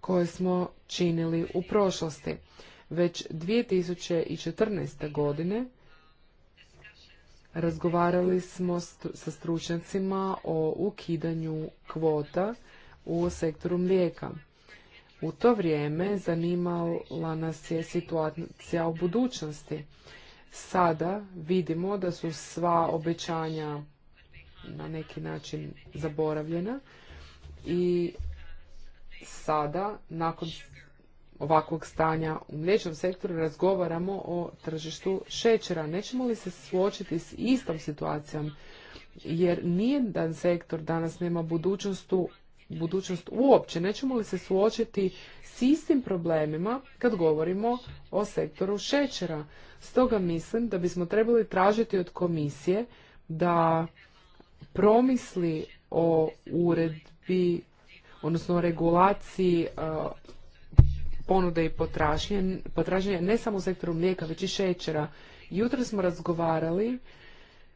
koje smo činili u prošlosti. Već 2014. godine razgovarali smo sa stručnjacima o ukidanju kvota u sektoru mlijeka. U to vrijeme zanimala nas je situacija u budućnosti. Sada vidimo da su sva obećanja na neki način zaboravljena i sada, nakon ovakvog stanja u mliječnom sektoru, razgovaramo o tržištu šećera. Nećemo li se suočiti s istom situacijom? Jer nijedan sektor danas nema budućnost u budućnost uopće? Nećemo li se suočiti s istim problemima kad govorimo o sektoru šećera? Stoga mislim da bismo trebali tražiti od komisije da promisli o uredbi, odnosno o regulaciji e, ponude i potražnje, ne samo u sektoru mlijeka, već i šećera. Jutro smo razgovarali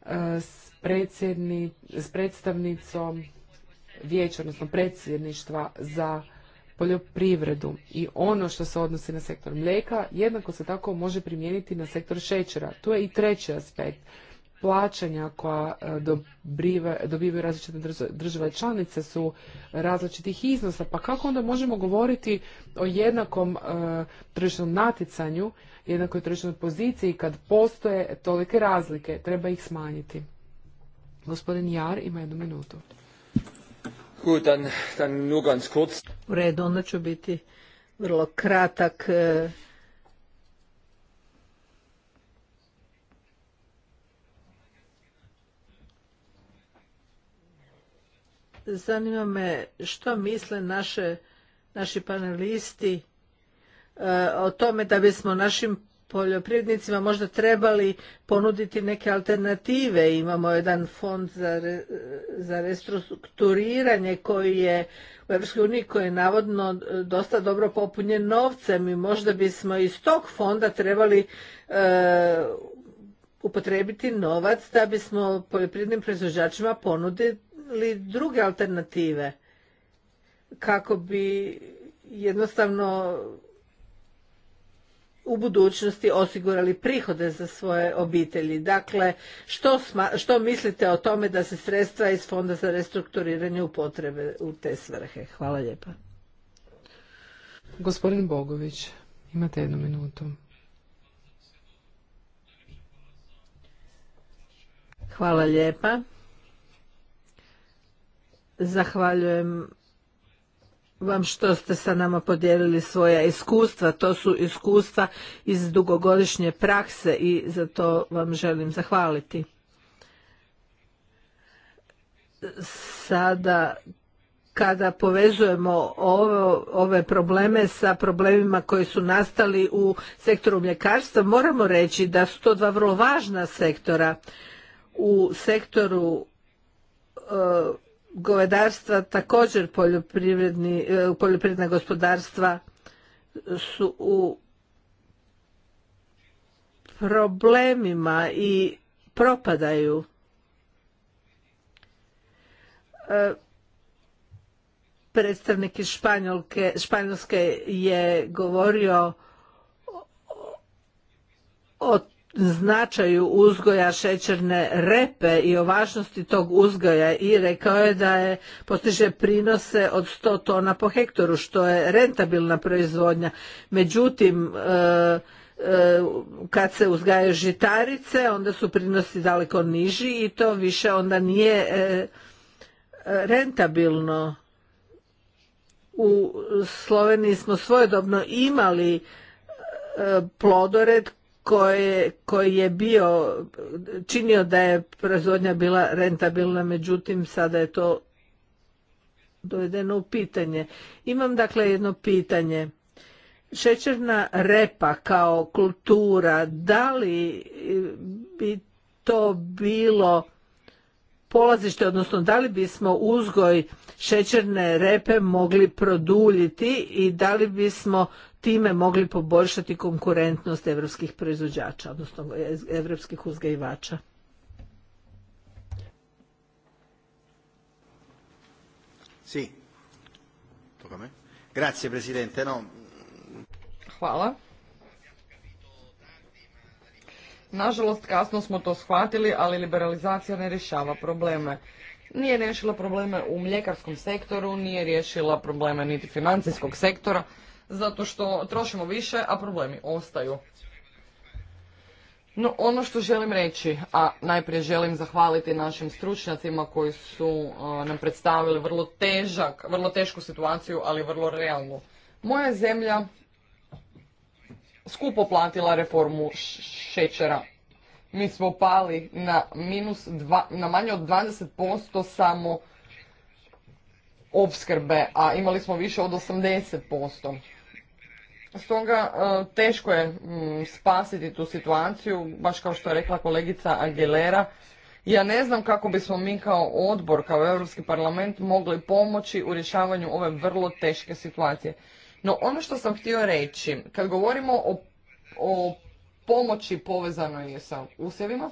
e, s s, s predstavnicom vijeća, odnosno predsjedništva za poljoprivredu i ono što se odnosi na sektor mlijeka jednako se tako može primijeniti na sektor šećera. Tu je i treći aspekt plaćanja koja e, dobivaju različite države članice su različitih iznosa, pa kako onda možemo govoriti o jednakom e, tržišnom natjecanju, jednakoj tržišnoj poziciji kad postoje tolike razlike, treba ih smanjiti. Gospodin Jar ima jednu minutu. Gut, dann, dann nur U redu, onda ću biti vrlo kratak. E, Zanima me što misle naši panelisti e, o tome da bismo našim poljoprivrednicima možda trebali ponuditi neke alternative. Imamo jedan fond za, restrukturiranje koji je u EU koji je navodno dosta dobro popunjen novcem i možda bismo iz tog fonda trebali e, upotrijebiti upotrebiti novac da bismo poljoprivrednim proizvođačima ponudili druge alternative kako bi jednostavno u budućnosti osigurali prihode za svoje obitelji. Dakle, što, što mislite o tome da se sredstva iz Fonda za restrukturiranje upotrebe u te svrhe? Hvala lijepa. Gospodin Bogović, imate jednu minutu. Hvala lijepa. Zahvaljujem vam što ste sa nama podijelili svoja iskustva. To su iskustva iz dugogodišnje prakse i za to vam želim zahvaliti. Sada kada povezujemo ovo, ove probleme sa problemima koji su nastali u sektoru mljekarstva, moramo reći da su to dva vrlo važna sektora. U sektoru e, govedarstva također poljoprivredni, e, poljoprivredna gospodarstva su u problemima i propadaju. E, predstavnik iz Španjolske je govorio o značaju uzgoja šećerne repe i o važnosti tog uzgoja i rekao je da je postiže prinose od 100 tona po hektoru što je rentabilna proizvodnja. Međutim, e, e, kad se uzgajaju žitarice onda su prinosi daleko niži i to više onda nije e, rentabilno. U Sloveniji smo svojedobno imali plodored koje, koji je bio, činio da je proizvodnja bila rentabilna, međutim sada je to dovedeno u pitanje. Imam dakle jedno pitanje. Šećerna repa kao kultura, da li bi to bilo polazište, odnosno da li bismo uzgoj šećerne repe mogli produljiti i da li bismo time mogli poboljšati konkurentnost evropskih proizvođača, odnosno evropskih uzgajivača. Hvala. Nažalost, kasno smo to shvatili, ali liberalizacija ne rješava probleme. Nije riješila probleme u mljekarskom sektoru, nije rješila probleme niti financijskog sektora, zato što trošimo više, a problemi ostaju. No, ono što želim reći, a najprije želim zahvaliti našim stručnjacima koji su nam predstavili vrlo težak, vrlo tešku situaciju, ali vrlo realnu. Moja zemlja skupo platila reformu šećera. Mi smo pali na, minus na manje od 20% samo opskrbe, a imali smo više od 80%. Stoga e, teško je mm, spasiti tu situaciju, baš kao što je rekla kolegica Aguilera. Ja ne znam kako bismo mi kao odbor, kao Europski parlament mogli pomoći u rješavanju ove vrlo teške situacije. No ono što sam htio reći, kad govorimo o, o pomoći povezanoj sa usjevima,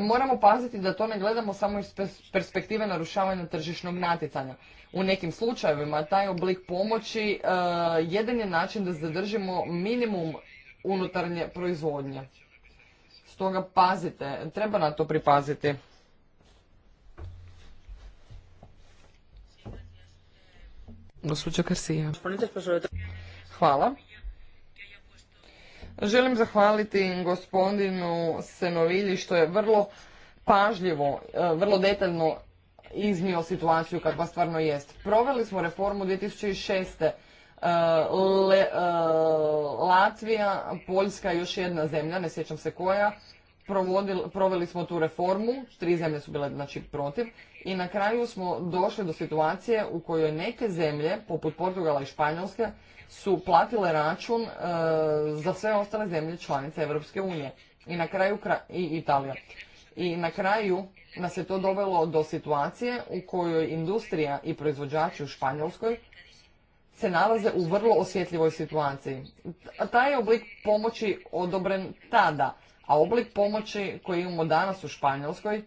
moramo paziti da to ne gledamo samo iz perspektive narušavanja tržišnog natjecanja. U nekim slučajevima taj oblik pomoći uh, e, jedan je način da zadržimo minimum unutarnje proizvodnje. Stoga pazite, treba na to pripaziti. Hvala. Želim zahvaliti gospodinu Senovilji što je vrlo pažljivo, e, vrlo detaljno iznio situaciju kakva stvarno jest. Proveli smo reformu 2006. E, le, e, Latvija, Poljska još jedna zemlja, ne sjećam se koja, proveli smo tu reformu, tri zemlje su bile znači protiv i na kraju smo došli do situacije u kojoj neke zemlje, poput Portugala i Španjolske, su platile račun e, za sve ostale zemlje članice Europske unije i na kraju i Italija. I na kraju nas je to dovelo do situacije u kojoj industrija i proizvođači u Španjolskoj se nalaze u vrlo osjetljivoj situaciji. Taj je oblik pomoći odobren tada, a oblik pomoći koji imamo danas u Španjolskoj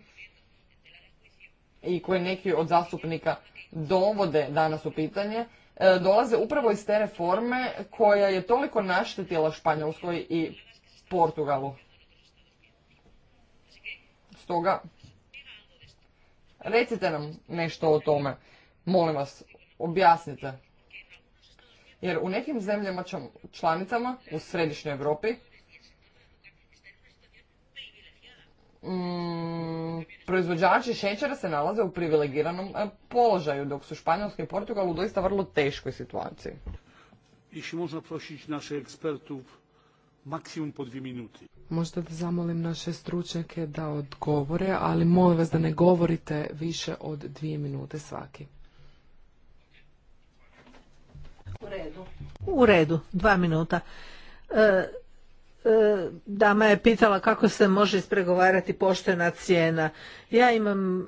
i koje neki od zastupnika dovode danas u pitanje E, dolaze upravo iz te reforme koja je toliko naštetila Španjolskoj i Portugalu. Stoga, recite nam nešto o tome. Molim vas, objasnite. Jer u nekim zemljama članicama u središnjoj Europi Mm, proizvođači šećera se nalaze u privilegiranom e, položaju, dok su Španjolska i Portugal u doista vrlo teškoj situaciji. Jeśli možda prosić naše ekspertu maksimum po dvije minute. Možda da zamolim naše stručnjake da odgovore, ali molim vas da ne govorite više od dvije minute svaki. U redu. U redu, dva minuta. E, E, dama je pitala kako se može ispregovarati poštena cijena. Ja imam e,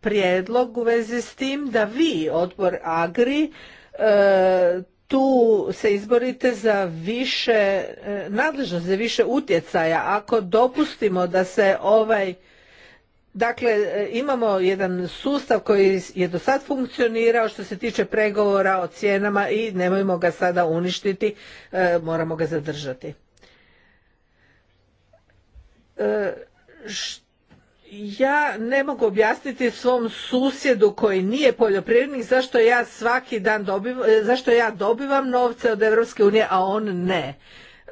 prijedlog u vezi s tim da vi, odbor Agri, e, tu se izborite za više nadležnost, za više utjecaja. Ako dopustimo da se ovaj Dakle, imamo jedan sustav koji je do sad funkcionirao što se tiče pregovora o cijenama i nemojmo ga sada uništiti, moramo ga zadržati ja ne mogu objasniti svom susjedu koji nije poljoprivrednik zašto ja svaki dan dobivam, e, zašto ja dobivam novce od Europske unije, a on ne.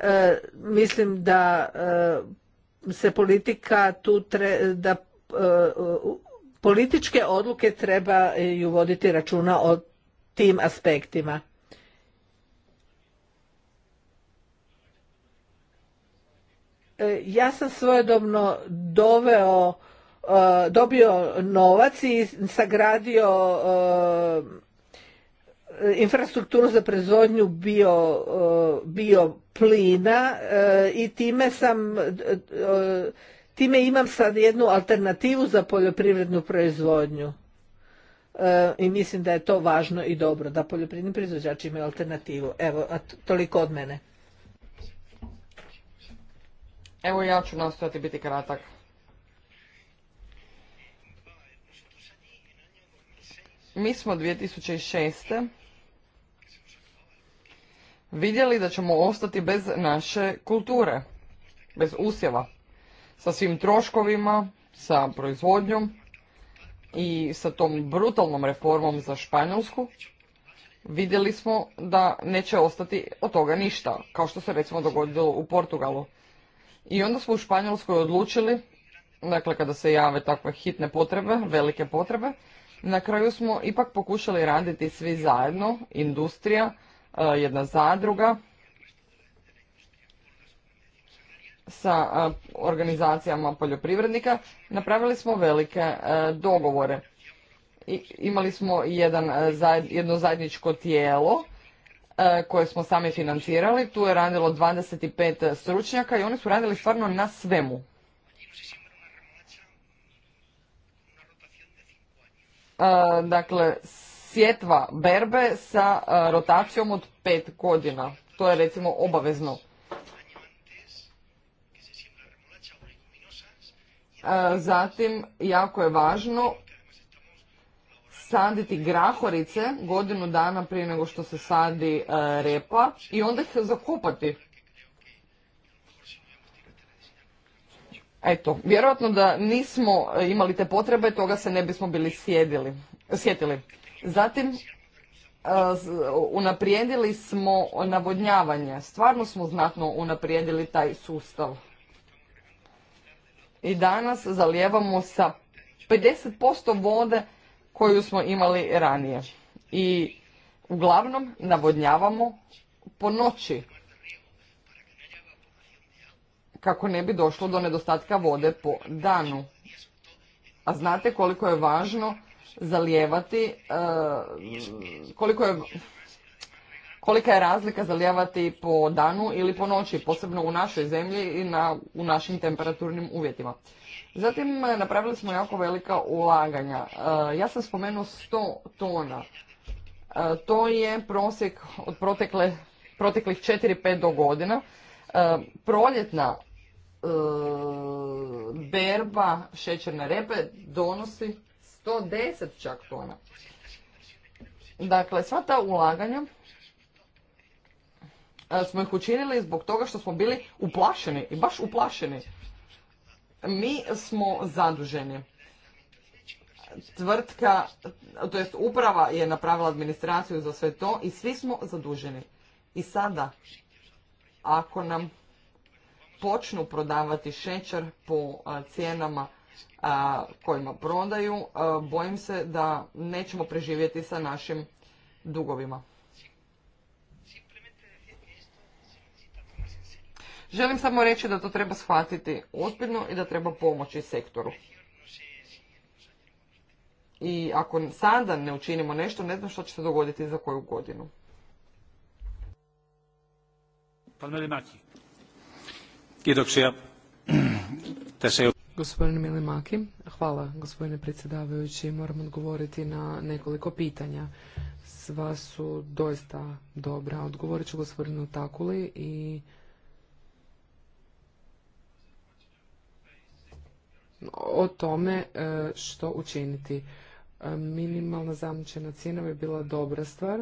E, mislim da e, se politika tu tre, da e, političke odluke trebaju voditi računa o tim aspektima. E, ja sam svojedobno doveo e, dobio novac i sagradio e, infrastrukturu za proizvodnju bio, bio plina i time sam time imam sad jednu alternativu za poljoprivrednu proizvodnju i mislim da je to važno i dobro da poljoprivredni proizvođači imaju alternativu evo toliko od mene Evo ja ću nastojati biti kratak. Mi smo 2006. vidjeli da ćemo ostati bez naše kulture, bez usjeva, sa svim troškovima, sa proizvodnjom i sa tom brutalnom reformom za Španjolsku vidjeli smo da neće ostati od toga ništa, kao što se recimo dogodilo u Portugalu. I onda smo u Španjolskoj odlučili, dakle kada se jave takve hitne potrebe, velike potrebe, na kraju smo ipak pokušali raditi svi zajedno, industrija, eh, jedna zadruga, sa eh, organizacijama poljoprivrednika, napravili smo velike eh, dogovore. imali smo jedan, jedno zajedničko tijelo E, koje smo sami financirali. Tu je radilo 25 stručnjaka i oni su radili stvarno na svemu. E, dakle, sjetva berbe sa e, rotacijom od pet godina. To je recimo obavezno. Zatim, jako je važno saditi grahorice godinu dana prije nego što se sadi e, repa i onda ih zakopati. Eto, vjerojatno da nismo imali te potrebe, toga se ne bismo bili sjetili. Zatim, e, unaprijedili smo navodnjavanje. Stvarno smo znatno unaprijedili taj sustav. I danas zalijevamo sa 50% vode koju smo imali ranije. I uglavnom navodnjavamo po noći kako ne bi došlo do nedostatka vode po danu. A znate koliko je važno zalijevati, e, koliko je, kolika je razlika zalijevati po danu ili po noći, posebno u našoj zemlji i na, u našim temperaturnim uvjetima. Zatim e, napravili smo jako velika ulaganja. E, ja sam spomenuo 100 tona. E, to je prosjek od protekle, proteklih 4-5 do godina. Proljetna berba šećerne repe donosi 110 čak tona. Dakle, sva ta ulaganja smo ih učinili zbog toga što smo bili uplašeni i baš uplašeni mi smo zaduženi. Tvrtka, to jest uprava je napravila administraciju za sve to i svi smo zaduženi. I sada, ako nam počnu prodavati šećer po cijenama kojima prodaju, bojim se da nećemo preživjeti sa našim dugovima. Želim samo reći da to treba shvatiti ozbiljno i da treba pomoći sektoru. I ako sada ne učinimo nešto, ne znam što će se dogoditi za koju godinu. Gospodine Milimaki, hvala gospodine predsjedavajući. Moram odgovoriti na nekoliko pitanja. Sva su doista dobra. Odgovorit ću gospodinu Takuli i o tome e, što učiniti. E, minimalna zamućena cijena bi bila dobra stvar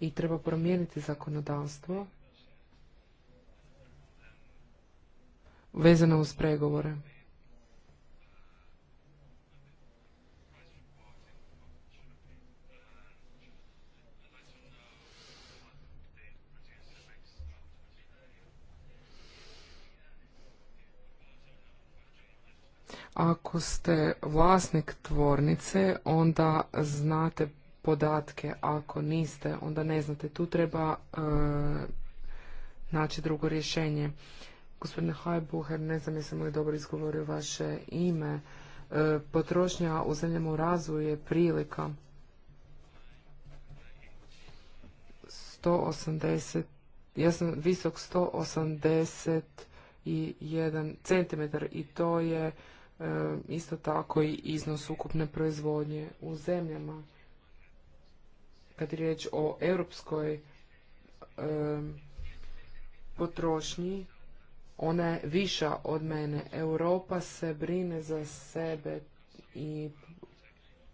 i treba promijeniti zakonodavstvo vezano uz pregovore. Ako ste vlasnik tvornice, onda znate podatke. Ako niste, onda ne znate. Tu treba e, naći drugo rješenje. Gospodine Hajbuher, ne znam jesam li dobro izgovorio vaše ime. E, potrošnja u zemljama u razvoju je prilika. 180, ja sam visok 181 cm i to je E, isto tako i iznos ukupne proizvodnje u zemljama. Kad je riječ o europskoj e, potrošnji, ona je viša od mene. Europa se brine za sebe i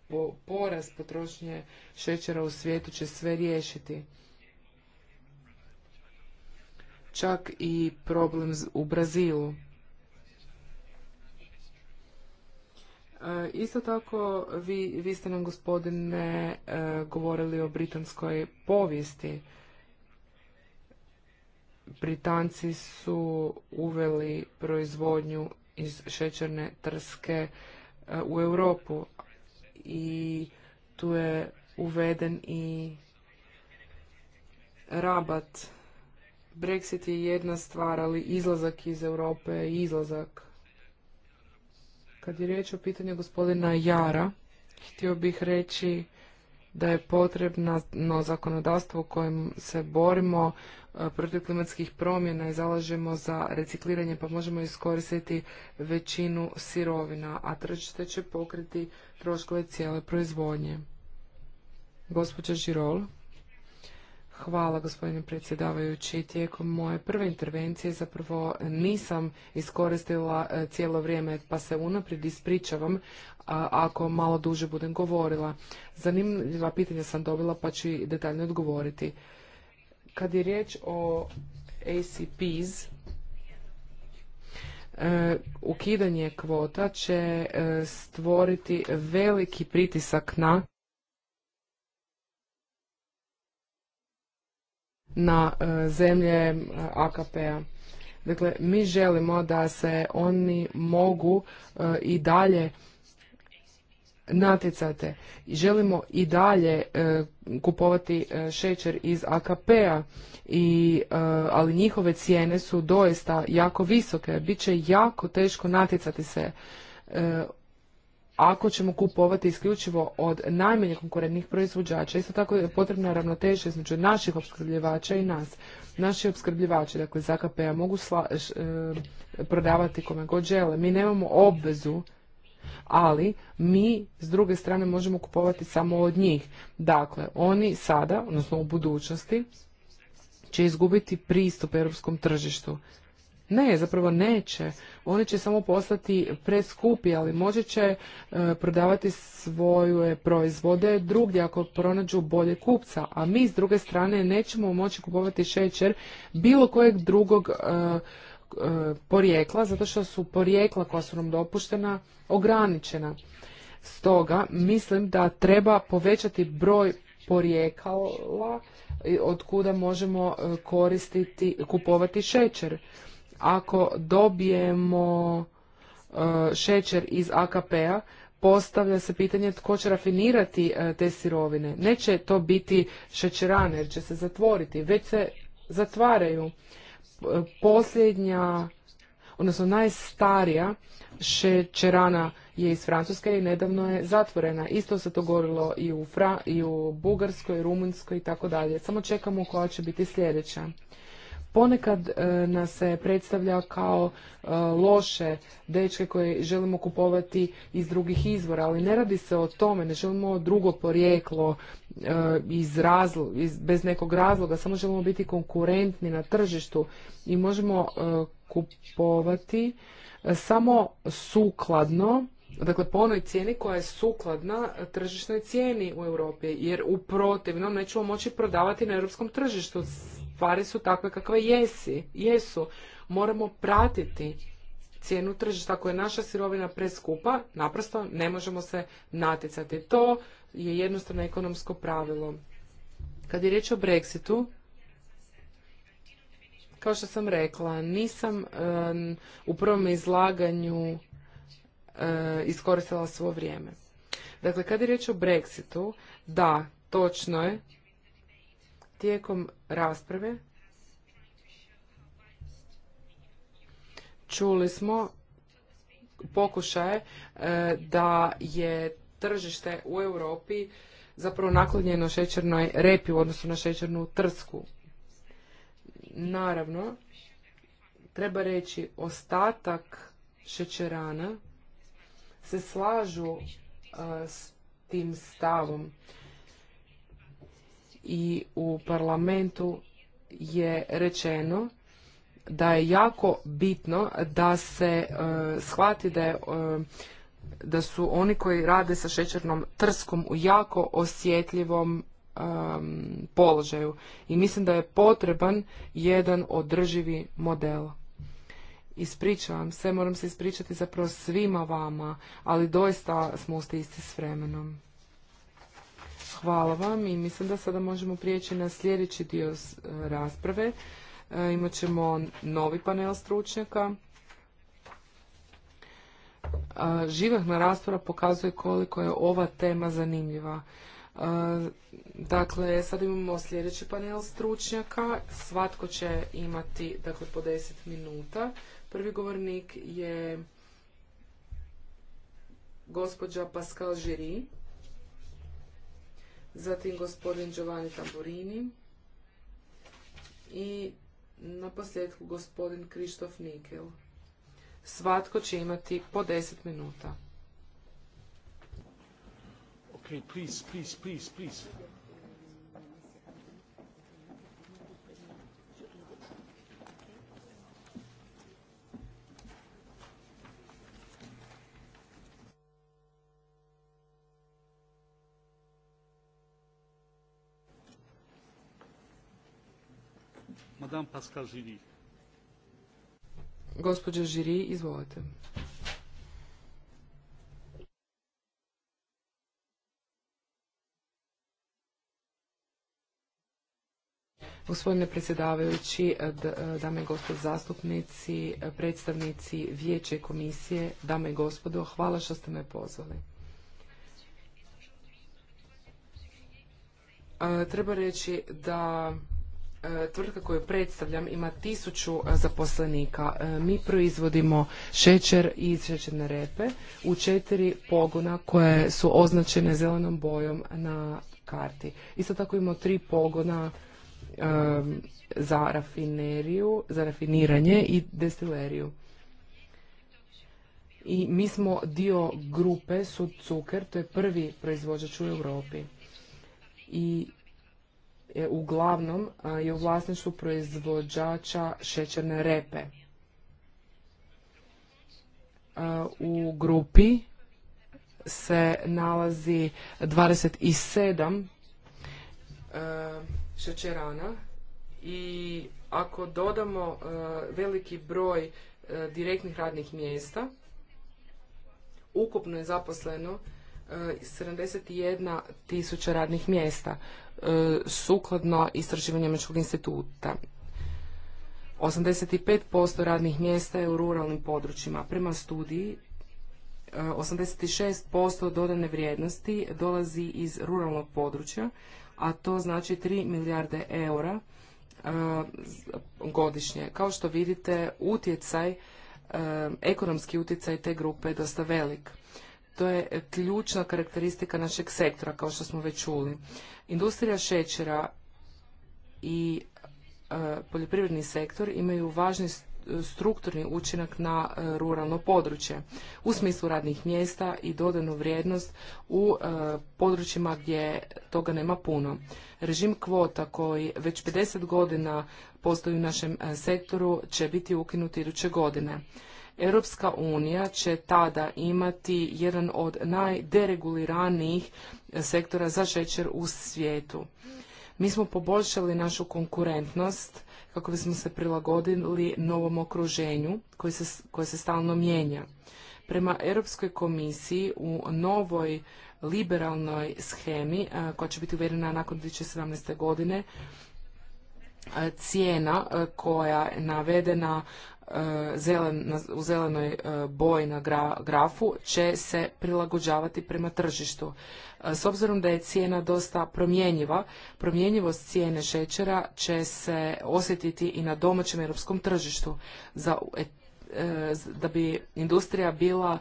poraz porast potrošnje šećera u svijetu će sve riješiti. Čak i problem u Brazilu. E, isto tako, vi, vi ste nam gospodine e, govorili o britanskoj povijesti. Britanci su uveli proizvodnju iz šećerne trske e, u Europu i tu je uveden i rabat. Brexit je jedna stvar, ali izlazak iz Europe je izlazak kad je riječ o pitanju gospodina Jara, htio bih reći da je potrebno zakonodavstvo u kojem se borimo e, protiv klimatskih promjena i zalažemo za recikliranje pa možemo iskoristiti većinu sirovina, a tržište će pokriti troškove cijele proizvodnje. Gospođa Žirol. Hvala gospodine predsjedavajući. Tijekom moje prve intervencije zapravo nisam iskoristila e, cijelo vrijeme pa se unaprijed ispričavam ako malo duže budem govorila. Zanimljiva pitanja sam dobila pa ću i detaljno odgovoriti. Kad je riječ o ACPs, e, ukidanje kvota će e, stvoriti veliki pritisak na na e, zemlje e, AKP-a. Dakle, mi želimo da se oni mogu e, i dalje natjecate. Želimo i dalje kupovati šećer iz AKP-a, ali njihove cijene su doista jako visoke. Biće jako teško natjecati se ako ćemo kupovati isključivo od najmanje konkurentnih proizvođača. Isto tako je potrebna ravnoteža između naših opskrbljivača i nas. Naši opskrbljivači, dakle ZKP-a, mogu e, prodavati kome god žele. Mi nemamo obvezu ali mi s druge strane možemo kupovati samo od njih. Dakle, oni sada, odnosno u budućnosti, će izgubiti pristup europskom tržištu ne, zapravo neće. Oni će samo postati preskupi, ali moći će e, prodavati svoje proizvode drugdje ako pronađu bolje kupca. A mi s druge strane nećemo moći kupovati šećer bilo kojeg drugog e, e, porijekla, zato što su porijekla koja su nam dopuštena ograničena. Stoga mislim da treba povećati broj porijekala od kuda možemo koristiti, kupovati šećer ako dobijemo e, šećer iz AKP-a, postavlja se pitanje tko će rafinirati e, te sirovine. Neće to biti šećerane jer će se zatvoriti, već se zatvaraju. E, posljednja, odnosno najstarija šećerana je iz Francuske i nedavno je zatvorena. Isto se to govorilo i u, i u Bugarskoj, Rumunjskoj i tako dalje. Samo čekamo koja će biti sljedeća. Ponekad e, nas se predstavlja kao e, loše dečke koje želimo kupovati iz drugih izvora, ali ne radi se o tome, ne želimo drugo porijeklo e, iz razlo, bez nekog razloga, samo želimo biti konkurentni na tržištu i možemo kupovati samo sukladno dakle po onoj cijeni koja je sukladna tržišnoj cijeni u Europi, jer u protivnom nećemo moći prodavati na europskom tržištu stvari su takve kakve jesi, jesu. Moramo pratiti cijenu tržišta. Ako je naša sirovina preskupa, naprosto ne možemo se natjecati. To je jednostavno ekonomsko pravilo. Kad je riječ o Brexitu, kao što sam rekla, nisam u prvom izlaganju eh, iskoristila svo vrijeme. Dakle, kad je riječ o Brexitu, da, točno je Tijekom rasprave čuli smo pokušaje e, da je tržište u Europi zapravo naklonjeno šećernoj repi u odnosu na šećernu trsku. Naravno, treba reći ostatak šećerana se slažu e, s tim stavom i u parlamentu je rečeno da je jako bitno da se e, shvati da e, da su oni koji rade sa šećernom trskom u jako osjetljivom e, položaju i mislim da je potreban jedan održivi model ispričavam se moram se ispričati zapravo svima vama ali doista smo u stisci s vremenom Hvala vam i mislim da sada možemo prijeći na sljedeći dio e, rasprave. E, imat ćemo novi panel stručnjaka. E, Živahna rasprava pokazuje koliko je ova tema zanimljiva. Dakle, sad imamo sljedeći panel stručnjaka. Svatko će imati dakle, po 10 minuta. Prvi govornik je gospođa Pascal Žiri zatim gospodin Giovanni Tamburini i na posljedku gospodin Krištof Nikel. Svatko će imati po 10 minuta. Okay, please, please, please, please. Madame Pascal Žiri. Gospođa Žiri, izvolite. Gospodine predsjedavajući, e, dame i gospod zastupnici, predstavnici vijeće komisije, dame i gospodo, hvala što ste me pozvali. E, treba reći da E, tvrtka koju predstavljam ima tisuću e, zaposlenika. E, mi proizvodimo šećer i šećerne repe u četiri pogona koje su označene zelenom bojom na karti. Isto tako imamo tri pogona za rafineriju, za rafiniranje i destileriju. I mi smo dio grupe Sud Cuker, to je prvi proizvođač u Europi. I uglavnom je u vlasništvu proizvođača šećerne repe. U grupi se nalazi 27 šećerana i ako dodamo veliki broj direktnih radnih mjesta, ukupno je zaposleno 71 tisuća radnih mjesta e, sukladno istraživanju Njemačkog instituta. 85% radnih mjesta je u ruralnim područjima. Prema studiji 86% e, dodane vrijednosti dolazi iz ruralnog područja, a to znači 3 milijarde eura e, godišnje. Kao što vidite, utjecaj, ekonomski utjecaj te grupe je dosta velik. To je ključna karakteristika našeg sektora, kao što smo već čuli. Industrija šećera i e, poljoprivredni sektor imaju važni strukturni učinak na e, ruralno područje u smislu radnih mjesta i dodanu vrijednost u e, područjima gdje toga nema puno. Režim kvota koji već 50 godina postoji u našem sektoru će biti ukinut iduće godine. Europska unija će tada imati jedan od najdereguliranijih sektora za šećer u svijetu. Mi smo poboljšali našu konkurentnost kako bismo se prilagodili novom okruženju koje se, koje se stalno mijenja. Prema Europskoj komisiji u novoj liberalnoj schemi koja će biti uvedena nakon 2017. godine cijena koja je navedena E, u zelenoj e, boji na grafu će se prilagođavati prema tržištu. E, s obzirom da je cijena dosta promjenjiva, promjenjivost cijene šećera će se osjetiti i na domaćem europskom tržištu. Za da bi industrija bila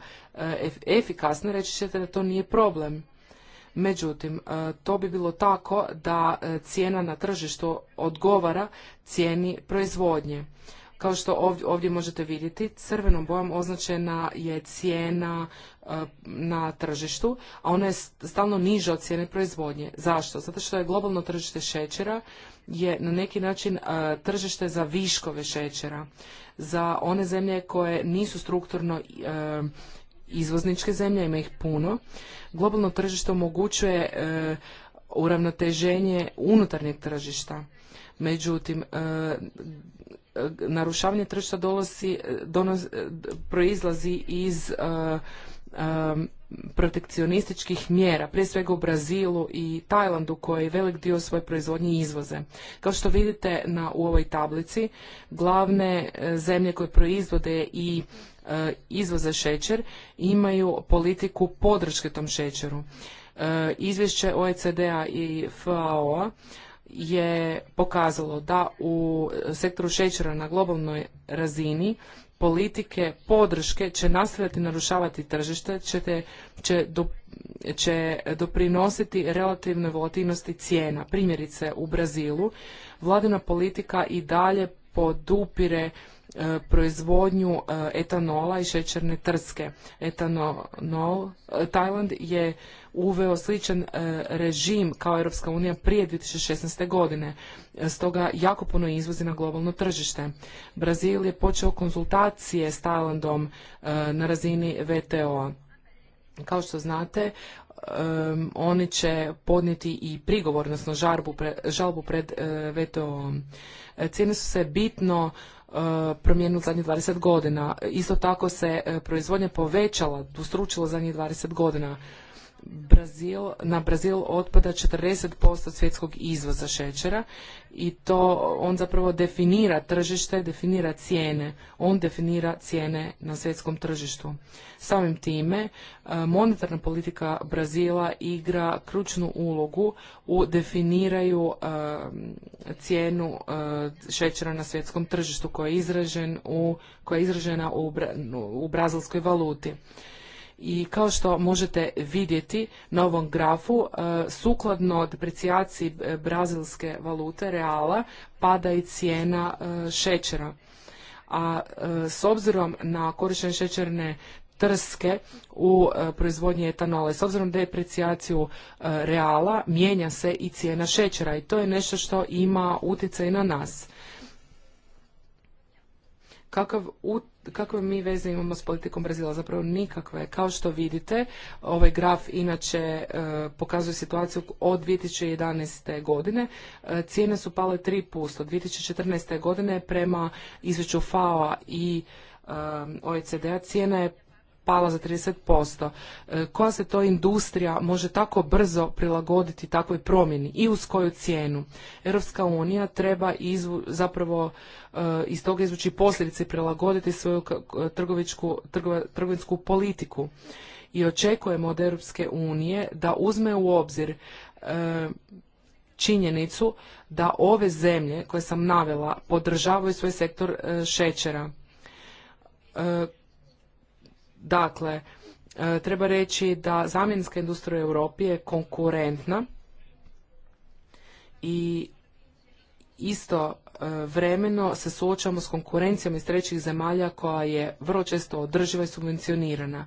efikasna, reći ćete da to nije problem. Međutim, to bi bilo tako da cijena na tržištu odgovara cijeni proizvodnje. Kao što ovdje, ovdje možete vidjeti, crvenom bojom označena je cijena e, na tržištu, a ona je stalno niža od cijene proizvodnje. Zašto? Zato što je globalno tržište šećera je na neki način e, tržište za viškove šećera, za one zemlje koje nisu strukturno e, izvozničke zemlje, ima ih puno. Globalno tržište omogućuje uravnoteženje unutarnjeg tržišta. Međutim, narušavanje tržišta dolosi proizlazi iz e, e, protekcionističkih mjera, prije svega u Brazilu i Tajlandu koji velik dio svoje proizvodnje izvoze. Kao što vidite na, u ovoj tablici, glavne e, zemlje koje proizvode i izvoze šećer imaju politiku podrške tom šećeru. izvješće OECD-a i FAO-a je pokazalo da u sektoru šećera na globalnoj razini politike podrške će nastaviti narušavati tržište, će, će, doprinositi relativnoj volatilnosti cijena. Primjerice u Brazilu vladina politika i dalje podupire E, proizvodnju e, etanola i šećerne trske. Etanol, e, Tajland je uveo sličan režim kao Europska unija prije 2016. godine. Stoga jako puno izvozi na globalno tržište. Brazil je počeo konzultacije s Tajlandom na razini VTO-a. Kao što znate, oni će podnijeti i prigovor, odnosno žalbu pred VTO-om. Cijene su se bitno E, promijenili u zadnjih 20 godina. Isto tako se e, proizvodnja povećala, ustručila zadnjih 20 godina. Brazil, na Brazil otpada 40% svjetskog izvoza šećera i to on zapravo definira tržište, definira cijene. On definira cijene na svjetskom tržištu. Samim time, e, monetarna politika Brazila igra ključnu ulogu u definiraju e, cijenu e, šećera na svjetskom tržištu koja je, izražen u, koja je izražena u brazilskoj valuti i kao što možete vidjeti na ovom grafu, e, sukladno deprecijaciji e, brazilske valute reala pada i cijena e, šećera. A s obzirom na korištenje šećerne trske u proizvodnji etanola. S obzirom da je reala, mijenja se i cijena šećera i to je nešto što ima utjecaj na nas. Kakav utjecaj kakve mi veze imamo s politikom Brazila? Zapravo nikakve. Kao što vidite, ovaj graf inače e, pokazuje situaciju od 2011. godine. E, cijene su pale 3%. 2014. godine prema izveću FAO-a i e, OECD-a cijena je pala za 30%. E, koja se to industrija može tako brzo prilagoditi takvoj promjeni i uz koju cijenu? Europska unija treba zapravo e, iz toga izvući posljedice prilagoditi svoju trgovinsku politiku. I očekujemo od Europske unije da uzme u obzir e, činjenicu da ove zemlje koje sam navela podržavaju svoj sektor šećera Dakle, e, treba reći da zamjenska industrija u Europi je konkurentna i isto e, vremeno se suočamo s konkurencijom iz trećih zemalja koja je vrlo često održiva i subvencionirana.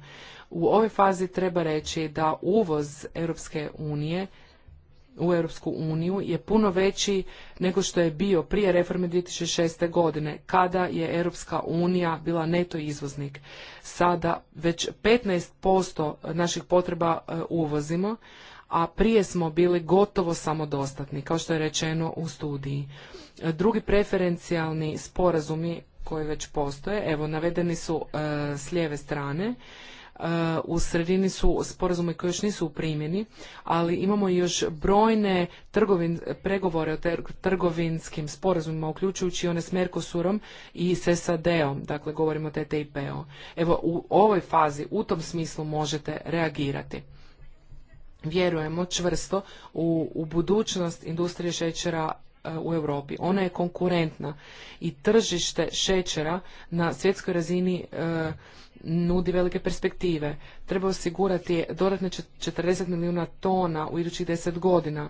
U ovoj fazi treba reći da uvoz Europske unije u Europsku uniju je puno veći nego što je bio prije reforme 2006. godine, kada je Europska unija bila neto izvoznik. Sada već 15% naših potreba e, uvozimo, a prije smo bili gotovo samodostatni, kao što je rečeno u studiji. E, drugi preferencijalni sporazumi koji već postoje, evo navedeni su e, s lijeve strane, E, u sredini su sporazume koji još nisu u primjeni, ali imamo još brojne trgovin, pregovore o trgovinskim sporazumima, uključujući one s Mercosurom i s SAD-om, dakle govorimo o TTIP-u. Evo, u ovoj fazi, u tom smislu možete reagirati vjerujemo čvrsto u, budućnost industrije šećera e, u Europi. Ona je konkurentna i tržište šećera na svjetskoj razini e, nudi velike perspektive. Treba osigurati dodatne 40 milijuna tona u idućih 10 godina.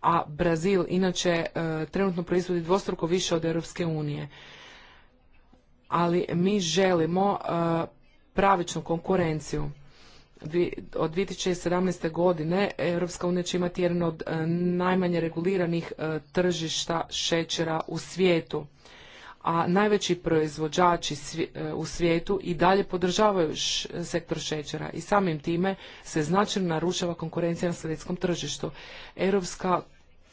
A Brazil inače e, trenutno proizvodi dvostruko više od Europske unije. Ali mi želimo e, pravičnu konkurenciju od 2017. godine Europska unija će imati jedan od e, najmanje reguliranih tržišta šećera u svijetu a najveći proizvođači e, u svijetu i dalje podržavaju sektor šećera i samim time se značajno narušava konkurencija na svjetskom tržištu. Europska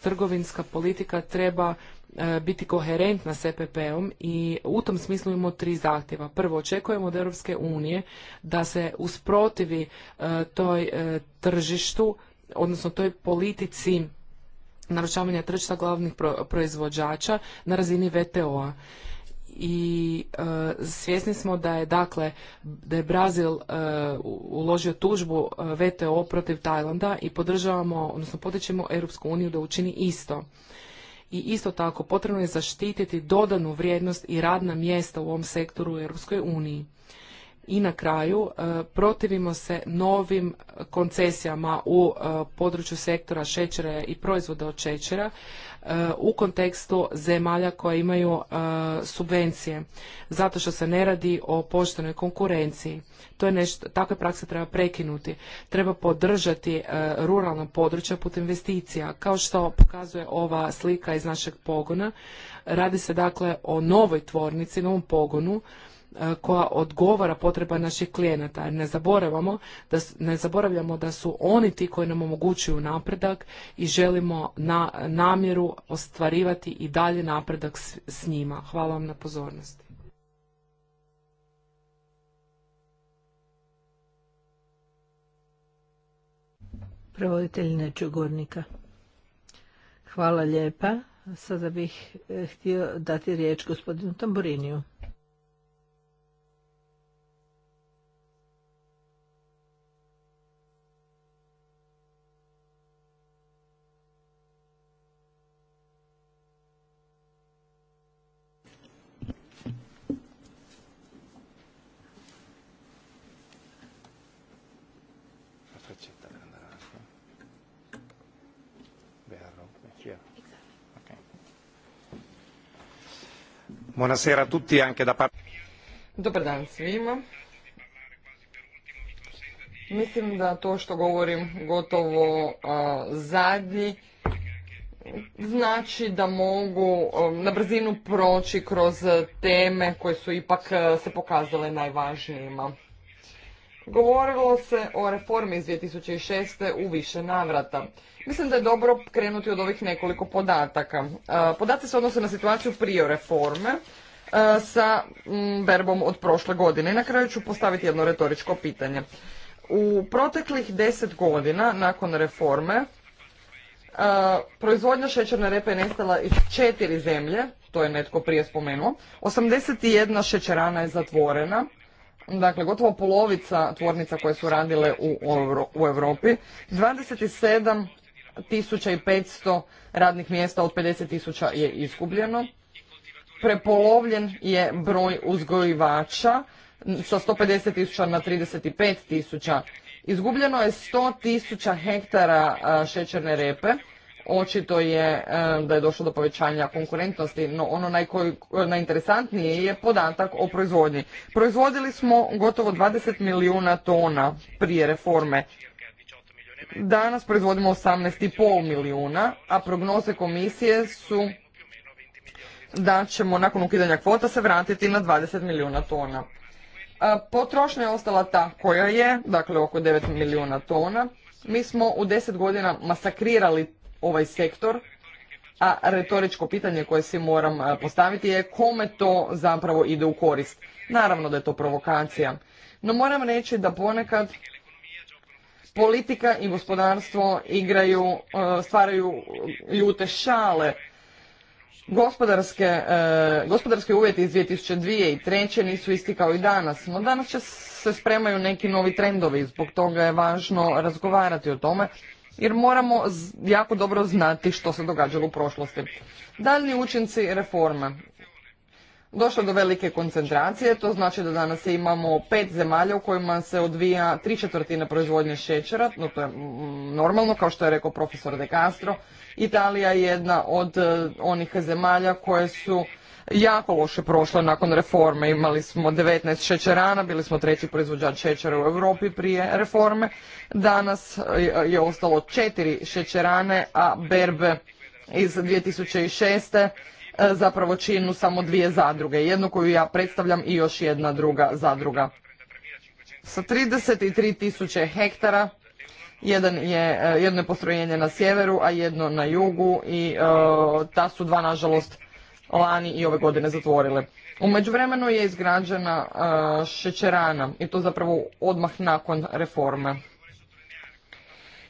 trgovinska politika treba e, biti koherentna s EPP-om i u tom smislu imamo tri zahtjeva. Prvo, očekujemo od Europske unije da se usprotivi e, toj tržištu, odnosno toj politici narušavanja tržišta glavnih proizvođača na razini VTO-a i e, svjesni smo da je dakle da je Brazil e, uložio tužbu e, VTO protiv Tajlanda i podržavamo odnosno potičemo Europsku uniju da učini isto. I isto tako potrebno je zaštititi dodanu vrijednost i radna mjesta u ovom sektoru u Europskoj uniji. I na kraju, e, protivimo se novim koncesijama u e, području sektora šećera i proizvoda od šećera e, u kontekstu zemalja koje imaju subvencije, zato što se ne radi o poštenoj konkurenciji. To je nešto, takve prakse treba prekinuti. Treba podržati ruralna područja putem investicija, kao što pokazuje ova slika iz našeg pogona. Radi se dakle o novoj tvornici, novom pogonu, E, koja odgovara potreba naših klijenata. Ne da, ne zaboravljamo da su oni ti koji nam omogućuju napredak i želimo na, namjeru ostvarivati i dalje napredak s, njima. Hvala vam na pozornosti. Prevoditelj nečugornika. Hvala lijepa. Sada bih e, htio dati riječ gospodinu Tamboriniju. Buonasera a Dobar dan svima. Mislim da to što govorim gotovo zadnji znači da mogu na brzinu proći kroz teme koje su ipak se pokazale najvažnijima. Govorilo se o reformi iz 2006. u više navrata. Mislim da je dobro krenuti od ovih nekoliko podataka. E, podaci se odnose na situaciju prije reforme e, sa mm, verbom od prošle godine. I na kraju ću postaviti jedno retoričko pitanje. U proteklih deset godina nakon reforme e, proizvodnja šećerne repe je nestala iz četiri zemlje, to je netko prije spomenuo. 81 šećerana je zatvorena, dakle gotovo polovica tvornica koje su radile u, u Europi, 27 tisuća radnih mjesta od 50.000 je izgubljeno. Prepolovljen je broj uzgojivača sa 150.000 na 35.000. Izgubljeno je 100.000 hektara šećerne repe Očito je e, da je došlo do povećanja konkurentnosti, no ono najkoj, najinteresantnije je podatak o proizvodnji. Proizvodili smo gotovo 20 milijuna tona prije reforme. Danas proizvodimo 18,5 milijuna, a prognoze komisije su da ćemo nakon ukidanja kvota se vratiti na 20 milijuna tona. E, potrošnja je ostala ta koja je, dakle oko 9 milijuna tona. Mi smo u 10 godina masakrirali ovaj sektor, a retoričko pitanje koje si moram postaviti je kome to zapravo ide u korist. Naravno da je to provokacija. No moram reći da ponekad politika i gospodarstvo igraju, stvaraju ljute šale. Gospodarske, e, gospodarske uvjeti iz 2002. i 2003. nisu isti kao i danas, no danas se spremaju neki novi trendovi, zbog toga je važno razgovarati o tome jer moramo jako dobro znati što se događalo u prošlosti. Daljni učinci reforme. Došlo do velike koncentracije, to znači da danas imamo pet zemalja u kojima se odvija tri četvrtine proizvodnje šećera, no to je normalno, kao što je rekao profesor De Castro. Italija je jedna od eh, onih zemalja koje su jako loše prošla nakon reforme. Imali smo 19 šećerana, bili smo treći proizvođač šećera u Europi prije reforme. Danas je ostalo četiri šećerane, a Berbe iz 2006 e, zapravo činu samo dvije zadruge. Jednu koju ja predstavljam i još jedna druga zadruga. Sa 33.000 tisuće hektara jedan je, e, jedno je postrojenje na sjeveru, a jedno na jugu i e, ta su dva, nažalost, lani i ove godine zatvorile. U međuvremenu je izgrađena šećerana i to zapravo odmah nakon reforme.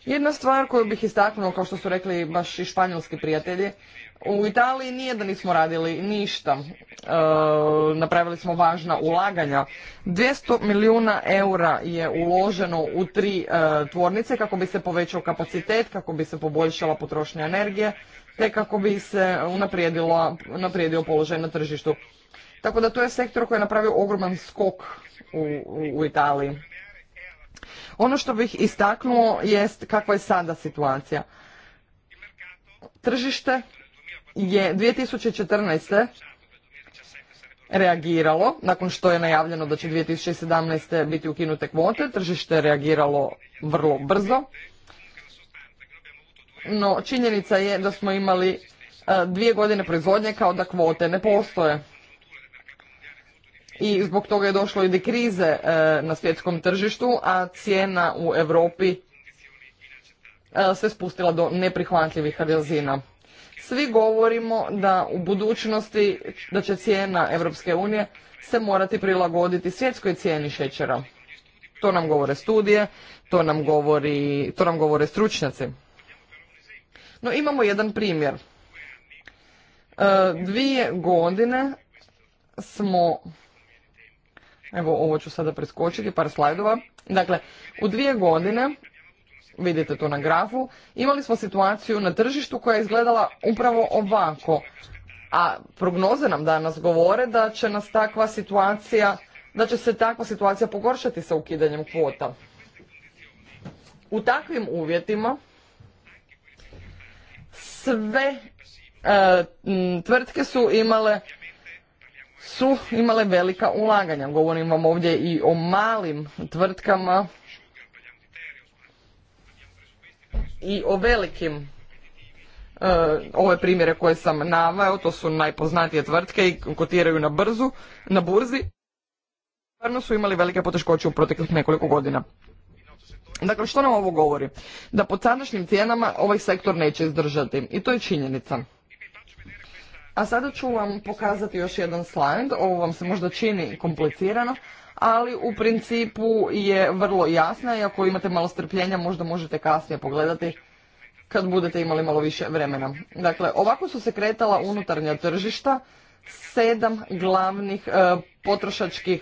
Jedna stvar koju bih istaknuo, kao što su rekli baš i španjolski prijatelji, u Italiji nije da nismo radili ništa. E, napravili smo važna ulaganja. 200 milijuna eura je uloženo u tri e, tvornice kako bi se povećao kapacitet, kako bi se poboljšala potrošnja energije, te kako bi se unaprijedio položaj na tržištu. Tako da to je sektor koji je napravio ogroman skok u, Italiji. Ono što bih istaknuo jest kakva je sada situacija. Tržište je 2014. reagiralo, nakon što je najavljeno da će 2017. biti ukinute kvote, tržište je reagiralo vrlo brzo no činjenica je da smo imali e, dvije godine proizvodnje kao da kvote ne postoje. I zbog toga je došlo i do krize e, na svjetskom tržištu, a cijena u Europi e, se spustila do neprihvatljivih razina. Svi govorimo da u budućnosti da će cijena Europske unije se morati prilagoditi svjetskoj cijeni šećera. To nam govore studije, to nam, govori, to nam govore stručnjaci. No imamo jedan primjer. E, dvije godine smo, evo ovo ću sada preskočiti, par slajdova. Dakle, u dvije godine, vidite to na grafu, imali smo situaciju na tržištu koja je izgledala upravo ovako. A prognoze nam danas govore da će nas takva situacija, da će se takva situacija pogoršati sa ukidanjem kvota. U takvim uvjetima sve e, tvrtke su imale su imale velika ulaganja. Govorim vam ovdje i o malim tvrtkama i o velikim e, ove primjere koje sam naveo, to su najpoznatije tvrtke i kotiraju na brzu, na burzi. Stvarno su imali velike poteškoće u proteklih nekoliko godina. Dakle, što nam ovo govori? Da pod sadašnjim cijenama ovaj sektor neće izdržati. I to je činjenica. A sada ću vam pokazati još jedan slajd. Ovo vam se možda čini komplicirano, ali u principu je vrlo jasna i ako imate malo strpljenja možda možete kasnije pogledati kad budete imali malo više vremena. Dakle, ovako su se kretala unutarnja tržišta, sedam glavnih e, potrošačkih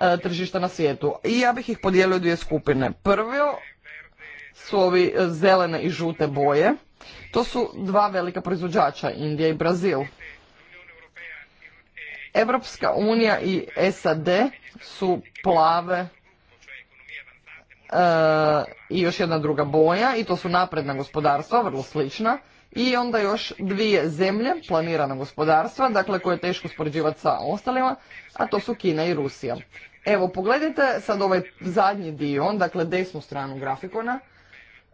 E, tržišta na svijetu. I ja bih ih podijelio u dvije skupine. Prvo su ovi e, zelene i žute boje. To su dva velika proizvođača, Indija i Brazil. Evropska unija i SAD su plave e, i još jedna druga boja i to su napredna gospodarstva, vrlo slična i onda još dvije zemlje planirana gospodarstva, dakle koje je teško spoređivati sa ostalima, a to su Kina i Rusija. Evo, pogledajte sad ovaj zadnji dio, dakle desnu stranu grafikona,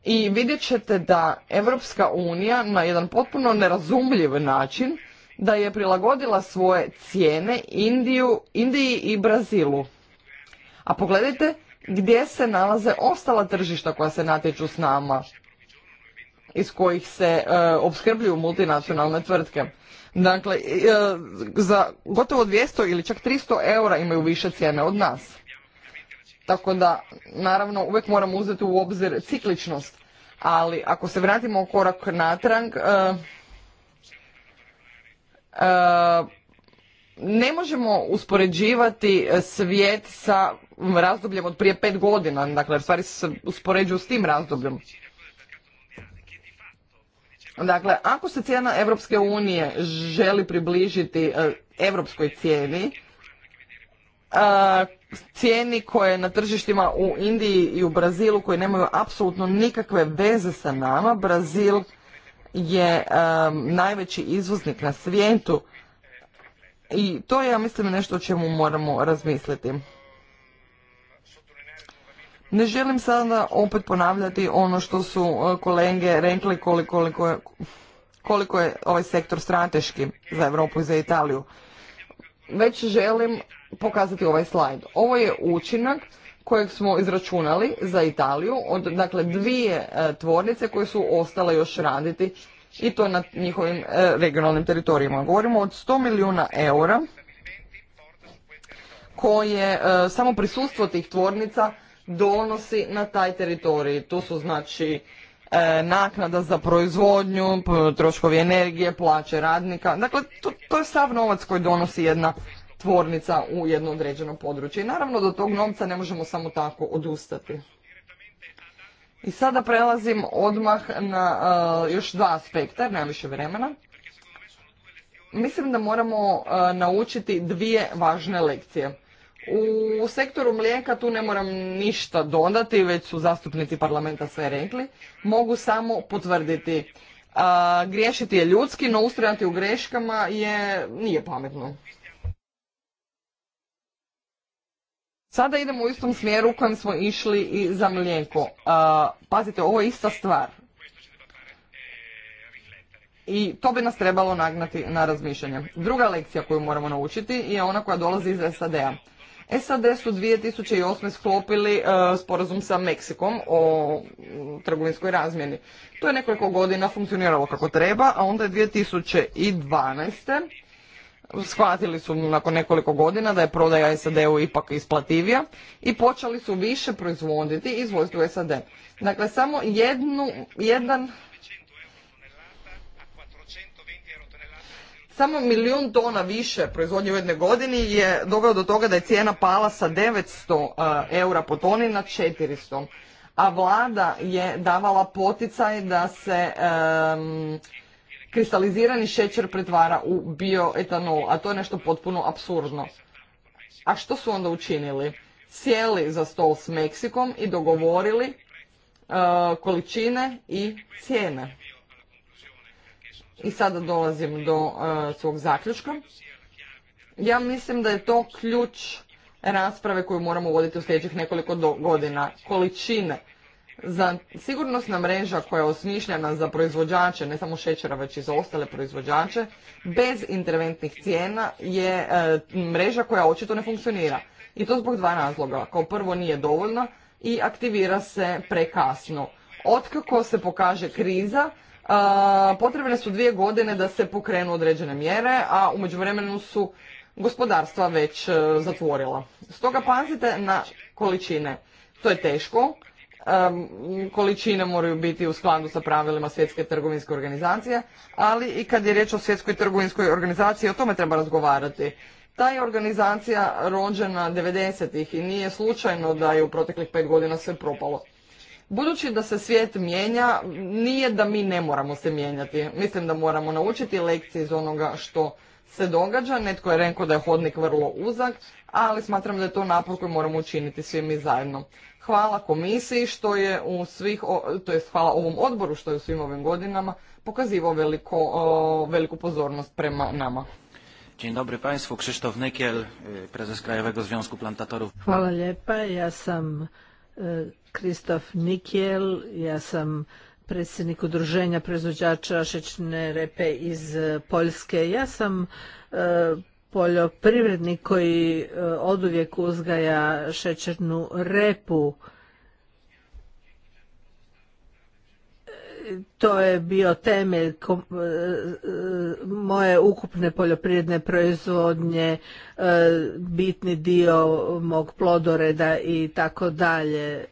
i vidjet ćete da Evropska unija na jedan potpuno nerazumljiv način da je prilagodila svoje cijene Indiju, Indiji i Brazilu. A pogledajte gdje se nalaze ostala tržišta koja se natječu s nama iz kojih se e, opskrbljuju multinacionalne tvrtke. Dakle, e, za gotovo 200 ili čak 300 eura imaju više cijene od nas. Tako da, naravno, uvijek moramo uzeti u obzir cikličnost. Ali ako se vratimo korak natrag, e, ne možemo uspoređivati svijet sa razdobljem od prije pet godina. Dakle, stvari se uspoređuju s tim razdobljem. Dakle, ako se cijena Europske unije želi približiti europskoj cijeni, e, cijeni koje na tržištima u Indiji i u Brazilu koji nemaju apsolutno nikakve veze sa nama, Brazil je e, najveći izvoznik na svijetu i to je ja mislim nešto o čemu moramo razmisliti. Ne želim sada opet ponavljati ono što su e, kolege rekli koliko, koliko, je, koliko ovaj sektor strateški za Europu i za Italiju. Već želim pokazati ovaj slajd. Ovo je učinak kojeg smo izračunali za Italiju, od dakle dvije e, tvornice koje su ostale još raditi i to na njihovim e, regionalnim teritorijima. Govorimo od 100 milijuna eura koje samo prisustvo tih tvornica donosi na taj teritorij. Tu su znači e, naknada za proizvodnju, troškovi energije, plaće radnika. Dakle, to, to je sav novac koji donosi jedna tvornica u jedno određeno područje. I naravno do tog novca ne možemo samo tako odustati. I sada prelazim odmah na e, još dva aspekta, jer više vremena. Mislim da moramo e, naučiti dvije važne lekcije. U sektoru mlijeka tu ne moram ništa dodati, već su zastupnici parlamenta sve rekli. Mogu samo potvrditi. A, griješiti je ljudski, no ustrojati u greškama je, nije pametno. Sada idemo u istom smjeru u kojem smo išli i za mlijeko. pazite, ovo je ista stvar. I to bi nas trebalo nagnati na razmišljanje. Druga lekcija koju moramo naučiti je ona koja dolazi iz SAD-a. SAD su 2008. sklopili e, sporazum sa Meksikom o mm, trgovinskoj razmjeni. To je nekoliko godina funkcioniralo kako treba, a onda je 2012 shvatili su nakon nekoliko godina da je prodaja SAD-u ipak isplativija i počeli su više proizvoditi i izvoziti u SAD. Dakle, samo jednu, jedan Samo milijun tona više proizvodnje u jednoj godini je doveo do toga da je cijena pala sa 900 e, eura po toni na 400. A vlada je davala poticaj da se kristalizirani šećer pretvara u bioetanol, a to je nešto potpuno absurdno. A što su onda učinili? Sjeli za stol s Meksikom i dogovorili e, količine i cijene. I sada dolazim do e, svog zaključka. Ja mislim da je to ključ rasprave koju moramo voditi u sljedećih nekoliko godina. Količine. Za sigurnosna mreža koja je osmišljena za proizvođače, ne samo šećera, već i za ostale proizvođače, bez interventnih cijena je e, mreža koja očito ne funkcionira. I to zbog dva razloga. Kao prvo nije dovoljna i aktivira se prekasno. Otkako se pokaže kriza, potrebne su dvije godine da se pokrenu određene mjere, a u međuvremenu su gospodarstva već e, zatvorila. Stoga pazite na količine. To je teško. E, količine moraju biti u skladu sa pravilima svjetske trgovinske organizacije, ali i kad je riječ o svjetskoj trgovinskoj organizaciji, o tome treba razgovarati. Ta je organizacija rođena 90-ih i nije slučajno da je u proteklih pet godina sve propalo. Budući da se svijet mijenja, nije da mi ne moramo se mijenjati. Mislim da moramo naučiti lekcije iz onoga što se događa. Netko je rekao da je hodnik vrlo uzak, ali smatram da je to napor koji moramo učiniti svi mi zajedno. Hvala komisiji što je u svih, to jest hvala ovom odboru što je u svim ovim godinama pokazivao veliku pozornost prema nama. Dzień dobry Państwu, Krzysztof prezes Krajowego Związku Plantatorów. Hvala lijepa, ja sam Kristof Nikijel, ja sam predsjednik udruženja proizvođača šećerne repe iz e, Poljske. Ja sam e, poljoprivrednik koji e, oduvijek uzgaja šećernu repu. to je bio temelj moje ukupne poljoprivredne proizvodnje, bitni dio mog plodoreda i tako dalje.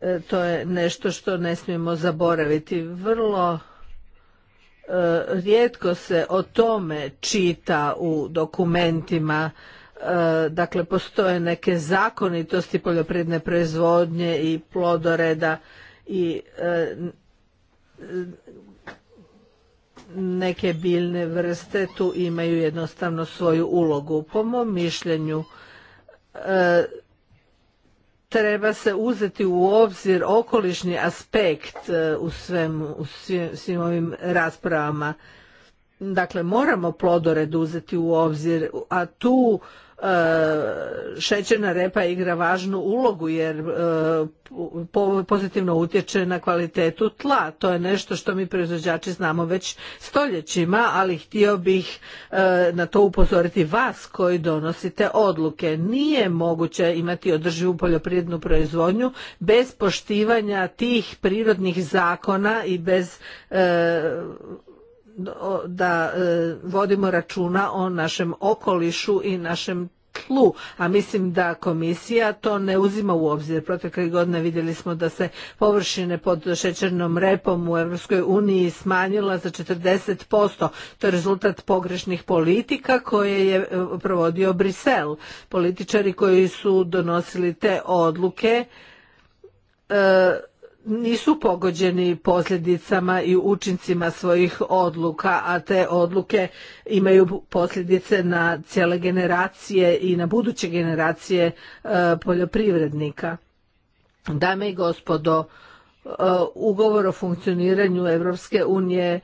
E, to je nešto što ne smijemo zaboraviti. Vrlo e, rijetko se o tome čita u dokumentima e, dakle postoje neke zakonitosti poljoprivredne proizvodnje i plodoreda i neke biljne vrste tu imaju jednostavno svoju ulogu po mom mišljenju treba se uzeti u obzir okolišni aspekt e, u, svemu, svim, svim ovim raspravama. Dakle, moramo plodored uzeti u obzir, a tu E, šećerna repa igra važnu ulogu jer e, pozitivno utječe na kvalitetu tla. To je nešto što mi proizvođači znamo već stoljećima, ali htio bih e, na to upozoriti vas koji donosite odluke. Nije moguće imati održivu poljoprivrednu proizvodnju bez poštivanja tih prirodnih zakona i bez da e, vodimo računa o našem okolišu i našem tlu, a mislim da komisija to ne uzima u obzir. Protekle godine vidjeli smo da se površine pod šećernom repom u Europskoj uniji smanjila za 40%. To je rezultat pogrešnih politika koje je e, provodio Brisel. Političari koji su donosili te odluke e, nisu pogođeni posljedicama i učincima svojih odluka, a te odluke imaju posljedice na cijele generacije i na buduće generacije e, poljoprivrednika. Dame i gospodo, e, ugovor o funkcioniranju Europske unije e,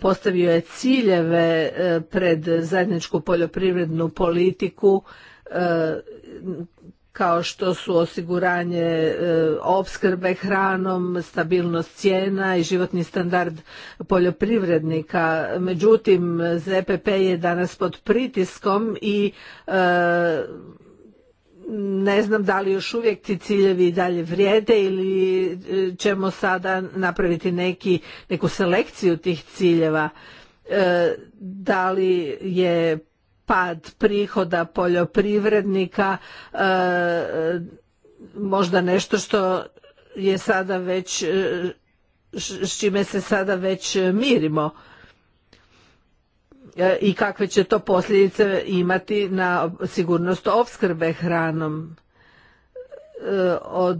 postavio je ciljeve pred zajedničku poljoprivrednu politiku kao što su osiguranje e, opskrbe hranom, stabilnost cijena i životni standard poljoprivrednika. Međutim, ZPP je danas pod pritiskom i e, ne znam da li još uvijek ti ciljevi i dalje vrijede ili e, ćemo sada napraviti neki, neku selekciju tih ciljeva. da li je pad prihoda poljoprivrednika e, možda nešto što je sada već e, s čime se sada već mirimo e, i kakve će to posljedice imati na sigurnost opskrbe hranom od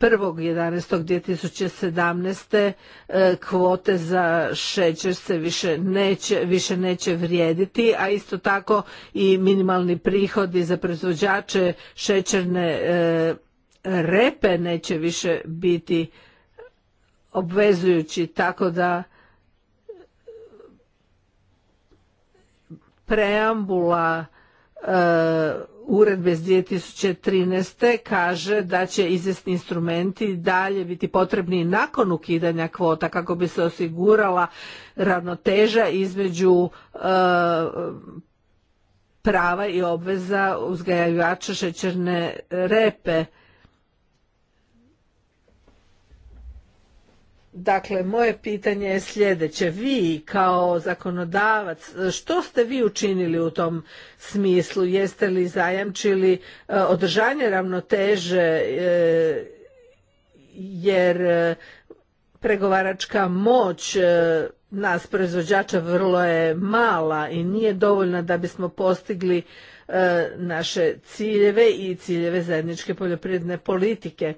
1.11.2017. E, kvote za šećer se više neće, više neće vrijediti, a isto tako i minimalni prihodi za proizvođače šećerne e, repe neće više biti obvezujući, tako da preambula e, uredbe iz 2013. kaže da će izvjesni instrumenti dalje biti potrebni nakon ukidanja kvota kako bi se osigurala ravnoteža između e, prava i obveza uzgajivača šećerne repe Dakle, moje pitanje je sljedeće. Vi kao zakonodavac, što ste vi učinili u tom smislu? Jeste li zajamčili e, održanje ravnoteže e, jer e, pregovaračka moć nas proizvođača vrlo je mala i nije dovoljna da bismo postigli naše ciljeve i ciljeve zajedničke poljoprivredne politike.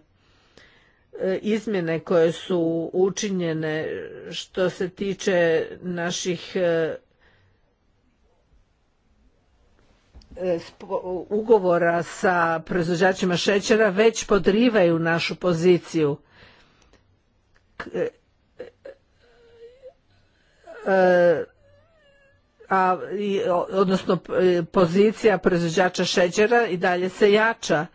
E, izmjene koje su učinjene što se tiče naših e, e, ugovora sa proizvođačima šećera već podrivaju našu poziciju. A, odnosno pozicija proizvođača šećera i dalje se jača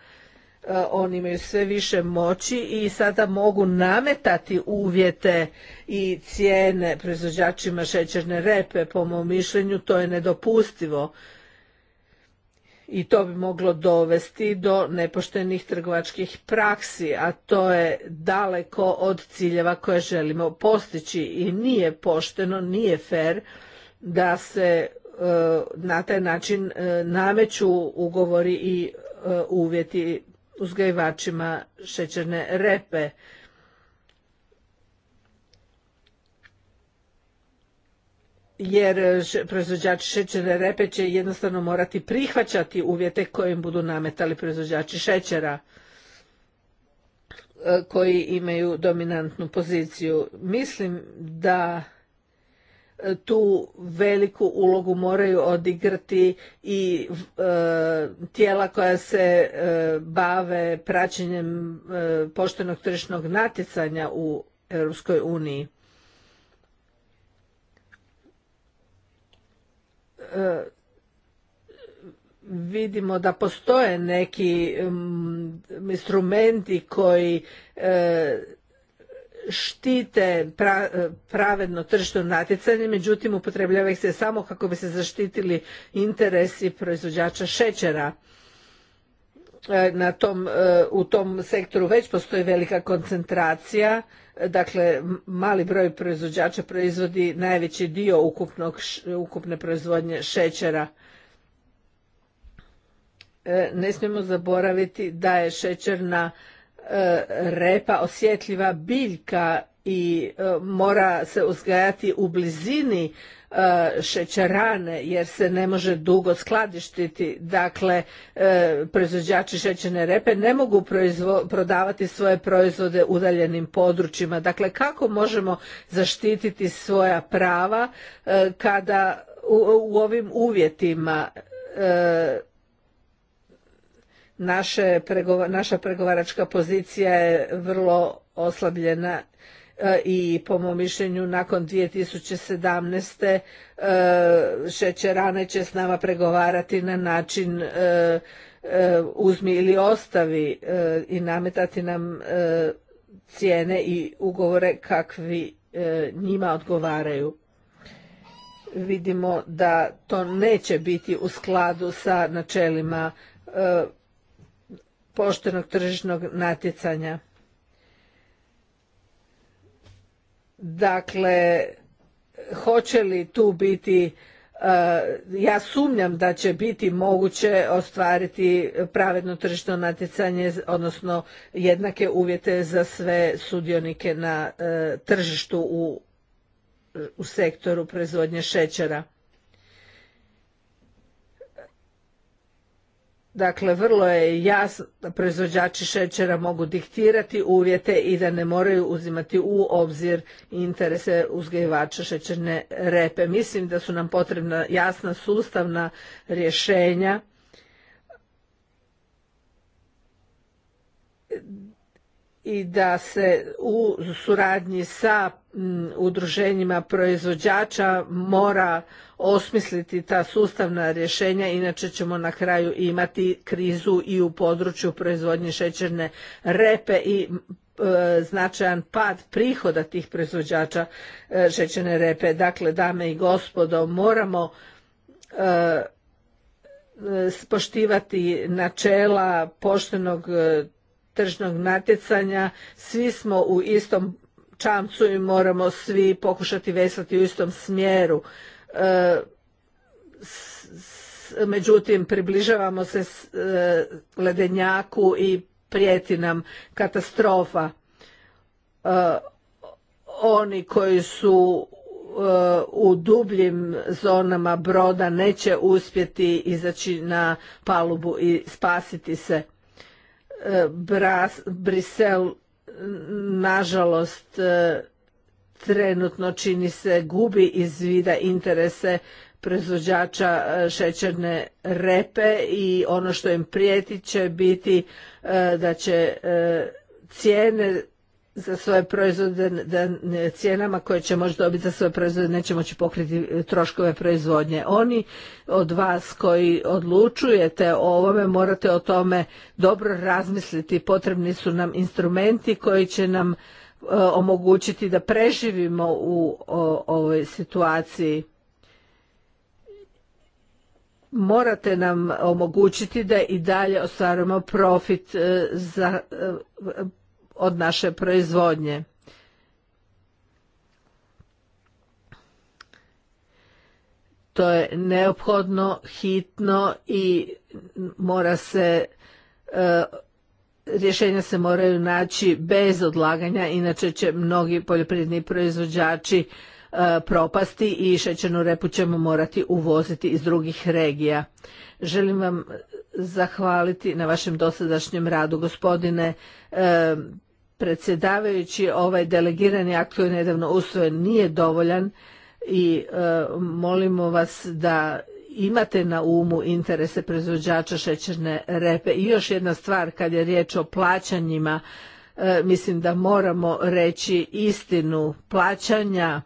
E, oni imaju sve više moći i sada mogu nametati uvjete i cijene proizvođačima šećerne repe po mom mišljenju to je nedopustivo i to bi moglo dovesti do nepoštenih trgovačkih praksi a to je daleko od ciljeva koje želimo postići i nije pošteno nije fer da se e, na taj način e, nameću ugovori i uvjeti uzgajivačima šećerne repe. jer proizvođači šećerne repe će jednostavno morati prihvaćati uvjete koje im budu nametali proizvođači šećera e, koji imaju dominantnu poziciju. Mislim da E, tu veliku ulogu moraju odigrati i e, tijela koja se e, bave praćenjem poštenog tržišnog natjecanja u Europskoj uniji. Vidimo da postoje neki instrumenti koji štite e, pravedno tržno natjecanje, međutim upotrebljava ih se samo kako bi se zaštitili interesi proizvođača šećera. E, na tom, e, u tom sektoru već postoji velika koncentracija, dakle mali broj proizvođača proizvodi najveći dio ukupnog, ukupne proizvodnje šećera. Ne smijemo zaboraviti da je šećerna E, repa osjetljiva biljka i e, mora se uzgajati u blizini e, šećerane jer se ne može dugo skladištiti. Dakle, proizvođači šećerne repe ne mogu prodavati svoje proizvode udaljenim područjima. Dakle, kako možemo zaštititi svoja prava kada u ovim uvjetima naše naša pregovaračka pozicija je vrlo oslabljena e, i po mom mišljenju nakon 2017. E, šećerane će s nama pregovarati na način e, uzmi ili ostavi i nametati nam cijene i ugovore kakvi njima odgovaraju. Vidimo da to neće biti u skladu sa načelima poštenog tržišnog natjecanja. Dakle, hoće li tu biti, eh, ja sumnjam da će biti moguće ostvariti pravedno tržišno natjecanje, odnosno jednake uvjete za sve sudionike na eh, tržištu u, sektoru proizvodnje šećera. Dakle, vrlo je jasno da proizvođači šećera mogu diktirati uvjete i da ne moraju uzimati u obzir interese uzgajivača šećerne repe. Mislim da su nam potrebna jasna sustavna rješenja i da se u suradnji sa udruženjima proizvođača mora osmisliti ta sustavna rješenja, inače ćemo na kraju imati krizu i u području proizvodnje šećerne repe i e, značajan pad prihoda tih proizvođača e, šećerne repe. Dakle, dame i gospodo, moramo e, spoštivati poštivati načela poštenog tržnog natjecanja, svi smo u istom čamcu i moramo svi pokušati vesati u istom smjeru. E, međutim, približavamo se e, ledenjaku i prijeti nam katastrofa. E, oni koji su u dubljim zonama broda neće uspjeti izaći na palubu i spasiti se. Brisel nažalost e, trenutno čini se gubi iz vida interese proizvođača e, šećerne repe i ono što im prijeti će biti e, da će cijene za svoje proizvode, da cijenama koje će moći dobiti za svoje proizvode neće moći pokriti e, troškove proizvodnje. Oni od vas koji odlučujete o ovome morate o tome dobro razmisliti. Potrebni su nam instrumenti koji će nam e, omogućiti da preživimo u ovoj situaciji morate nam omogućiti da i dalje ostvarujemo profit e, za od naše proizvodnje. To je neophodno, hitno i mora se e, rješenja se moraju naći bez odlaganja, inače će mnogi poljoprivredni proizvođači e, propasti i šećernu repu ćemo morati uvoziti iz drugih regija. Želim vam zahvaliti na vašem dosadašnjem radu, gospodine e, predsjedavajući ovaj delegirani akt koji je nedavno usvojen nije dovoljan i e, molimo vas da imate na umu interese proizvođača šećerne repe. I još jedna stvar kad je riječ o plaćanjima, e, mislim da moramo reći istinu plaćanja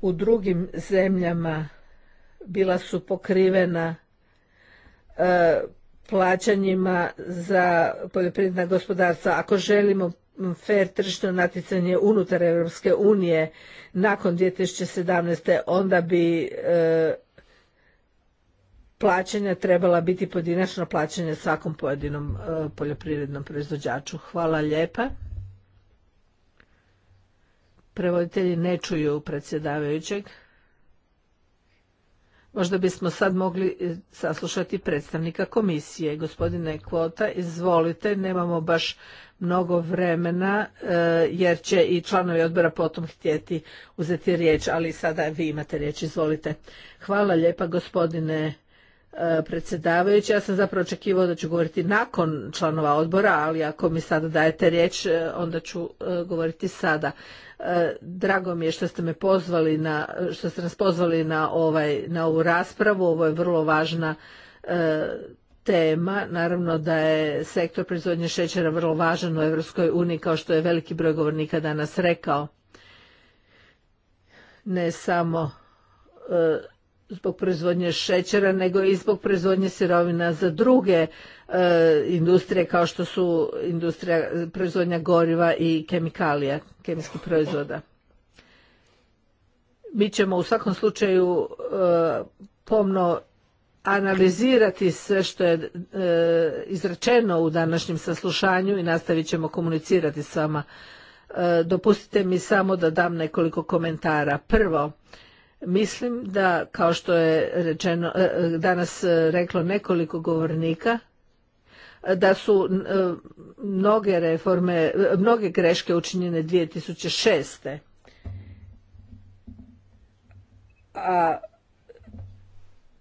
u drugim zemljama bila su pokrivena e, plaćanjima za poljoprivredna gospodarstva. Ako želimo fer tržišno natjecanje unutar Europske unije nakon 2017. onda bi e, plaćanja trebala biti pojedinačno plaćanje svakom pojedinom e, poljoprivrednom proizvođaču. Hvala lijepa. Prevoditelji ne čuju predsjedavajućeg. Možda bismo sad mogli e, saslušati predstavnika komisije. Gospodine Kvota, izvolite, nemamo baš mnogo vremena e, jer će i članovi odbora potom htjeti uzeti riječ, ali sada vi imate riječ, izvolite. Hvala lijepa gospodine E, predsjedavajući. Ja sam zapravo očekivao da ću govoriti nakon članova odbora, ali ako mi sada dajete riječ, e, onda ću e, govoriti sada. Drago mi je što ste me pozvali na, što ste nas pozvali na, ovaj, na ovu raspravu. Ovo je vrlo važna tema. Naravno da je sektor proizvodnje šećera vrlo važan u Europskoj uniji, kao što je veliki broj govornika danas rekao. Ne samo zbog proizvodnje šećera nego i zbog proizvodnje sirovina za druge e, industrije kao što su industrija proizvodnja goriva i kemikalija, kemijskih proizvoda. Mi ćemo u svakom slučaju e, pomno analizirati sve što je e, izrečeno u današnjem saslušanju i nastavit ćemo komunicirati s vama. E, dopustite mi samo da dam nekoliko komentara. Prvo, Mislim da, kao što je rečeno, e, e, danas e, reklo nekoliko govornika, da su mnoge reforme, mnoge greške učinjene 2006. A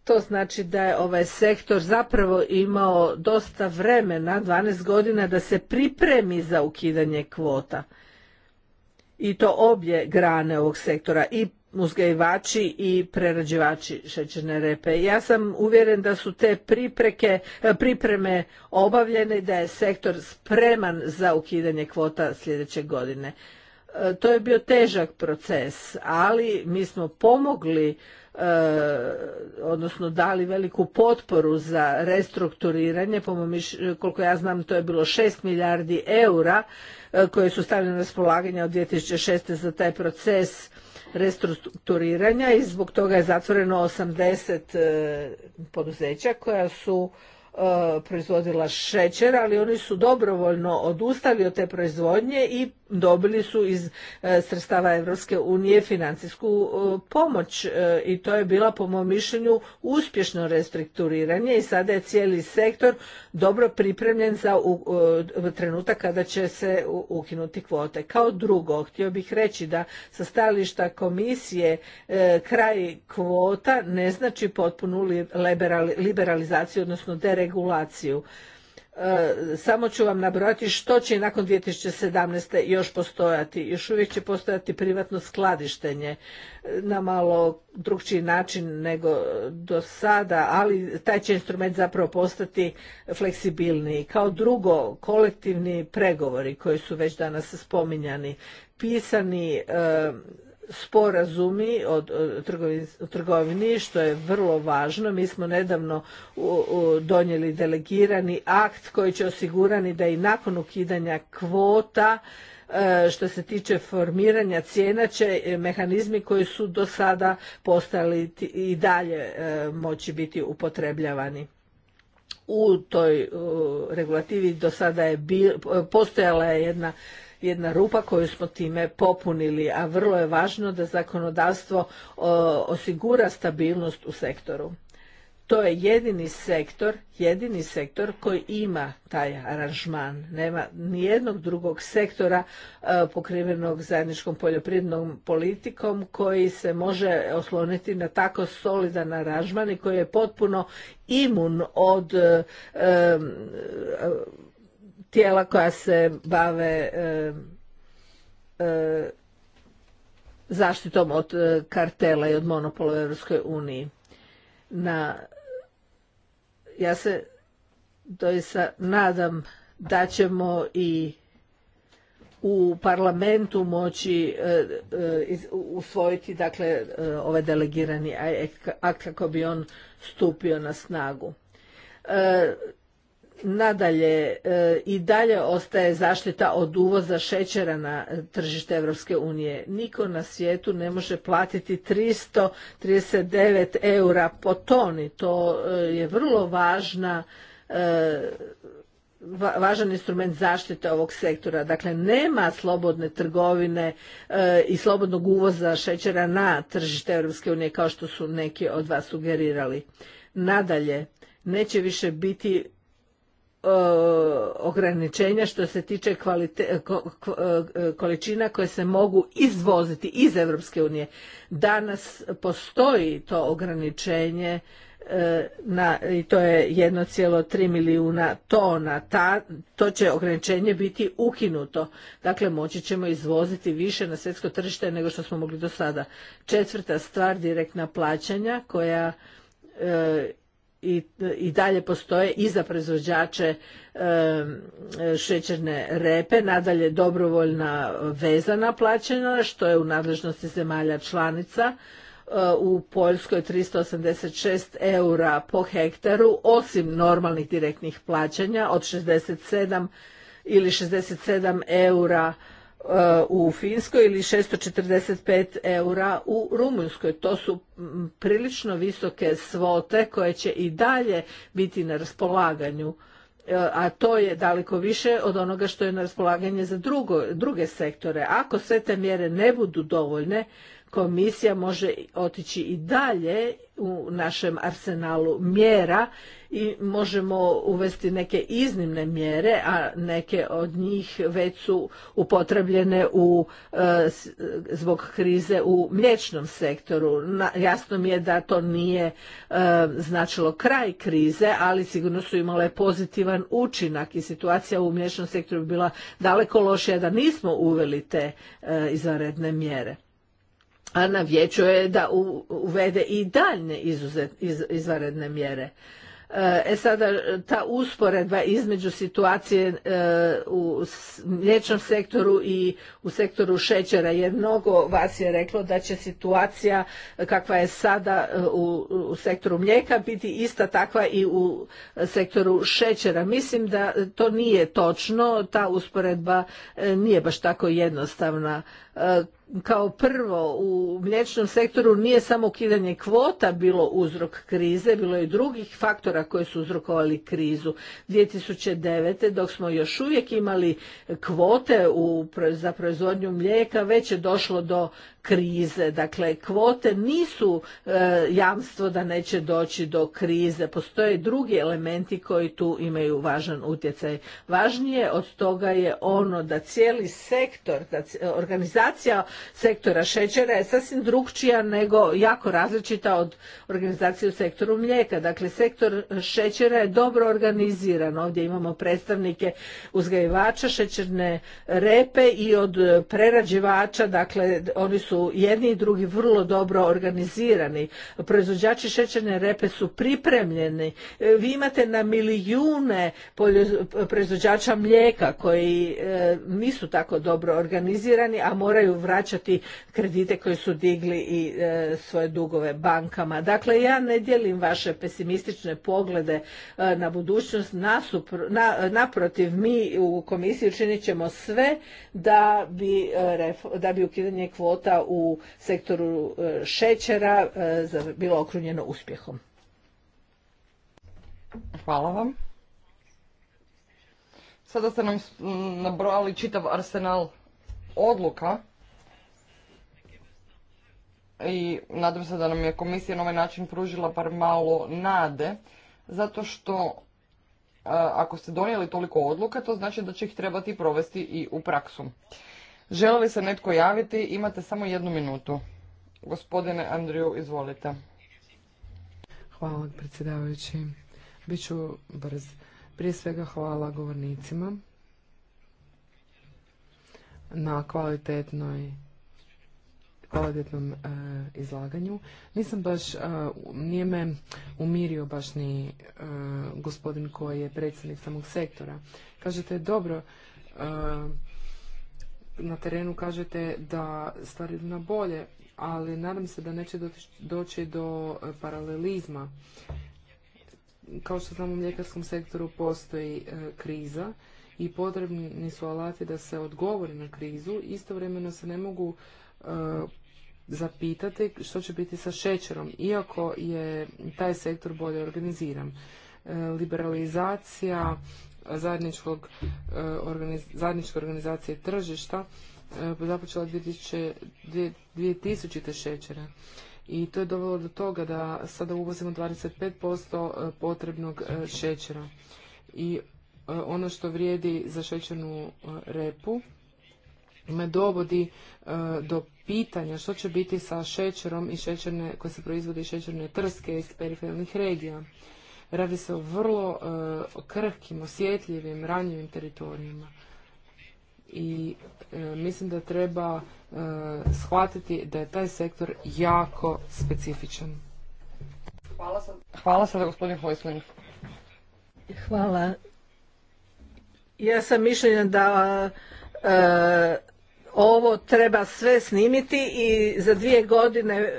to znači da je ovaj sektor zapravo imao dosta vremena, 12 godina, da se pripremi za ukidanje kvota. I to obje grane ovog sektora, i uzgajivači i prerađivači šećerne repe. Ja sam uvjeren da su te pripreke, e, pripreme obavljene i da je sektor spreman za ukidanje kvota sljedeće godine. E, to je bio težak proces, ali mi smo pomogli e, odnosno dali veliku potporu za restrukturiranje, po koliko ja znam to je bilo 6 milijardi eura koje su stavljene na raspolaganje od 2006. za taj proces restrukturiranja i zbog toga je zatvoreno 80 e, poduzeća koja su e, proizvodila šećer, ali oni su dobrovoljno odustali od te proizvodnje i dobili su iz e, sredstava Europske unije financijsku e, pomoć e, i to je bila po mom mišljenju uspješno restrukturiranje i sada je cijeli sektor dobro pripremljen za trenutak kada će se ukinuti kvote. Kao drugo, htio bih reći da sa stajališta komisije kraj kvota ne znači potpunu liberalizaciju, odnosno deregulaciju E, samo ću vam nabrojati što će nakon 2017. još postojati. Još uvijek će postojati privatno skladištenje e, na malo drugčiji način nego do sada, ali taj će instrument zapravo postati fleksibilniji. Kao drugo, kolektivni pregovori koji su već danas spominjani, pisani e, sporazumi o, trgovini, što je vrlo važno. Mi smo nedavno donijeli delegirani akt koji će osigurani da i nakon ukidanja kvota e, što se tiče formiranja cijena će e, mehanizmi koji su do sada postali i dalje e, moći biti upotrebljavani. U toj regulativi do sada je postojala je jedna jedna rupa koju smo time popunili, a vrlo je važno da zakonodavstvo osigura stabilnost u sektoru. To je jedini sektor, jedini sektor koji ima taj aranžman. Nema nijednog drugog sektora e, pokrivenog zajedničkom poljoprivrednom politikom koji se može osloniti na tako solidan aranžman i koji je potpuno imun od e, e, tijela koja se bave e, e, zaštitom od e, kartela i od monopola u Europskoj uniji. Na, ja se doista nadam da ćemo i u parlamentu moći usvojiti dakle ovaj delegirani akt kako bi on stupio na snagu. Nadalje, e, i dalje ostaje zaštita od uvoza šećera na tržište Europske unije. Niko na svijetu ne može platiti 339 eura po toni. To e, je vrlo važna e, važan instrument zaštite ovog sektora. Dakle, nema slobodne trgovine i slobodnog uvoza šećera na tržište Europske unije kao što su neki od vas sugerirali. Nadalje, neće više biti E, ograničenja što se tiče e, količina koje se mogu izvoziti iz Europske unije. Danas postoji to ograničenje e, na, i to je 1,3 milijuna tona. to će ograničenje biti ukinuto. Dakle, moći ćemo izvoziti više na svjetsko tržište nego što smo mogli do sada. Četvrta stvar, direktna plaćanja koja i, i dalje postoje i za proizvođače e, šećerne repe, nadalje dobrovoljna vezana plaćanja što je u nadležnosti zemalja članica e, u Poljskoj 386 eura po hektaru, osim normalnih direktnih plaćanja od 67 ili 67 eura u Finskoj ili 645 eura u Rumunjskoj. To su prilično visoke svote koje će i dalje biti na raspolaganju e, a to je daleko više od onoga što je na raspolaganje za druge sektore. Ako sve te mjere ne budu dovoljne, komisija može otići i dalje u našem arsenalu mjera i možemo uvesti neke iznimne mjere, a neke od njih već su upotrebljene u, e, zbog krize u mliječnom sektoru. jasno mi je da to nije e, značilo kraj krize, ali sigurno su imale pozitivan učinak i situacija u mliječnom sektoru bi bila daleko lošija da nismo uveli te e, izvanredne mjere a na vijeću je da uvede i daljne izvanredne mjere. E, e sada ta usporedba između situacije e, u mliječnom sektoru i u sektoru šećera jer mnogo vas je reklo da će situacija e, kakva je sada u, u sektoru mlijeka biti ista takva i u sektoru šećera. Mislim da to nije točno, ta usporedba nije baš tako jednostavna kao prvo u mliječnom sektoru nije samo ukidanje kvota bilo uzrok krize, bilo je i drugih faktora koji su uzrokovali krizu. 2009. dok smo još uvijek imali kvote za proizvodnju mlijeka, već je došlo do krize. Dakle, kvote nisu e, jamstvo da neće doći do krize. Postoje drugi elementi koji tu imaju važan utjecaj. Važnije od toga je ono da cijeli sektor, da organizacija sektora šećera je sasvim drugčija nego jako različita od organizacije u sektoru mlijeka. Dakle, sektor šećera je dobro organiziran. Ovdje imamo predstavnike uzgajivača šećerne repe i od prerađivača, dakle oni su su jedni i drugi vrlo dobro organizirani. Proizvođači šećerne repe su pripremljeni. E, vi imate na milijune proizvođača mlijeka koji e, nisu tako dobro organizirani, a moraju vraćati kredite koje su digli i e, svoje dugove bankama. Dakle, ja ne dijelim vaše pesimistične poglede na budućnost. naprotiv, mi u komisiji učinit ćemo sve da bi, da bi ukidanje kvota u sektoru e, šećera e, bilo okrunjeno uspjehom. Hvala vam. Sada ste nam nabrojali čitav arsenal odluka i nadam se da nam je komisija na ovaj način pružila par malo nade, zato što e, ako ste donijeli toliko odluka, to znači da će ih trebati provesti i u praksu. Želi li se netko javiti? Imate samo jednu minutu. Gospodine Andriju, izvolite. Hvala, predsjedavajući. Biću brz. Prije svega hvala govornicima na kvalitetnoj kvalitetnom e, izlaganju. Nisam baš, e, nije me umirio baš ni e, gospodin koji je predsjednik samog sektora. Kažete, dobro, e, na terenu kažete da stvari idu na bolje, ali nadam se da neće doći do e, paralelizma. Kao što znamo u mljekarskom sektoru postoji e, kriza i potrebni su alati da se odgovori na krizu, istovremeno se ne mogu e, zapitati što će biti sa šećerom, iako je taj sektor bolje organiziran. liberalizacija zajedničkog, e, zajedničke organizacije tržišta e, započela 2000. šećera. I to je dovelo do toga da sada uvozimo 25% e, potrebnog šećera. I ono što vrijedi za šećernu repu me dovodi do pitanja što će biti sa šećerom i šećerne, koje se proizvode iz šećerne trske iz perifernih regija. Radi se o vrlo e, krhkim, osjetljivim, ranjivim teritorijima. I e, mislim da treba e, shvatiti da je taj sektor jako specifičan. Hvala sam, Hvala gospodin Hvala. Ja sam mišljenja da ovo treba sve snimiti i za dvije godine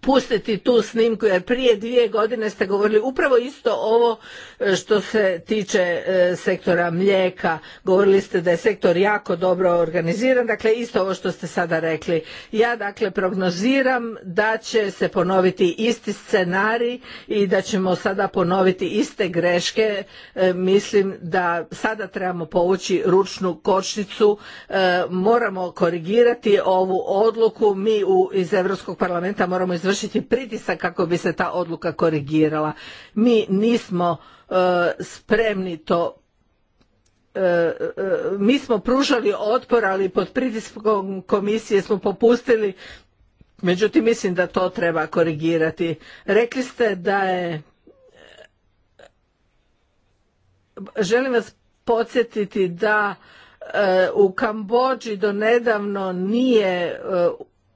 pustiti tu snimku jer prije dvije godine ste govorili upravo isto ovo e, što se tiče e, sektora mlijeka. Govorili ste da je sektor jako dobro organiziran, dakle isto ovo što ste sada rekli. Ja dakle prognoziram da će se ponoviti isti scenarij i da ćemo sada ponoviti iste greške. E, mislim da sada trebamo povući ručnu kočnicu, moramo korigirati ovu odluku. Mi iz Europskog parlamenta moramo izvršiti pritisak kako bi se ta odluka korigirala. Mi nismo e, spremni to e, e, mi smo pružali otpor, ali pod pritiskom komisije smo popustili, međutim mislim da to treba korigirati. Rekli ste da je želim vas podsjetiti da u Kambođi do nedavno nije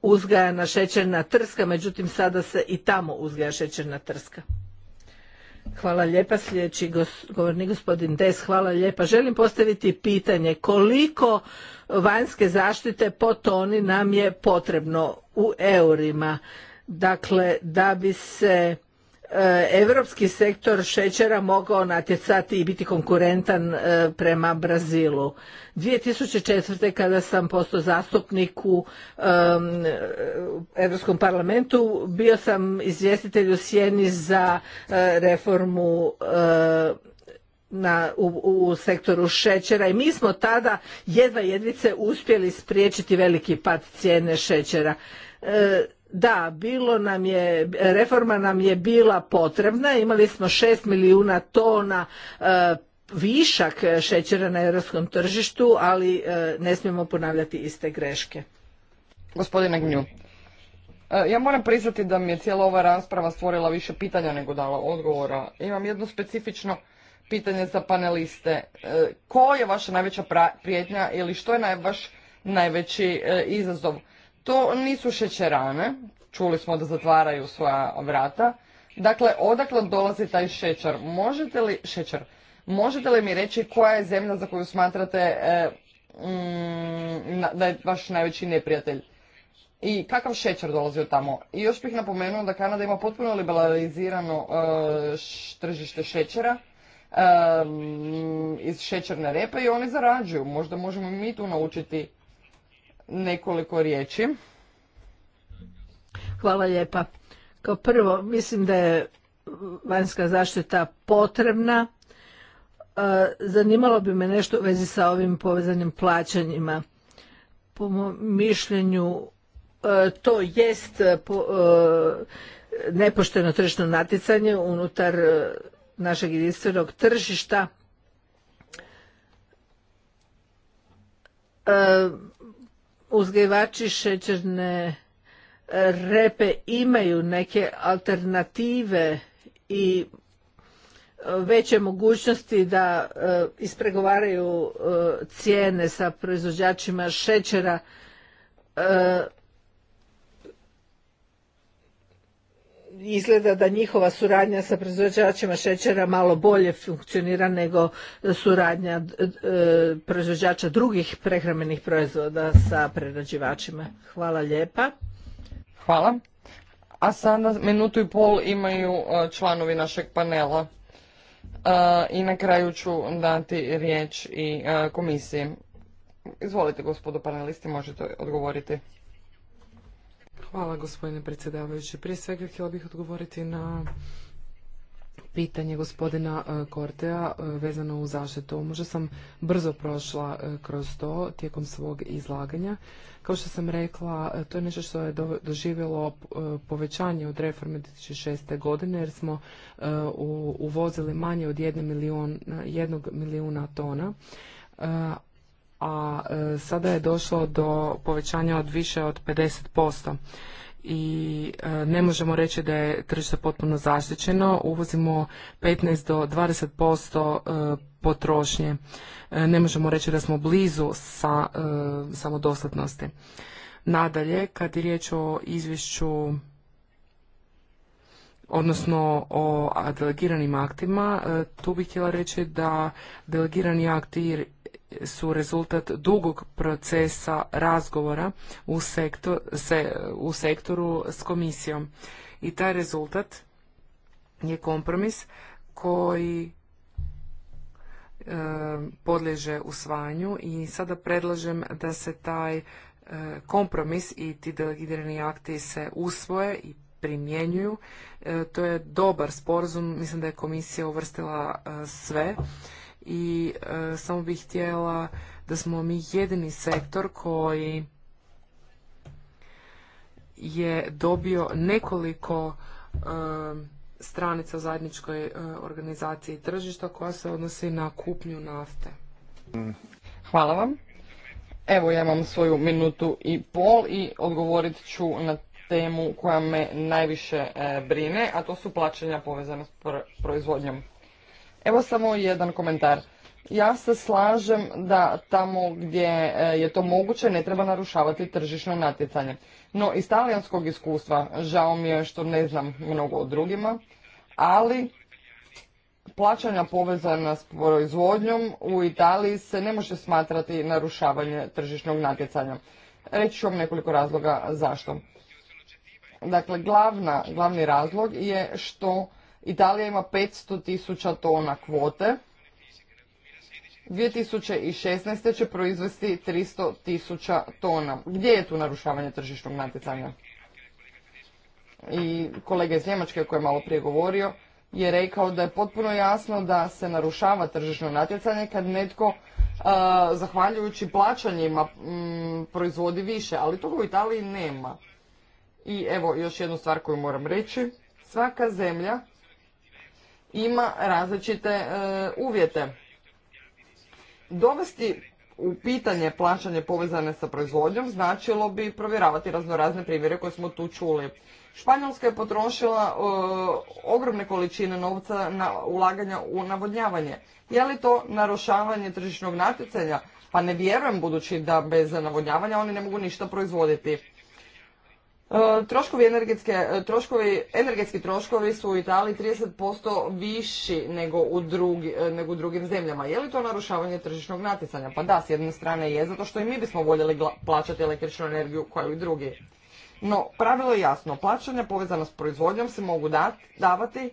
uzgajana šećerna trska, međutim sada se i tamo uzgaja šećerna trska. Hvala lijepa, sljedeći govorni gospodin Des, hvala lijepa. Želim postaviti pitanje koliko vanjske zaštite po toni nam je potrebno u eurima. Dakle, da bi se europski sektor šećera mogao natjecati i biti konkurentan e, prema Brazilu. 2004. kada sam postao zastupnik u Europskom parlamentu, bio sam izvjestitelj u Sjeni za e, reformu e, u, sektoru šećera i mi smo tada jedva jedvice uspjeli spriječiti veliki pad cijene šećera da, bilo nam je, reforma nam je bila potrebna, imali smo 6 milijuna tona e, višak šećera na europskom tržištu, ali e, ne smijemo ponavljati iste greške. Gospodine Gnju, e, ja moram priznati da mi je cijela ova rasprava stvorila više pitanja nego dala odgovora. Imam jedno specifično pitanje za paneliste. Ko je vaša najveća prijetnja ili što je vaš najveći izazov? To nisu šećerane, čuli smo da zatvaraju svoja vrata. Dakle, odakle dolazi taj šećer? Možete li, šećer, možete li mi reći koja je zemlja za koju smatrate e, mm, da je vaš najveći neprijatelj? I kakav šećer dolazi od tamo? I još bih napomenuo da Kanada ima potpuno liberalizirano e, tržište šećera e, mm, iz šećerne repe i oni zarađuju. Možda možemo mi tu naučiti nekoliko riječi. Hvala lijepa. Kao prvo, mislim da je vanjska zaštita potrebna. E, zanimalo bi me nešto u vezi sa ovim povezanim plaćanjima. Po mom mišljenju, e, to jest e, nepošteno tržišno natjecanje unutar našeg jedinstvenog tržišta uzgajivači šećerne e, repe imaju neke alternative i veće mogućnosti da e, ispregovaraju e, cijene sa proizvođačima šećera izgleda da njihova suradnja sa proizvođačima šećera malo bolje funkcionira nego suradnja e, proizvođača drugih prehrambenih proizvoda sa prerađivačima. Hvala lijepa. Hvala. A sada minutu i pol imaju e, članovi našeg panela. E, I na kraju ću dati riječ i komisiji. Izvolite gospodo panelisti, možete odgovoriti. Hvala gospodine predsjedavajući. Prije svega htjela bih odgovoriti na pitanje gospodina e, Kortea e, vezano u zaštitu. Možda sam brzo prošla e, kroz to tijekom svog izlaganja. Kao što sam rekla, to je nešto što je doživjelo povećanje od reforme 2006. godine jer smo uvozili manje od jednog milijuna tona a e, sada je došlo do povećanja od više od 50%. I e, ne možemo reći da je tržište potpuno zaštićeno. Uvozimo 15 do 20% e, potrošnje. Ne možemo reći da smo blizu sa samodostatnosti. Nadalje, kad je riječ o izvješću odnosno o delegiranim aktima, tu bih htjela reći da delegirani akti su rezultat dugog procesa razgovora u, sektor, se, u sektoru s komisijom. I taj rezultat je kompromis koji e, podliježe usvajanju i sada predlažem da se taj e, kompromis i ti delegirani akti se usvoje i primjenjuju. E, to je dobar sporazum, mislim da je komisija uvrstila e, sve i e, samo bih htjela da smo mi jedini sektor koji je dobio nekoliko e, stranica zajedničkoj e, organizaciji tržišta koja se odnosi na kupnju nafte. Hvala vam. Evo ja imam svoju minutu i pol i odgovorit ću na temu koja me najviše brine, a to su plaćanja povezana s proizvodnjom. Evo samo jedan komentar. Ja se slažem da tamo gdje e, je to moguće ne treba narušavati tržišno natjecanje. No, iz talijanskog iskustva, žao mi je što ne znam mnogo o drugima, ali plaćanja povezana s proizvodnjom u Italiji se ne može smatrati narušavanje tržišnog natjecanja. Reći ću vam nekoliko razloga zašto. Dakle, glavni razlog je što Italija ima 500 tisuća tona kvote. 2016. će proizvesti 300 tisuća tona. Gdje je tu narušavanje tržišnog natjecanja? I kolega iz Njemačke koji je malo prije govorio je rekao da je potpuno jasno da se narušava tržišno natjecanje kad netko uh, zahvaljujući plaćanjima mm, proizvodi više, ali toga u Italiji nema. I evo još jednu stvar koju moram reći. Svaka zemlja ima različite e, uvjete. Dovesti u pitanje plaćanje povezane sa proizvodnjom značilo bi provjeravati raznorazne primjere koje smo tu čuli. Španjolska je potrošila e, ogromne količine novca na ulaganja u navodnjavanje. Je li to narušavanje tržišnog natjecanja? Pa ne vjerujem budući da bez navodnjavanja oni ne mogu ništa proizvoditi. E, troškovi energetske, e, troškovi, energetski troškovi su u Italiji 30% viši nego u, drugi, e, nego u drugim zemljama. Je li to narušavanje tržišnog natjecanja? Pa da, s jedne strane je, zato što i mi bismo voljeli plaćati električnu energiju kao i drugi. No, pravilo je jasno, plaćanja povezana s proizvodnjom se mogu davati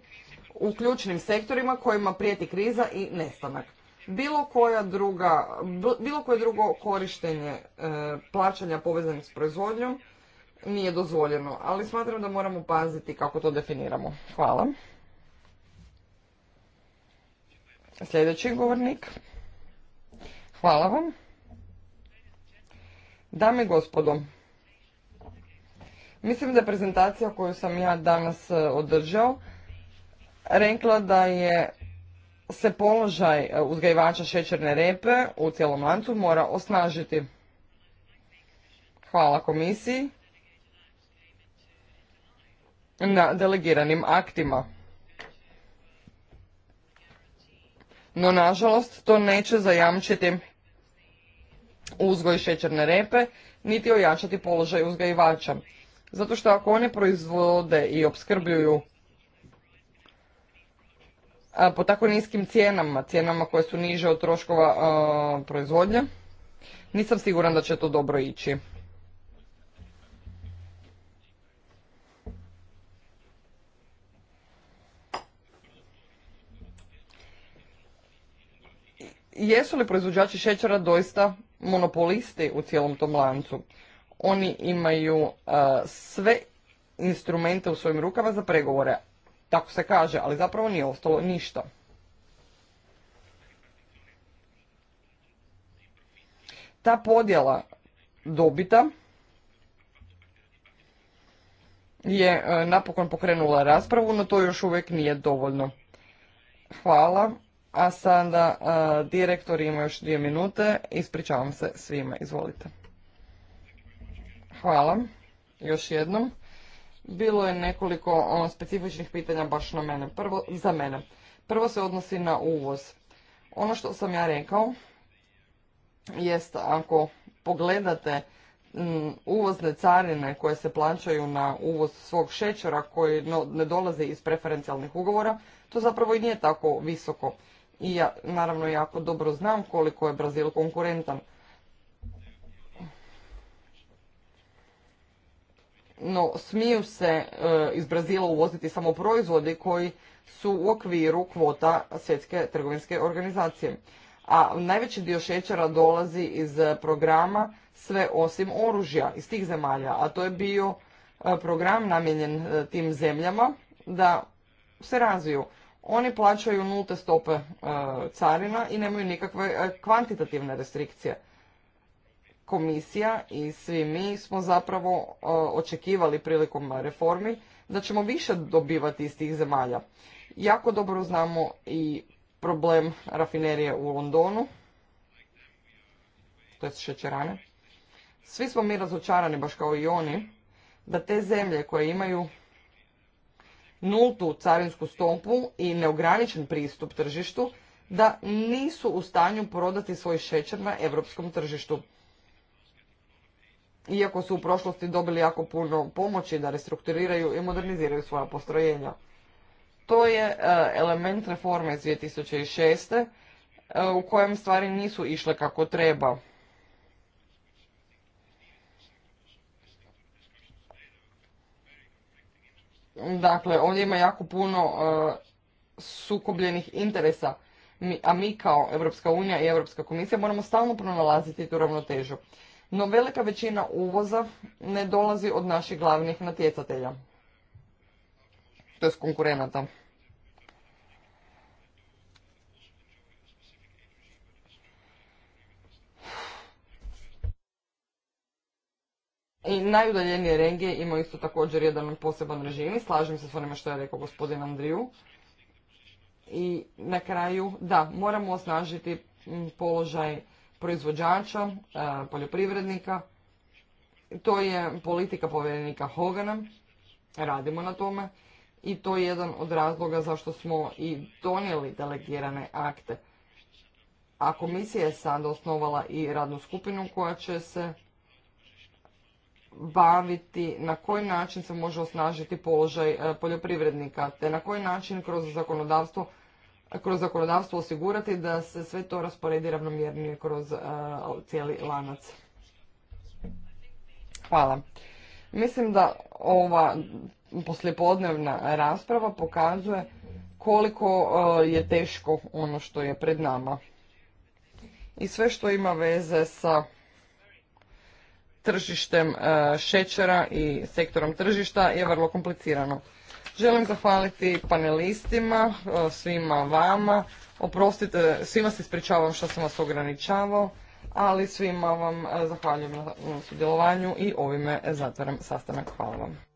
u ključnim sektorima kojima prijeti kriza i nestanak. Bilo, koja druga, bilo koje drugo korištenje plaćanja povezanih s proizvodnjom nije dozvoljeno, ali smatram da moramo paziti kako to definiramo. Hvala. Sljedeći govornik. Hvala vam. Dame i gospodo, mislim da je prezentacija koju sam ja danas e, održao rekla da je se položaj e, uzgajivača šećerne repe u cijelom lancu mora osnažiti. Hvala komisiji na delegiranim aktima. No, nažalost, to neće zajamčiti uzgoj šećerne repe, niti ojačati položaj uzgajivača. Zato što ako oni proizvode i opskrbljuju po tako niskim cijenama, cijenama koje su niže od troškova proizvodnje, nisam siguran da će to dobro ići. jesu li proizvođači šećera doista monopolisti u cijelom tom lancu? Oni imaju e, sve instrumente u svojim rukama za pregovore, tako se kaže, ali zapravo nije ostalo ništa. Ta podjela dobita je e, napokon pokrenula raspravu, no to još uvijek nije dovoljno. Hvala. A sada e, direktor ima još dvije minute. Ispričavam se svima. Izvolite. Hvala. Još jednom. Bilo je nekoliko ono, specifičnih pitanja baš na mene. Prvo, za mene. Prvo se odnosi na uvoz. Ono što sam ja rekao jest ako pogledate uvozne carine koje se plaćaju na uvoz svog šećera koji ne dolazi iz preferencijalnih ugovora, to zapravo i nije tako visoko i ja naravno jako dobro znam koliko je Brazil konkurentan. No, smiju se e, iz Brazila uvoziti samo proizvodi koji su u okviru kvota svjetske trgovinske organizacije. A najveći dio šećera dolazi iz programa sve osim oružja iz tih zemalja, a to je bio e, program namijenjen e, tim zemljama da se razviju. Oni plaćaju nulte stope e, carina i nemaju nikakve e, kvantitativne restrikcije. Komisija i svi mi smo zapravo e, očekivali prilikom reformi da ćemo više dobivati iz tih zemalja. Jako dobro znamo i problem rafinerije u Londonu, to je šećerane. Svi smo mi razočarani, baš kao i oni, da te zemlje koje imaju nultu carinsku stopu i neograničen pristup tržištu, da nisu u stanju prodati svoj šećer na europskom tržištu. Iako su u prošlosti dobili jako puno pomoći da restrukturiraju i moderniziraju svoja postrojenja. To je e, element reforme iz 2006. E, u kojem stvari nisu išle kako treba. Dakle, ovdje ima jako puno e, sukobljenih interesa, a mi kao Europska unija i Europska komisija moramo stalno pronalaziti tu ravnotežu. No velika većina uvoza ne dolazi od naših glavnih natjecatelja, to je konkurenata. i najudaljenije regije imaju isto također jedan poseban režim i slažem se s onime što je rekao gospodin Andriju. I na kraju, da, moramo osnažiti mm, položaj proizvođača, e, poljoprivrednika. To je politika povjerenika Hogana, radimo na tome i to je jedan od razloga zašto smo i donijeli delegirane akte. A komisija je sada osnovala i radnu skupinu koja će se baviti na koji način se može osnažiti položaj e, poljoprivrednika, te na koji način kroz zakonodavstvo kroz zakonodavstvo osigurati da se sve to rasporedi ravnomjernije kroz e, cijeli lanac. Hvala. Mislim da ova poslijepodnevna rasprava pokazuje koliko e, je teško ono što je pred nama. I sve što ima veze sa tržištem e, šećera i sektorom tržišta je vrlo komplicirano. Želim zahvaliti panelistima, e, svima vama, oprostite, svima se ispričavam što sam vas ograničavao, ali svima vam e, zahvaljujem na sudjelovanju i ovime zatvaram sastanak. Hvala vam.